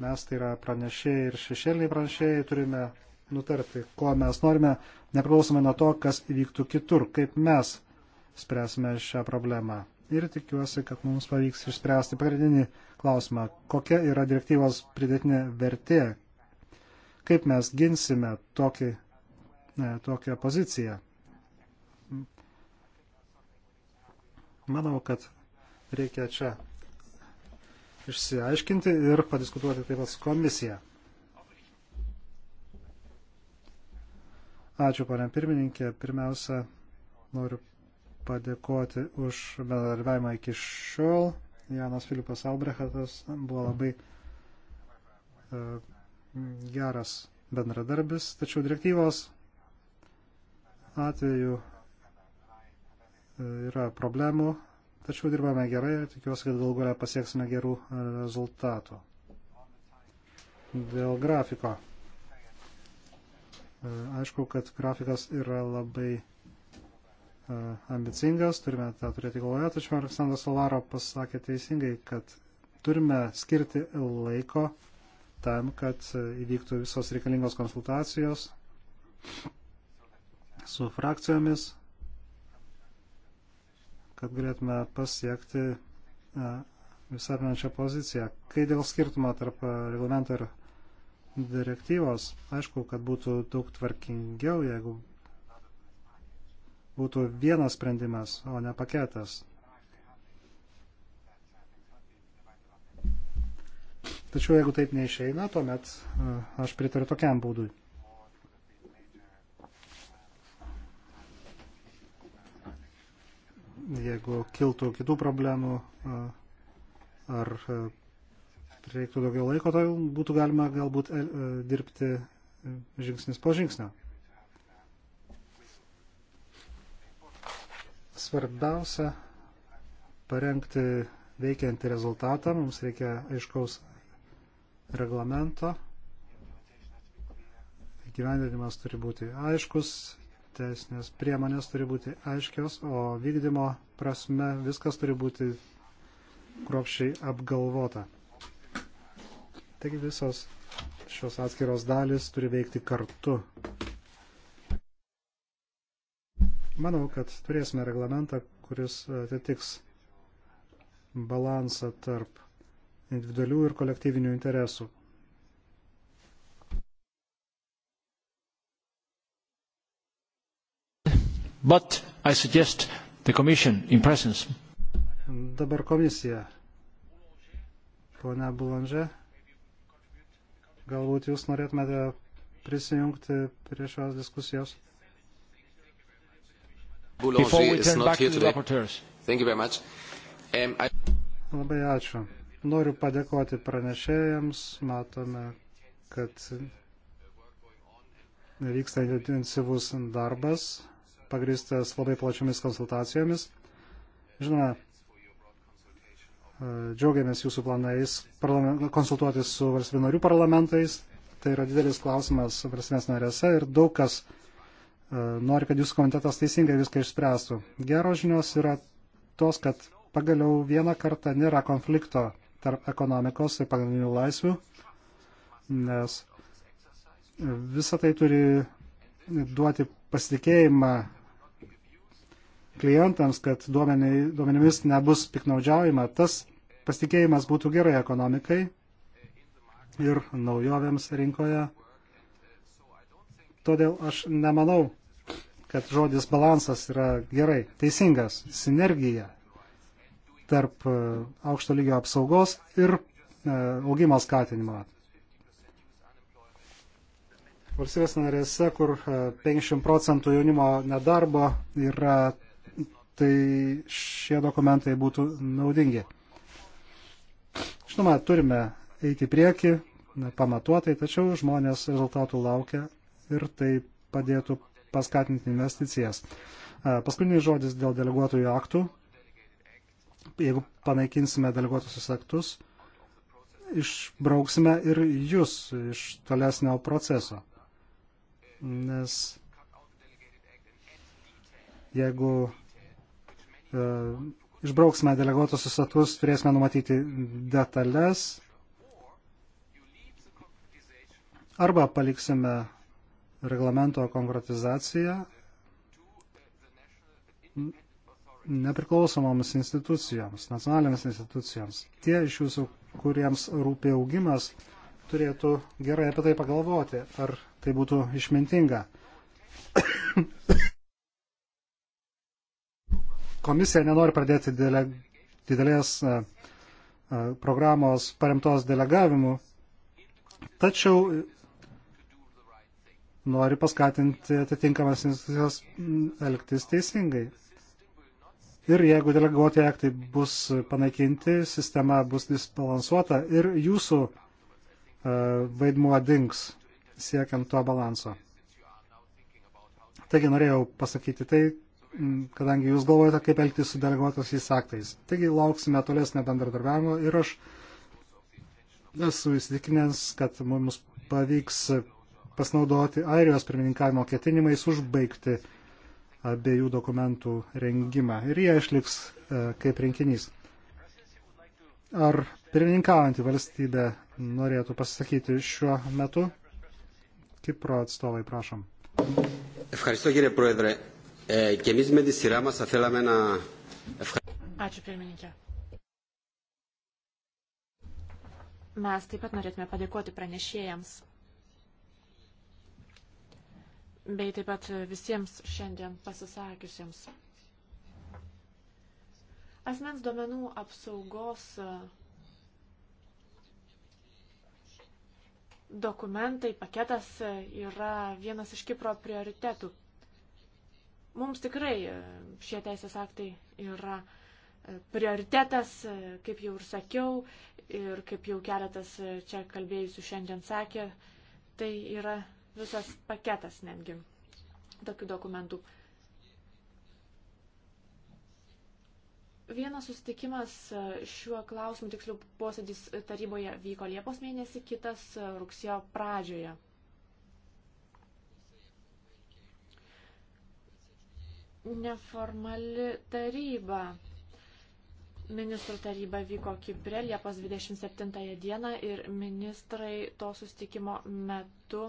mes tai yra pranešėjai ir šešėliniai pranešėjai, turime nutarti, ko mes norime, nepriklausomai nuo to, kas įvyktų kitur, kaip mes spręsime šią problemą. Ir tikiuosi, kad mums pavyks išspręsti pagrindinį klausimą, kokia yra direktyvos pridėtinė vertė, kaip mes ginsime tokį, ne, tokią poziciją. Manau, kad reikia čia išsiaiškinti ir padiskutuoti taip pat su komisija. Ačiū, ponė pirmininkė. Pirmiausia, noriu padėkoti už bendradarbiavimą iki šiol. Janas Filipas Albrechatas buvo labai uh, geras bendradarbis, tačiau direktyvos atveju e, yra problemų, tačiau dirbame gerai ir tikiuosi, kad gal galia pasieksime gerų rezultatų. Dėl grafiko. E, aišku, kad grafikas yra labai e, ambicingas, turime tą turėti galvoje, tačiau Aleksandras Solaro pasakė teisingai, kad turime skirti laiko tam, kad e, įvyktų visos reikalingos konsultacijos su frakcijomis, kad galėtume pasiekti visą apimančią poziciją. Kai dėl skirtumo tarp reglamento ir direktyvos. Aišku, kad būtų daug tvarkingiau, jeigu būtų vienas sprendimas, o ne paketas. Tačiau jeigu taip neišeina, tuomet uh, aš pritariu tokiam būdui. Jeigu kiltų kitų problemų uh, ar uh, reiktų daugiau laiko, tai būtų galima galbūt e, e, dirbti e, žingsnis po žingsnio. Svarbiausia parengti veikiantį rezultatą, mums reikia aiškaus reglamento. Įgyvendinimas turi būti aiškus, teisinės priemonės turi būti aiškios, o vykdymo prasme viskas turi būti kruopščiai apgalvota. Taigi visos šios atskiros dalis turi veikti kartu. Manau, kad turėsime reglamentą, kuris atitiks balansą tarp individualių ir kolektyvinių interesų. But I suggest the Commission in presence. Dabar komisija. Pone Bulanže. Galbūt jūs norėtumėte prisijungti prie šios diskusijos. Um, labai ačiū. Noriu padėkoti pranešėjams. Matome, kad vyksta intensyvus darbas, pagristas labai plačiomis konsultacijomis. Žinoma, Džiaugiamės jūsų planais konsultuotis su valstybių narių parlamentais. Tai yra didelis klausimas valstybės narėse ir daug kas e, nori, kad jūsų komitetas teisingai viską išspręstų. Geros žinios yra tos, kad pagaliau vieną kartą nėra konflikto tarp ekonomikos ir pagrindinių laisvių, nes visa tai turi duoti pasitikėjimą klientams, kad duomeniai, duomenimis nebus piknaudžiaujama, tas pasitikėjimas būtų gerai ekonomikai ir naujovėms rinkoje. Todėl aš nemanau, kad žodis balansas yra gerai, teisingas, sinergija tarp e, aukšto lygio apsaugos ir e, augimo skatinimo. Valstybės narėse, kur 50 e, procentų jaunimo nedarbo yra tai šie dokumentai būtų naudingi. Žinoma, turime eiti prieki, pamatuotai, tačiau žmonės rezultatų laukia ir tai padėtų paskatinti investicijas. Paskutinis žodis dėl deleguotojų aktų. Jeigu panaikinsime deleguotusius aktus, išbrauksime ir jūs iš tolesnio proceso. Nes jeigu E, išbrauksime deleguotus sustatus, turėsime numatyti detalės arba paliksime reglamento konkretizaciją nepriklausomoms institucijoms, nacionalinėms institucijoms. Tie iš jūsų, kuriems rūpia augimas, turėtų gerai apie tai pagalvoti, ar tai būtų išmintinga. *coughs* Komisija nenori pradėti dėlė, didelės a, e, a, e, programos paremtos delegavimu, tačiau nori paskatinti atitinkamas institucijas elgtis teisingai. Ir jeigu deleguoti aktai bus panaikinti, sistema bus disbalansuota ir jūsų uh, vaidmuo dings siekiant to balanso. Taigi norėjau pasakyti tai, kadangi jūs galvojate, kaip elgtis su deleguotosiais aktais. Taigi lauksime tolesnio bendradarbiavimo ir aš esu įsitikinęs, kad mums pavyks pasinaudoti Airijos pirmininkavimo ketinimais užbaigti abiejų dokumentų rengimą ir jie išliks e, kaip rinkinys. Ar pirmininkaujantį valstybę norėtų pasisakyti šiuo metu? Kipro atstovai, prašom. Ευχαριστώ κύριε Πρόεδρε. Ε, και εμείς με τη σειρά μας θα θέλαμε να ευχαριστήσουμε. Mes taip pat norėtume padėkoti pranešėjams bei taip pat visiems šiandien pasisakiusiems. Asmens duomenų apsaugos e, dokumentai, paketas e, yra vienas iš Kipro prioritetų Mums tikrai e, šie teisės aktai yra e, prioritetas, e, kaip jau ir sakiau, ir kaip jau keletas čia kalbėjusių šiandien sakė, tai yra visas paketas netgi tokių dokumentų. Vienas susitikimas šiuo klausimu, tiksliau posėdis taryboje vyko Liepos mėnesį, kitas rugsėjo pradžioje. neformali taryba. Ministrų taryba vyko Kiprė Liepos 27 dieną ir ministrai to sustikimo metu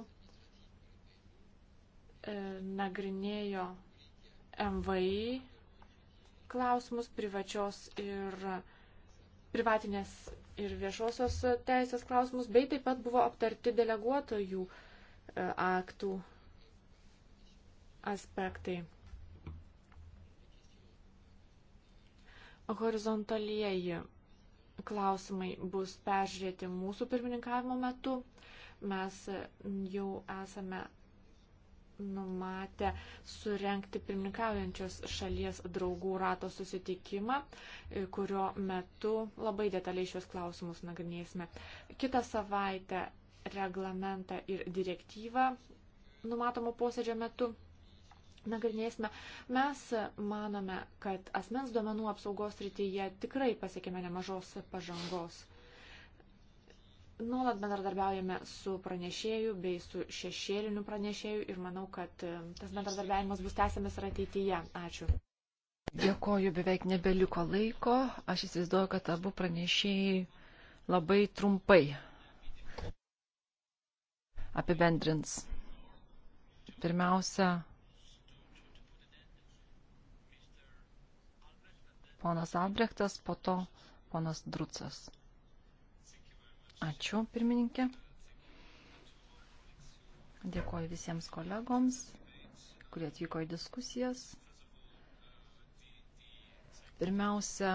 e, nagrinėjo MVI klausimus privačios ir privatinės ir viešosios teisės klausimus, bei taip pat buvo aptarti deleguotojų e, aktų aspektai. Horizontalieji klausimai bus peržiūrėti mūsų pirmininkavimo metu. Mes jau esame numatę surenkti pirmininkaujančios šalies draugų rato susitikimą, e, kurio metu labai detaliai šios klausimus nagrinėsime. Kitą savaitę reglamentą ir direktyvą numatomo posėdžio metu nagrinėsime, mes manome, kad asmens duomenų apsaugos rytyje tikrai pasiekėme nemažos pažangos. Nuolat bendradarbiaujame su pranešėju bei su šešėliniu pranešėju ir manau, kad e, tas bendradarbiavimas bus tęsiamas ir ateityje. Ačiū. Dėkoju, beveik nebeliko laiko. Aš įsivaizduoju, kad abu pranešėjai labai trumpai apibendrins. Pirmiausia, ponas Albrechtas, po to ponas Drucas. Ačiū, pirmininkė. Dėkuoju visiems kolegoms, kurie atvyko į diskusijas. Pirmiausia,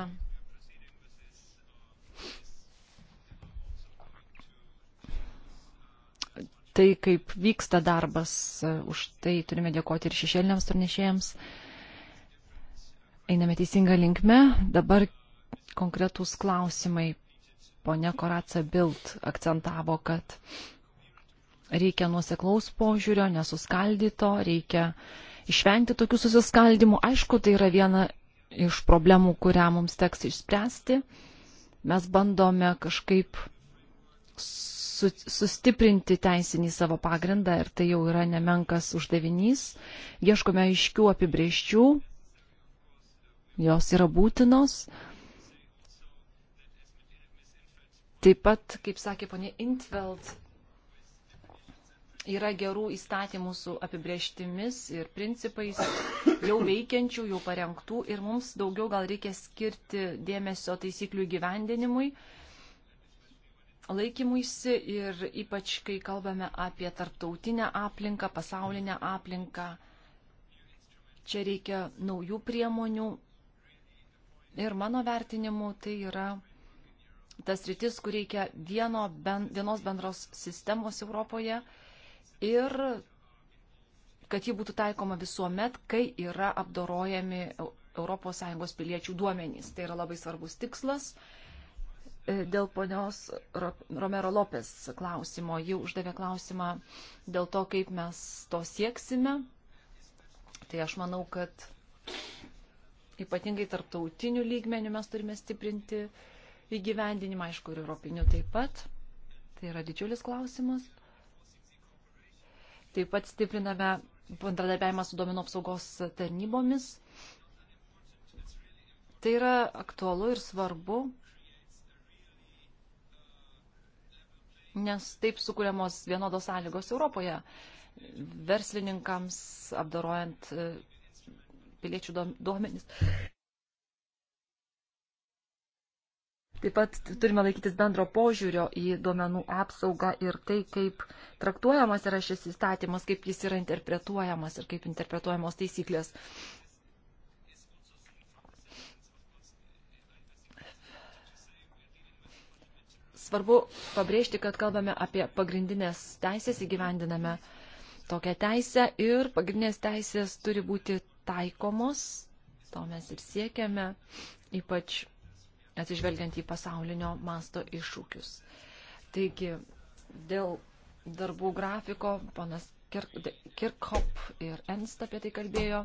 tai, kaip vyksta darbas, už tai turime dėkoti ir šešėliniams tarnešėjams. Šešėliniams einame teisinga linkme. Dabar konkretūs klausimai. Pone Koraca Bild akcentavo, kad reikia nuoseklaus požiūrio, nesuskaldyto, reikia išvengti tokių susiskaldimų. Aišku, tai yra viena iš problemų, kurią mums teks išspręsti. Mes bandome kažkaip su, sustiprinti teisinį savo pagrindą ir tai jau yra nemenkas uždavinys. Ieškome aiškių apibrieščių, jos yra būtinos. Taip pat, kaip sakė ponė Intveld, yra gerų įstatymų su apibrieštimis ir principais jau veikiančių, jau parengtų ir mums daugiau gal reikia skirti dėmesio taisyklių gyvendinimui, laikymuisi ir ypač, kai kalbame apie tarptautinę aplinką, pasaulinę aplinką, čia reikia naujų priemonių, Ir mano vertinimu tai yra tas rytis, kur reikia vieno, ben, vienos bendros sistemos Europoje ir kad ji būtų taikoma visuomet, kai yra apdorojami ES piliečių duomenys. Tai yra labai svarbus tikslas. E, dėl ponios Romero Lopes klausimo, ji uždavė klausimą dėl to, kaip mes to sieksime. Tai aš manau, kad Ypatingai tarptautinių lygmenių mes turime stiprinti įgyvendinimą, aišku, ir europinių taip pat. Tai yra didžiulis klausimas. Taip pat stipriname bendradarbiavimą su duomenų apsaugos tarnybomis. Tai yra aktualu ir svarbu, nes taip sukūriamos vienodos sąlygos Europoje verslininkams, apdarojant piliečių duomenys. Taip pat turime laikytis bendro požiūrio į duomenų apsaugą ir tai, kaip traktuojamas yra šis įstatymas, kaip jis yra interpretuojamas ir kaip interpretuojamos taisyklės. Svarbu pabrėžti, kad kalbame apie pagrindinės teisės, įgyvendiname tokią teisę ir pagrindinės teisės turi būti taikomos, to mes ir siekiame, ypač atsižvelgiant į pasaulinio masto iššūkius. Taigi, dėl darbų grafiko, ponas Kirkhop ir Enst apie tai kalbėjo,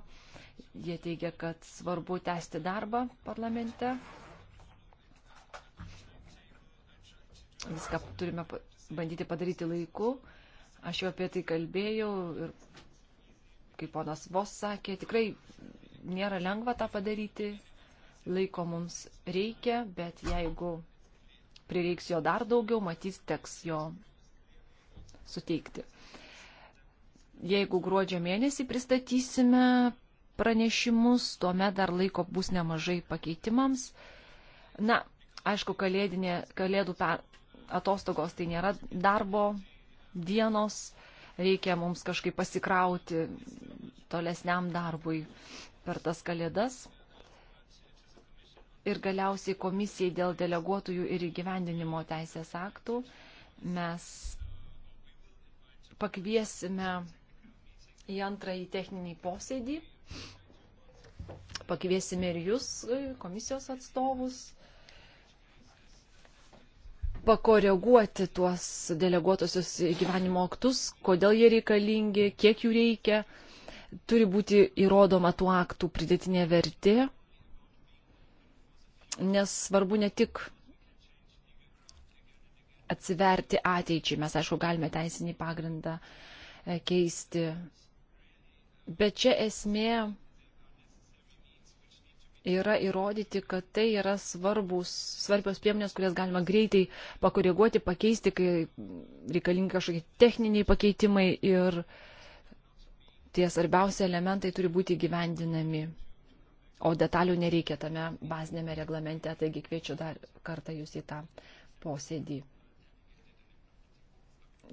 jie teigia, kad svarbu tęsti darbą parlamente. Viską turime bandyti padaryti laiku. Aš jau apie tai kalbėjau ir kaip ponas Vos sakė, tikrai nėra lengva tą padaryti, laiko mums reikia, bet jeigu prireiks jo dar daugiau, matys teks jo suteikti. Jeigu gruodžio mėnesį pristatysime pranešimus, tuomet dar laiko bus nemažai pakeitimams. Na, aišku, kalėdinė, kalėdų per, atostogos tai nėra darbo dienos, reikia mums kažkaip pasikrauti tolesniam darbui per tas kalėdas. Ir galiausiai komisijai dėl deleguotųjų ir įgyvendinimo teisės aktų mes pakviesime į antrąjį techninį posėdį. Pakviesime ir jūs, komisijos atstovus, pakoreguoti tuos deleguotusius gyvenimo aktus, kodėl jie reikalingi, kiek jų reikia turi būti įrodoma tų aktų pridėtinė vertė, nes svarbu ne tik atsiverti ateičiai, mes aišku galime teisinį pagrindą e, keisti, bet čia esmė yra įrodyti, kad tai yra svarbus, svarbios priemonės, kurias galima greitai pakoreguoti, pakeisti, kai reikalingi kažkokie techniniai pakeitimai ir uh, tie svarbiausi elementai turi būti gyvendinami, o detalių nereikia tame bazinėme reglamente, taigi kviečiu dar kartą jūs į tą posėdį.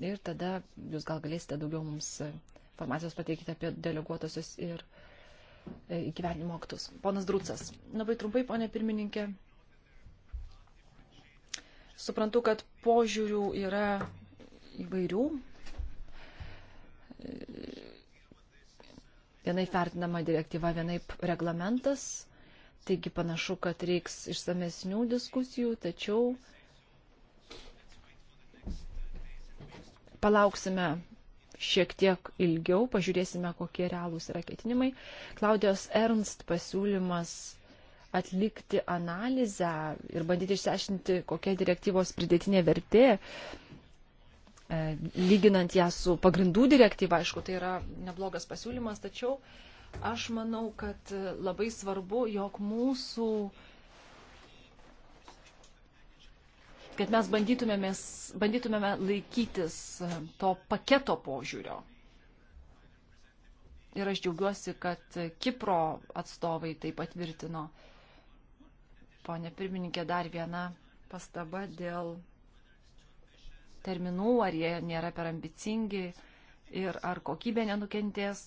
Ir tada jūs gal galėsite daugiau mums informacijos pateikti apie deleguotosius ir e, įgyvenimo aktus. Ponas Drūcas. Labai trumpai, ponė pirmininkė. Suprantu, kad požiūrių yra įvairių e, vienaip vertinama direktyva, vienaip reglamentas. Taigi panašu, kad reiks išsamesnių diskusijų, tačiau palauksime šiek tiek ilgiau, pažiūrėsime, kokie realūs yra ketinimai. Klaudijos Ernst pasiūlymas atlikti analizę ir bandyti išsiaiškinti, kokia direktyvos pridėtinė vertė E, lyginant ją su pagrindų direktyva, aišku, tai yra neblogas pasiūlymas, tačiau aš manau, kad labai svarbu, jog mūsų, kad mes bandytumėme, bandytumėme laikytis to paketo požiūrio. Ir aš džiaugiuosi, kad Kipro atstovai tai patvirtino. Pone pirmininkė, dar viena pastaba dėl terminų, ar jie nėra per ambicingi ir ar kokybė nenukentės.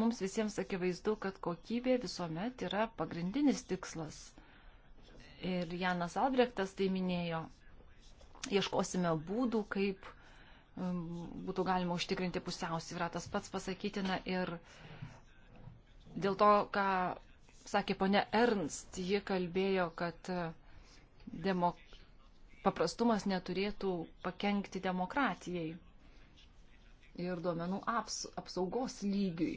Mums visiems akivaizdu, kad kokybė visuomet yra pagrindinis tikslas. Ir Janas Albrechtas tai minėjo. Ieškosime būdų, kaip um, būtų galima užtikrinti pusiausvyrą. Tas pats pasakytina ir dėl to, ką sakė ponia Ernst, ji kalbėjo, kad uh, demok paprastumas neturėtų pakengti demokratijai ir duomenų aps, apsaugos lygiui.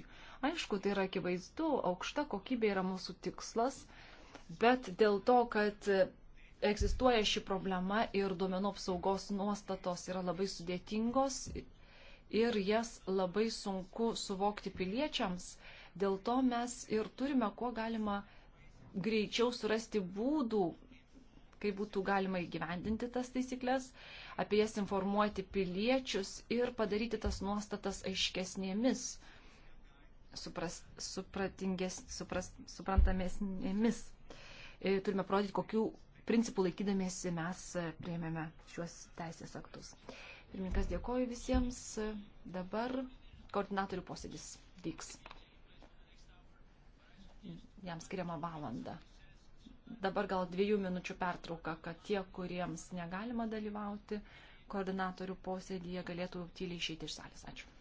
Aišku, tai yra akivaizdu, aukšta kokybė yra mūsų tikslas, bet dėl to, kad egzistuoja ši problema ir duomenų apsaugos nuostatos yra labai sudėtingos ir jas labai sunku suvokti piliečiams, dėl to mes ir turime kuo galima greičiau surasti būdų kaip būtų galima įgyvendinti tas taisyklės, apie jas informuoti piliečius ir padaryti tas nuostatas aiškesnėmis, supras, supras, suprantamesnėmis. E, turime parodyti, kokiu principų laikydamėsi mes prieimėme šiuos teisės aktus. Pirmininkas dėkoju visiems. Dabar koordinatorių posėdis vyks. Jam skiriama valanda dabar gal dviejų minučių pertrauka, kad tie, kuriems negalima dalyvauti koordinatorių posėdėje, galėtų tyliai išeiti iš salės. Ačiū.